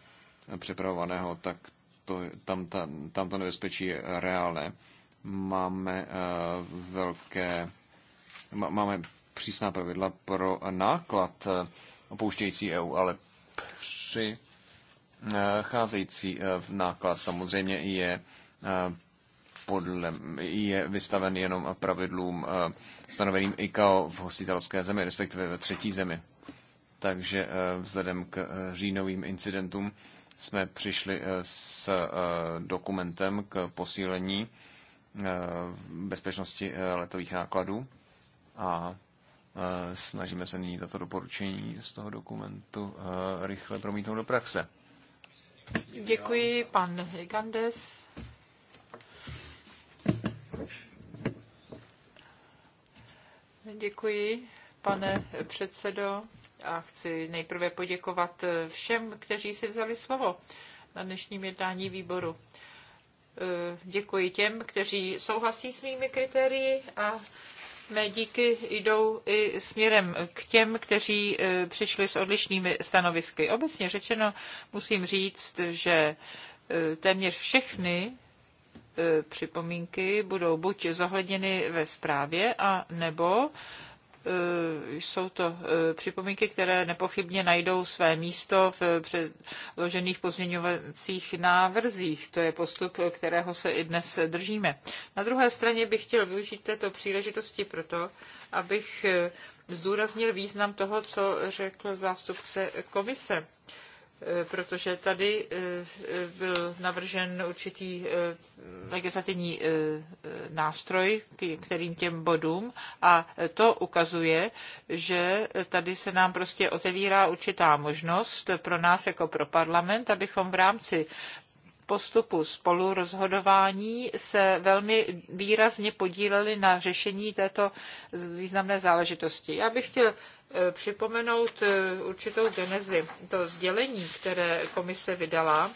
přepravovaného, tak to, tam, ta, tam to nebezpečí je reálné Máme eh, velké, máme přísná pravidla pro náklad eh, opouštějící EU, ale při eh, cházející náklad samozřejmě je podle, je vystaven jenom pravidlům stanoveným ICAO v hostitelské zemi, respektive ve třetí zemi. Takže vzhledem k říjnovým incidentům jsme přišli s dokumentem k posílení Eh, bezpečnosti eh, letových nákladů a eh, snažíme se nyní tato doporučení z toho dokumentu rychle promítnout do praxe. Děkuji, pan Gandes. Děkuji, pane předsedo. A chci nejprve poděkovat všem, kteří si vzali slovo na dnešním jednání výboru. Eh, děkuji těm, kteří souhlasí s mými kritérii a mé díky jdou i směrem k těm, kteří eh, přišli s odlišnými stanovisky. Obecně řečeno musím říct, že eh, téměř všechny připomínky budou buď zohledněny ve zprávě, a nebo Eh, jsou to eh, připomínky, které nepochybně najdou své místo v předložených pozměňovacích návrzích. To je postup, eh, kterého se i dnes držíme. Na druhé straně bych chtěl využít této příležitosti proto, abych zdůraznil význam toho, co řekl zástupce komise. Eh, protože tady eh, byl navržen určitý eh, legislativní nástroj k kterým těm bodům a to ukazuje, že tady se nám prostě otevírá určitá možnost pro nás jako pro parlament, abychom v rámci postupu spolurozhodování se velmi výrazně podíleli na řešení této významné záležitosti. Já bych chtěl E, připomenout e, určitou genezi. To sdělení, které komise vydala,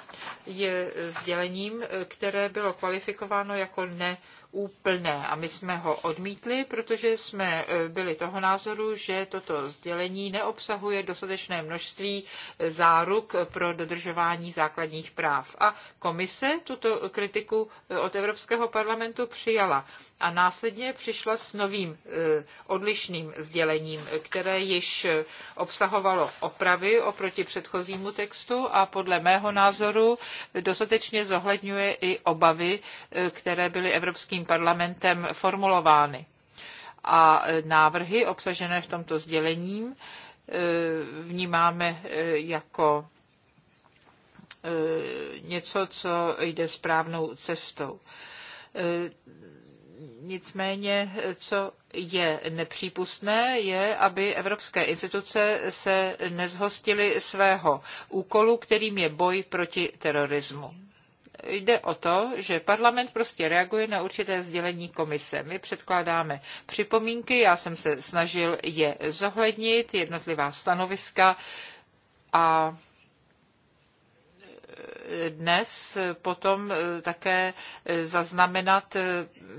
je sdělením, e, které bylo kvalifikováno jako ne úplné. A my jsme ho odmítli, protože jsme e, byli toho názoru, že toto sdělení neobsahuje dostatečné množství záruk pro dodržování základních práv. A komise tuto kritiku e, od Evropského parlamentu přijala a následně přišla s novým e, odlišným sdělením, které již obsahovalo opravy oproti předchozímu textu a podle mého názoru dostatečně zohledňuje i obavy, které byly Evropským Evropským parlamentem formulovány. A e, návrhy obsažené v tomto sdělení e, vnímáme e, jako něco, co jde správnou cestou. Nicméně, co je nepřípustné, je, aby evropské instituce se nezhostily svého úkolu, kterým je boj proti terorismu jde o to, že parlament prostě reaguje na určité sdělení komise. My předkládáme připomínky, já jsem se snažil je zohlednit, jednotlivá stanoviska a e, dnes potom e, také e, zaznamenat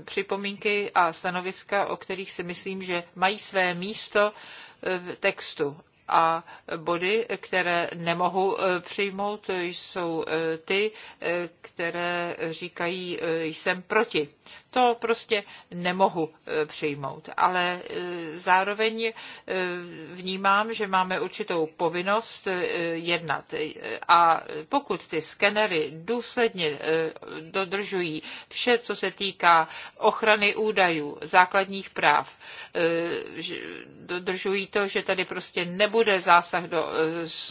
připomínky a stanoviska, o kterých si myslím, že mají své místo v textu a body, které nemohu e, přijmout, jsou e, ty, e, které říkají, jsem proti. To prostě nemohu přijmout, ale zároveň vnímám, že máme určitou povinnost jednat. A pokud ty skenery důsledně dodržují vše, co se týká ochrany údajů, základních práv, dodržují to, že tady prostě nebude nebude zásah do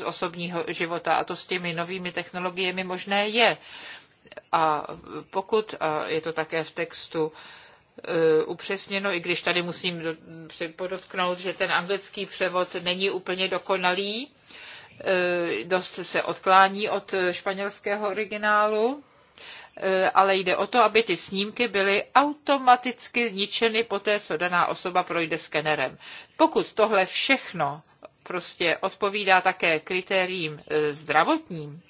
eh, osobního života a to s těmi novými technologiemi možné je. A pokud, a je to také v textu, eh, upřesněno, i když tady musím podotknout, že ten anglický převod není úplně dokonalý, eh, dost se odklání od španělského originálu, ale jde o to, aby ty snímky byly automaticky ničeny po té, co daná osoba projde skenerem. Pokud tohle všechno prostě odpovídá také kritériím e, zdravotním,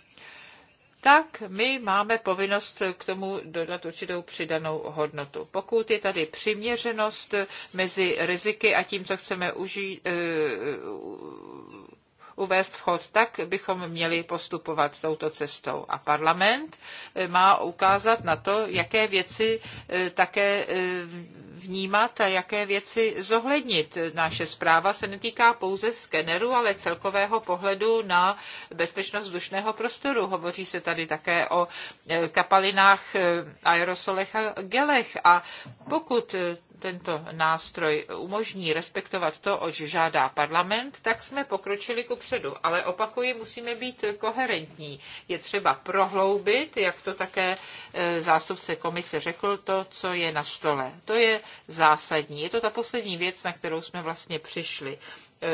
tak my máme povinnost k tomu dodat určitou přidanou hodnotu. Pokud je tady přiměřenost mezi riziky a tím, co chceme uži- uvést vchod, tak bychom měli postupovat touto cestou. A parlament eh, má ukázat na to, jaké věci eh, také eh, vnímat a jaké věci zohlednit. Naše zpráva se netýká pouze skeneru, ale celkového pohledu na bezpečnost vzdušného prostoru. Hovoří se tady také o kapalinách, aerosolech a gelech. A pokud tento nástroj umožní respektovat to, oč žádá parlament, tak jsme pokročili ku předu. Ale opakuji, musíme být koherentní. Je třeba prohloubit, jak to také e, zástupce komise řekl, to, co je na stole. To je zásadní. Je to ta poslední věc, na kterou jsme vlastně přišli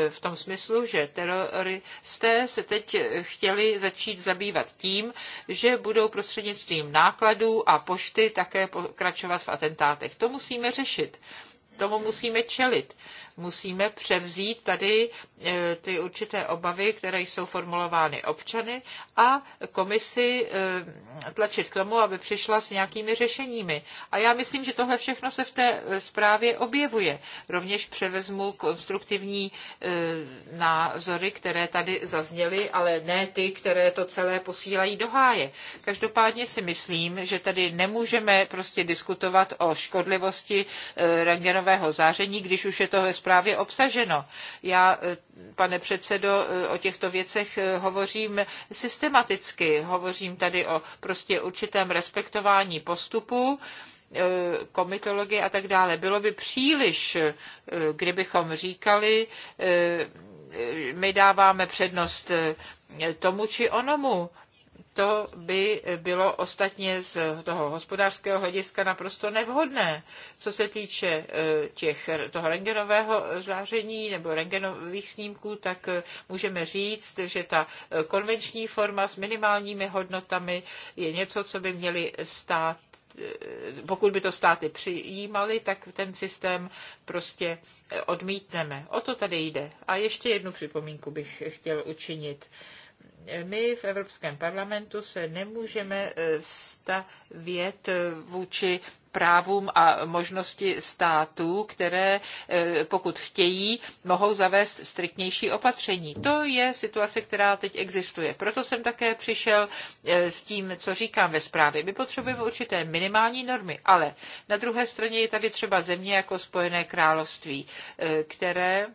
v tom smyslu, že teroristé se teď chtěli začít zabývat tím, že budou prostřednictvím nákladů a pošty také pokračovat v atentátech. To musíme řešit, tomu musíme čelit musíme převzít tady eh, ty určité obavy, které jsou formulovány občany a komisi eh, tlačit k tomu, aby přišla s nějakými řešeními. A já myslím, že tohle všechno se v té eh, zprávě objevuje. Rovněž převezmu konstruktivní názory, které tady zazněly, ale ne ty, které to celé posílají do háje. Každopádně si myslím, že tady nemůžeme prostě diskutovat o škodlivosti rengenového záření, když už je to ve zprávě zprávě obsaženo. Já, e, pane předsedo, e, o těchto věcech e, hovořím systematicky. Hovořím tady o prostě určitém respektování postupů komitologie a tak dále. Bylo by příliš, kdybychom říkali, my dáváme přednost tomu či onomu to by bylo ostatně z toho hospodářského hlediska naprosto nevhodné. Co se týče e, těch, toho rengenového záření nebo rengenových snímků, tak e, můžeme říct, že ta e, konvenční forma s minimálními hodnotami je něco, co by měly stát pokud by to státy přijímaly, tak ten systém prostě odmítneme. O to tady jde. A ještě jednu připomínku bych chtěl učinit my v Evropském parlamentu se nemůžeme eh, stavět eh, vůči právům a možnosti států, které, eh, pokud chtějí, mohou zavést striktnější opatření. To je situace, která teď existuje. Proto jsem také přišel s tím, co říkám ve zprávě. My potřebujeme určité minimální normy, ale na druhé straně je tady třeba země jako Spojené království, které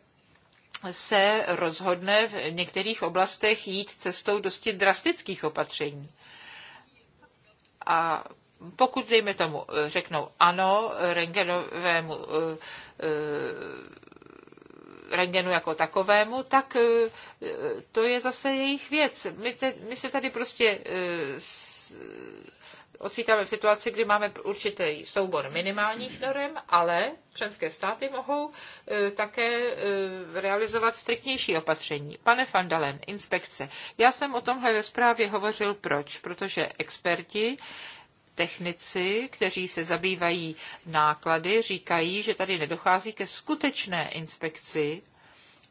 se rozhodne v některých oblastech jít cestou dosti drastických opatření. A pokud, dejme tomu, řeknou ano rengenovému, eh, eh, rengenu jako takovému, tak eh, to je zase jejich věc. My, te, my se tady prostě ocitáme v situaci, kdy máme určitý soubor minimálních norm, ale členské státy mohou e, také e, realizovat striktnější opatření. Pane Fandalen, inspekce. Já jsem o tomhle ve zprávě hovořil proč? Protože experti technici, kteří se zabývají náklady, říkají, že tady nedochází ke skutečné inspekci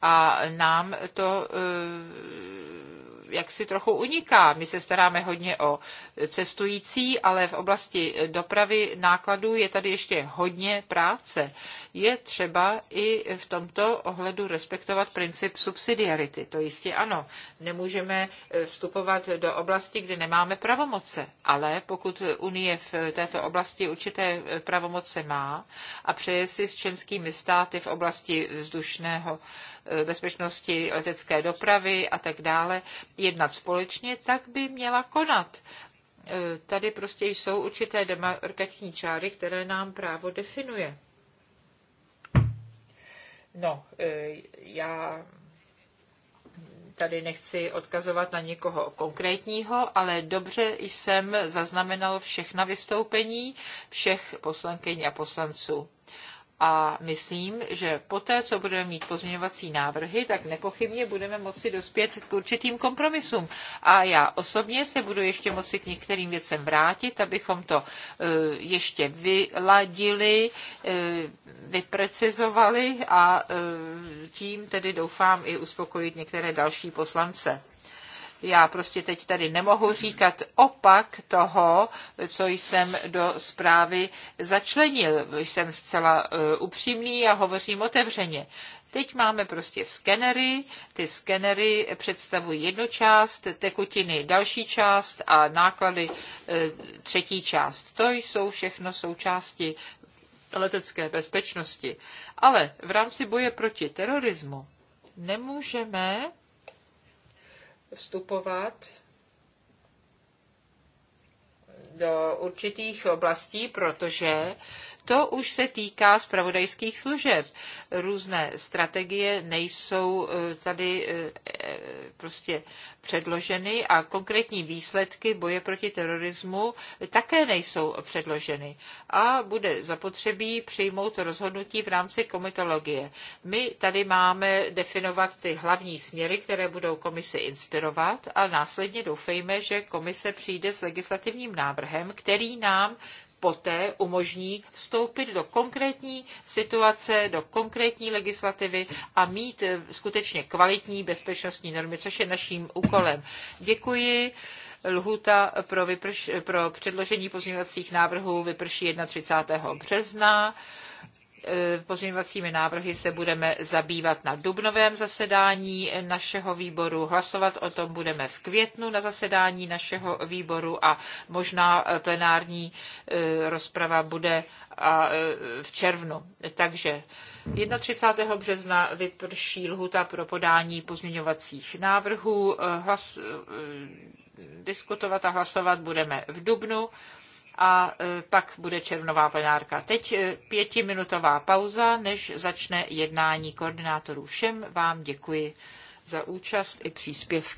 a nám to e, jaksi trochu uniká. My se staráme hodně o cestující, ale v oblasti dopravy nákladů je tady ještě hodně práce. Je třeba i v tomto ohledu respektovat princip subsidiarity. To jistě ano. Nemůžeme eh, vstupovat do oblasti, kde nemáme pravomoce, ale pokud Unie v této oblasti určité eh, pravomoce má a přeje si s členskými státy v oblasti vzdušného eh, bezpečnosti letecké dopravy a tak dále, jednat společně, tak by měla konat. E, tady prostě jsou určité demarkační čáry, které nám právo definuje. No, e, já tady nechci odkazovat na někoho konkrétního, ale dobře jsem zaznamenal všechna vystoupení všech poslankyň a poslanců a myslím, že poté, co budeme mít pozměňovací návrhy, tak nepochybně budeme moci dospět k určitým kompromisům. A já osobně se budu ještě moci k některým věcem vrátit, abychom to e, ještě vyladili, e, vyprecizovali a e, tím tedy doufám i uspokojit některé další poslance. Já prostě teď tady nemohu říkat opak toho, co jsem do zprávy začlenil. Jsem zcela e, upřímný a hovořím otevřeně. Teď máme prostě skenery, ty skenery představují jednu část, tekutiny další část a náklady e, třetí část. To jsou všechno součásti letecké bezpečnosti. Ale v rámci boje proti terorismu nemůžeme vstupovat do určitých oblastí, protože to už se týká spravodajských služeb. Různé strategie nejsou eh, tady eh, prostě předloženy a konkrétní výsledky boje proti terorismu také nejsou předloženy. A bude zapotřebí přijmout rozhodnutí v rámci komitologie. My tady máme definovat ty hlavní směry, které budou komisi inspirovat a následně doufejme, že komise přijde s legislativním návrhem, který nám poté umožní vstoupit do konkrétní situace, do konkrétní legislativy a mít eh, skutečně kvalitní bezpečnostní normy, což je naším úkolem. Děkuji. Lhuta pro, vyprš, pro předložení pozměňovacích návrhů vyprší 31. března. E, pozměňovacími návrhy se budeme zabývat na dubnovém zasedání našeho výboru. Hlasovat o tom budeme v květnu na zasedání našeho výboru a možná plenární e, rozprava bude e, v červnu. Takže 31. března vyprší lhuta pro podání pozměňovacích návrhů. Hlas, diskutovat a hlasovat budeme v dubnu a e, pak bude červnová plenárka. Teď e, pětiminutová pauza, než začne jednání koordinátorů. Všem vám děkuji za účast i příspěvky.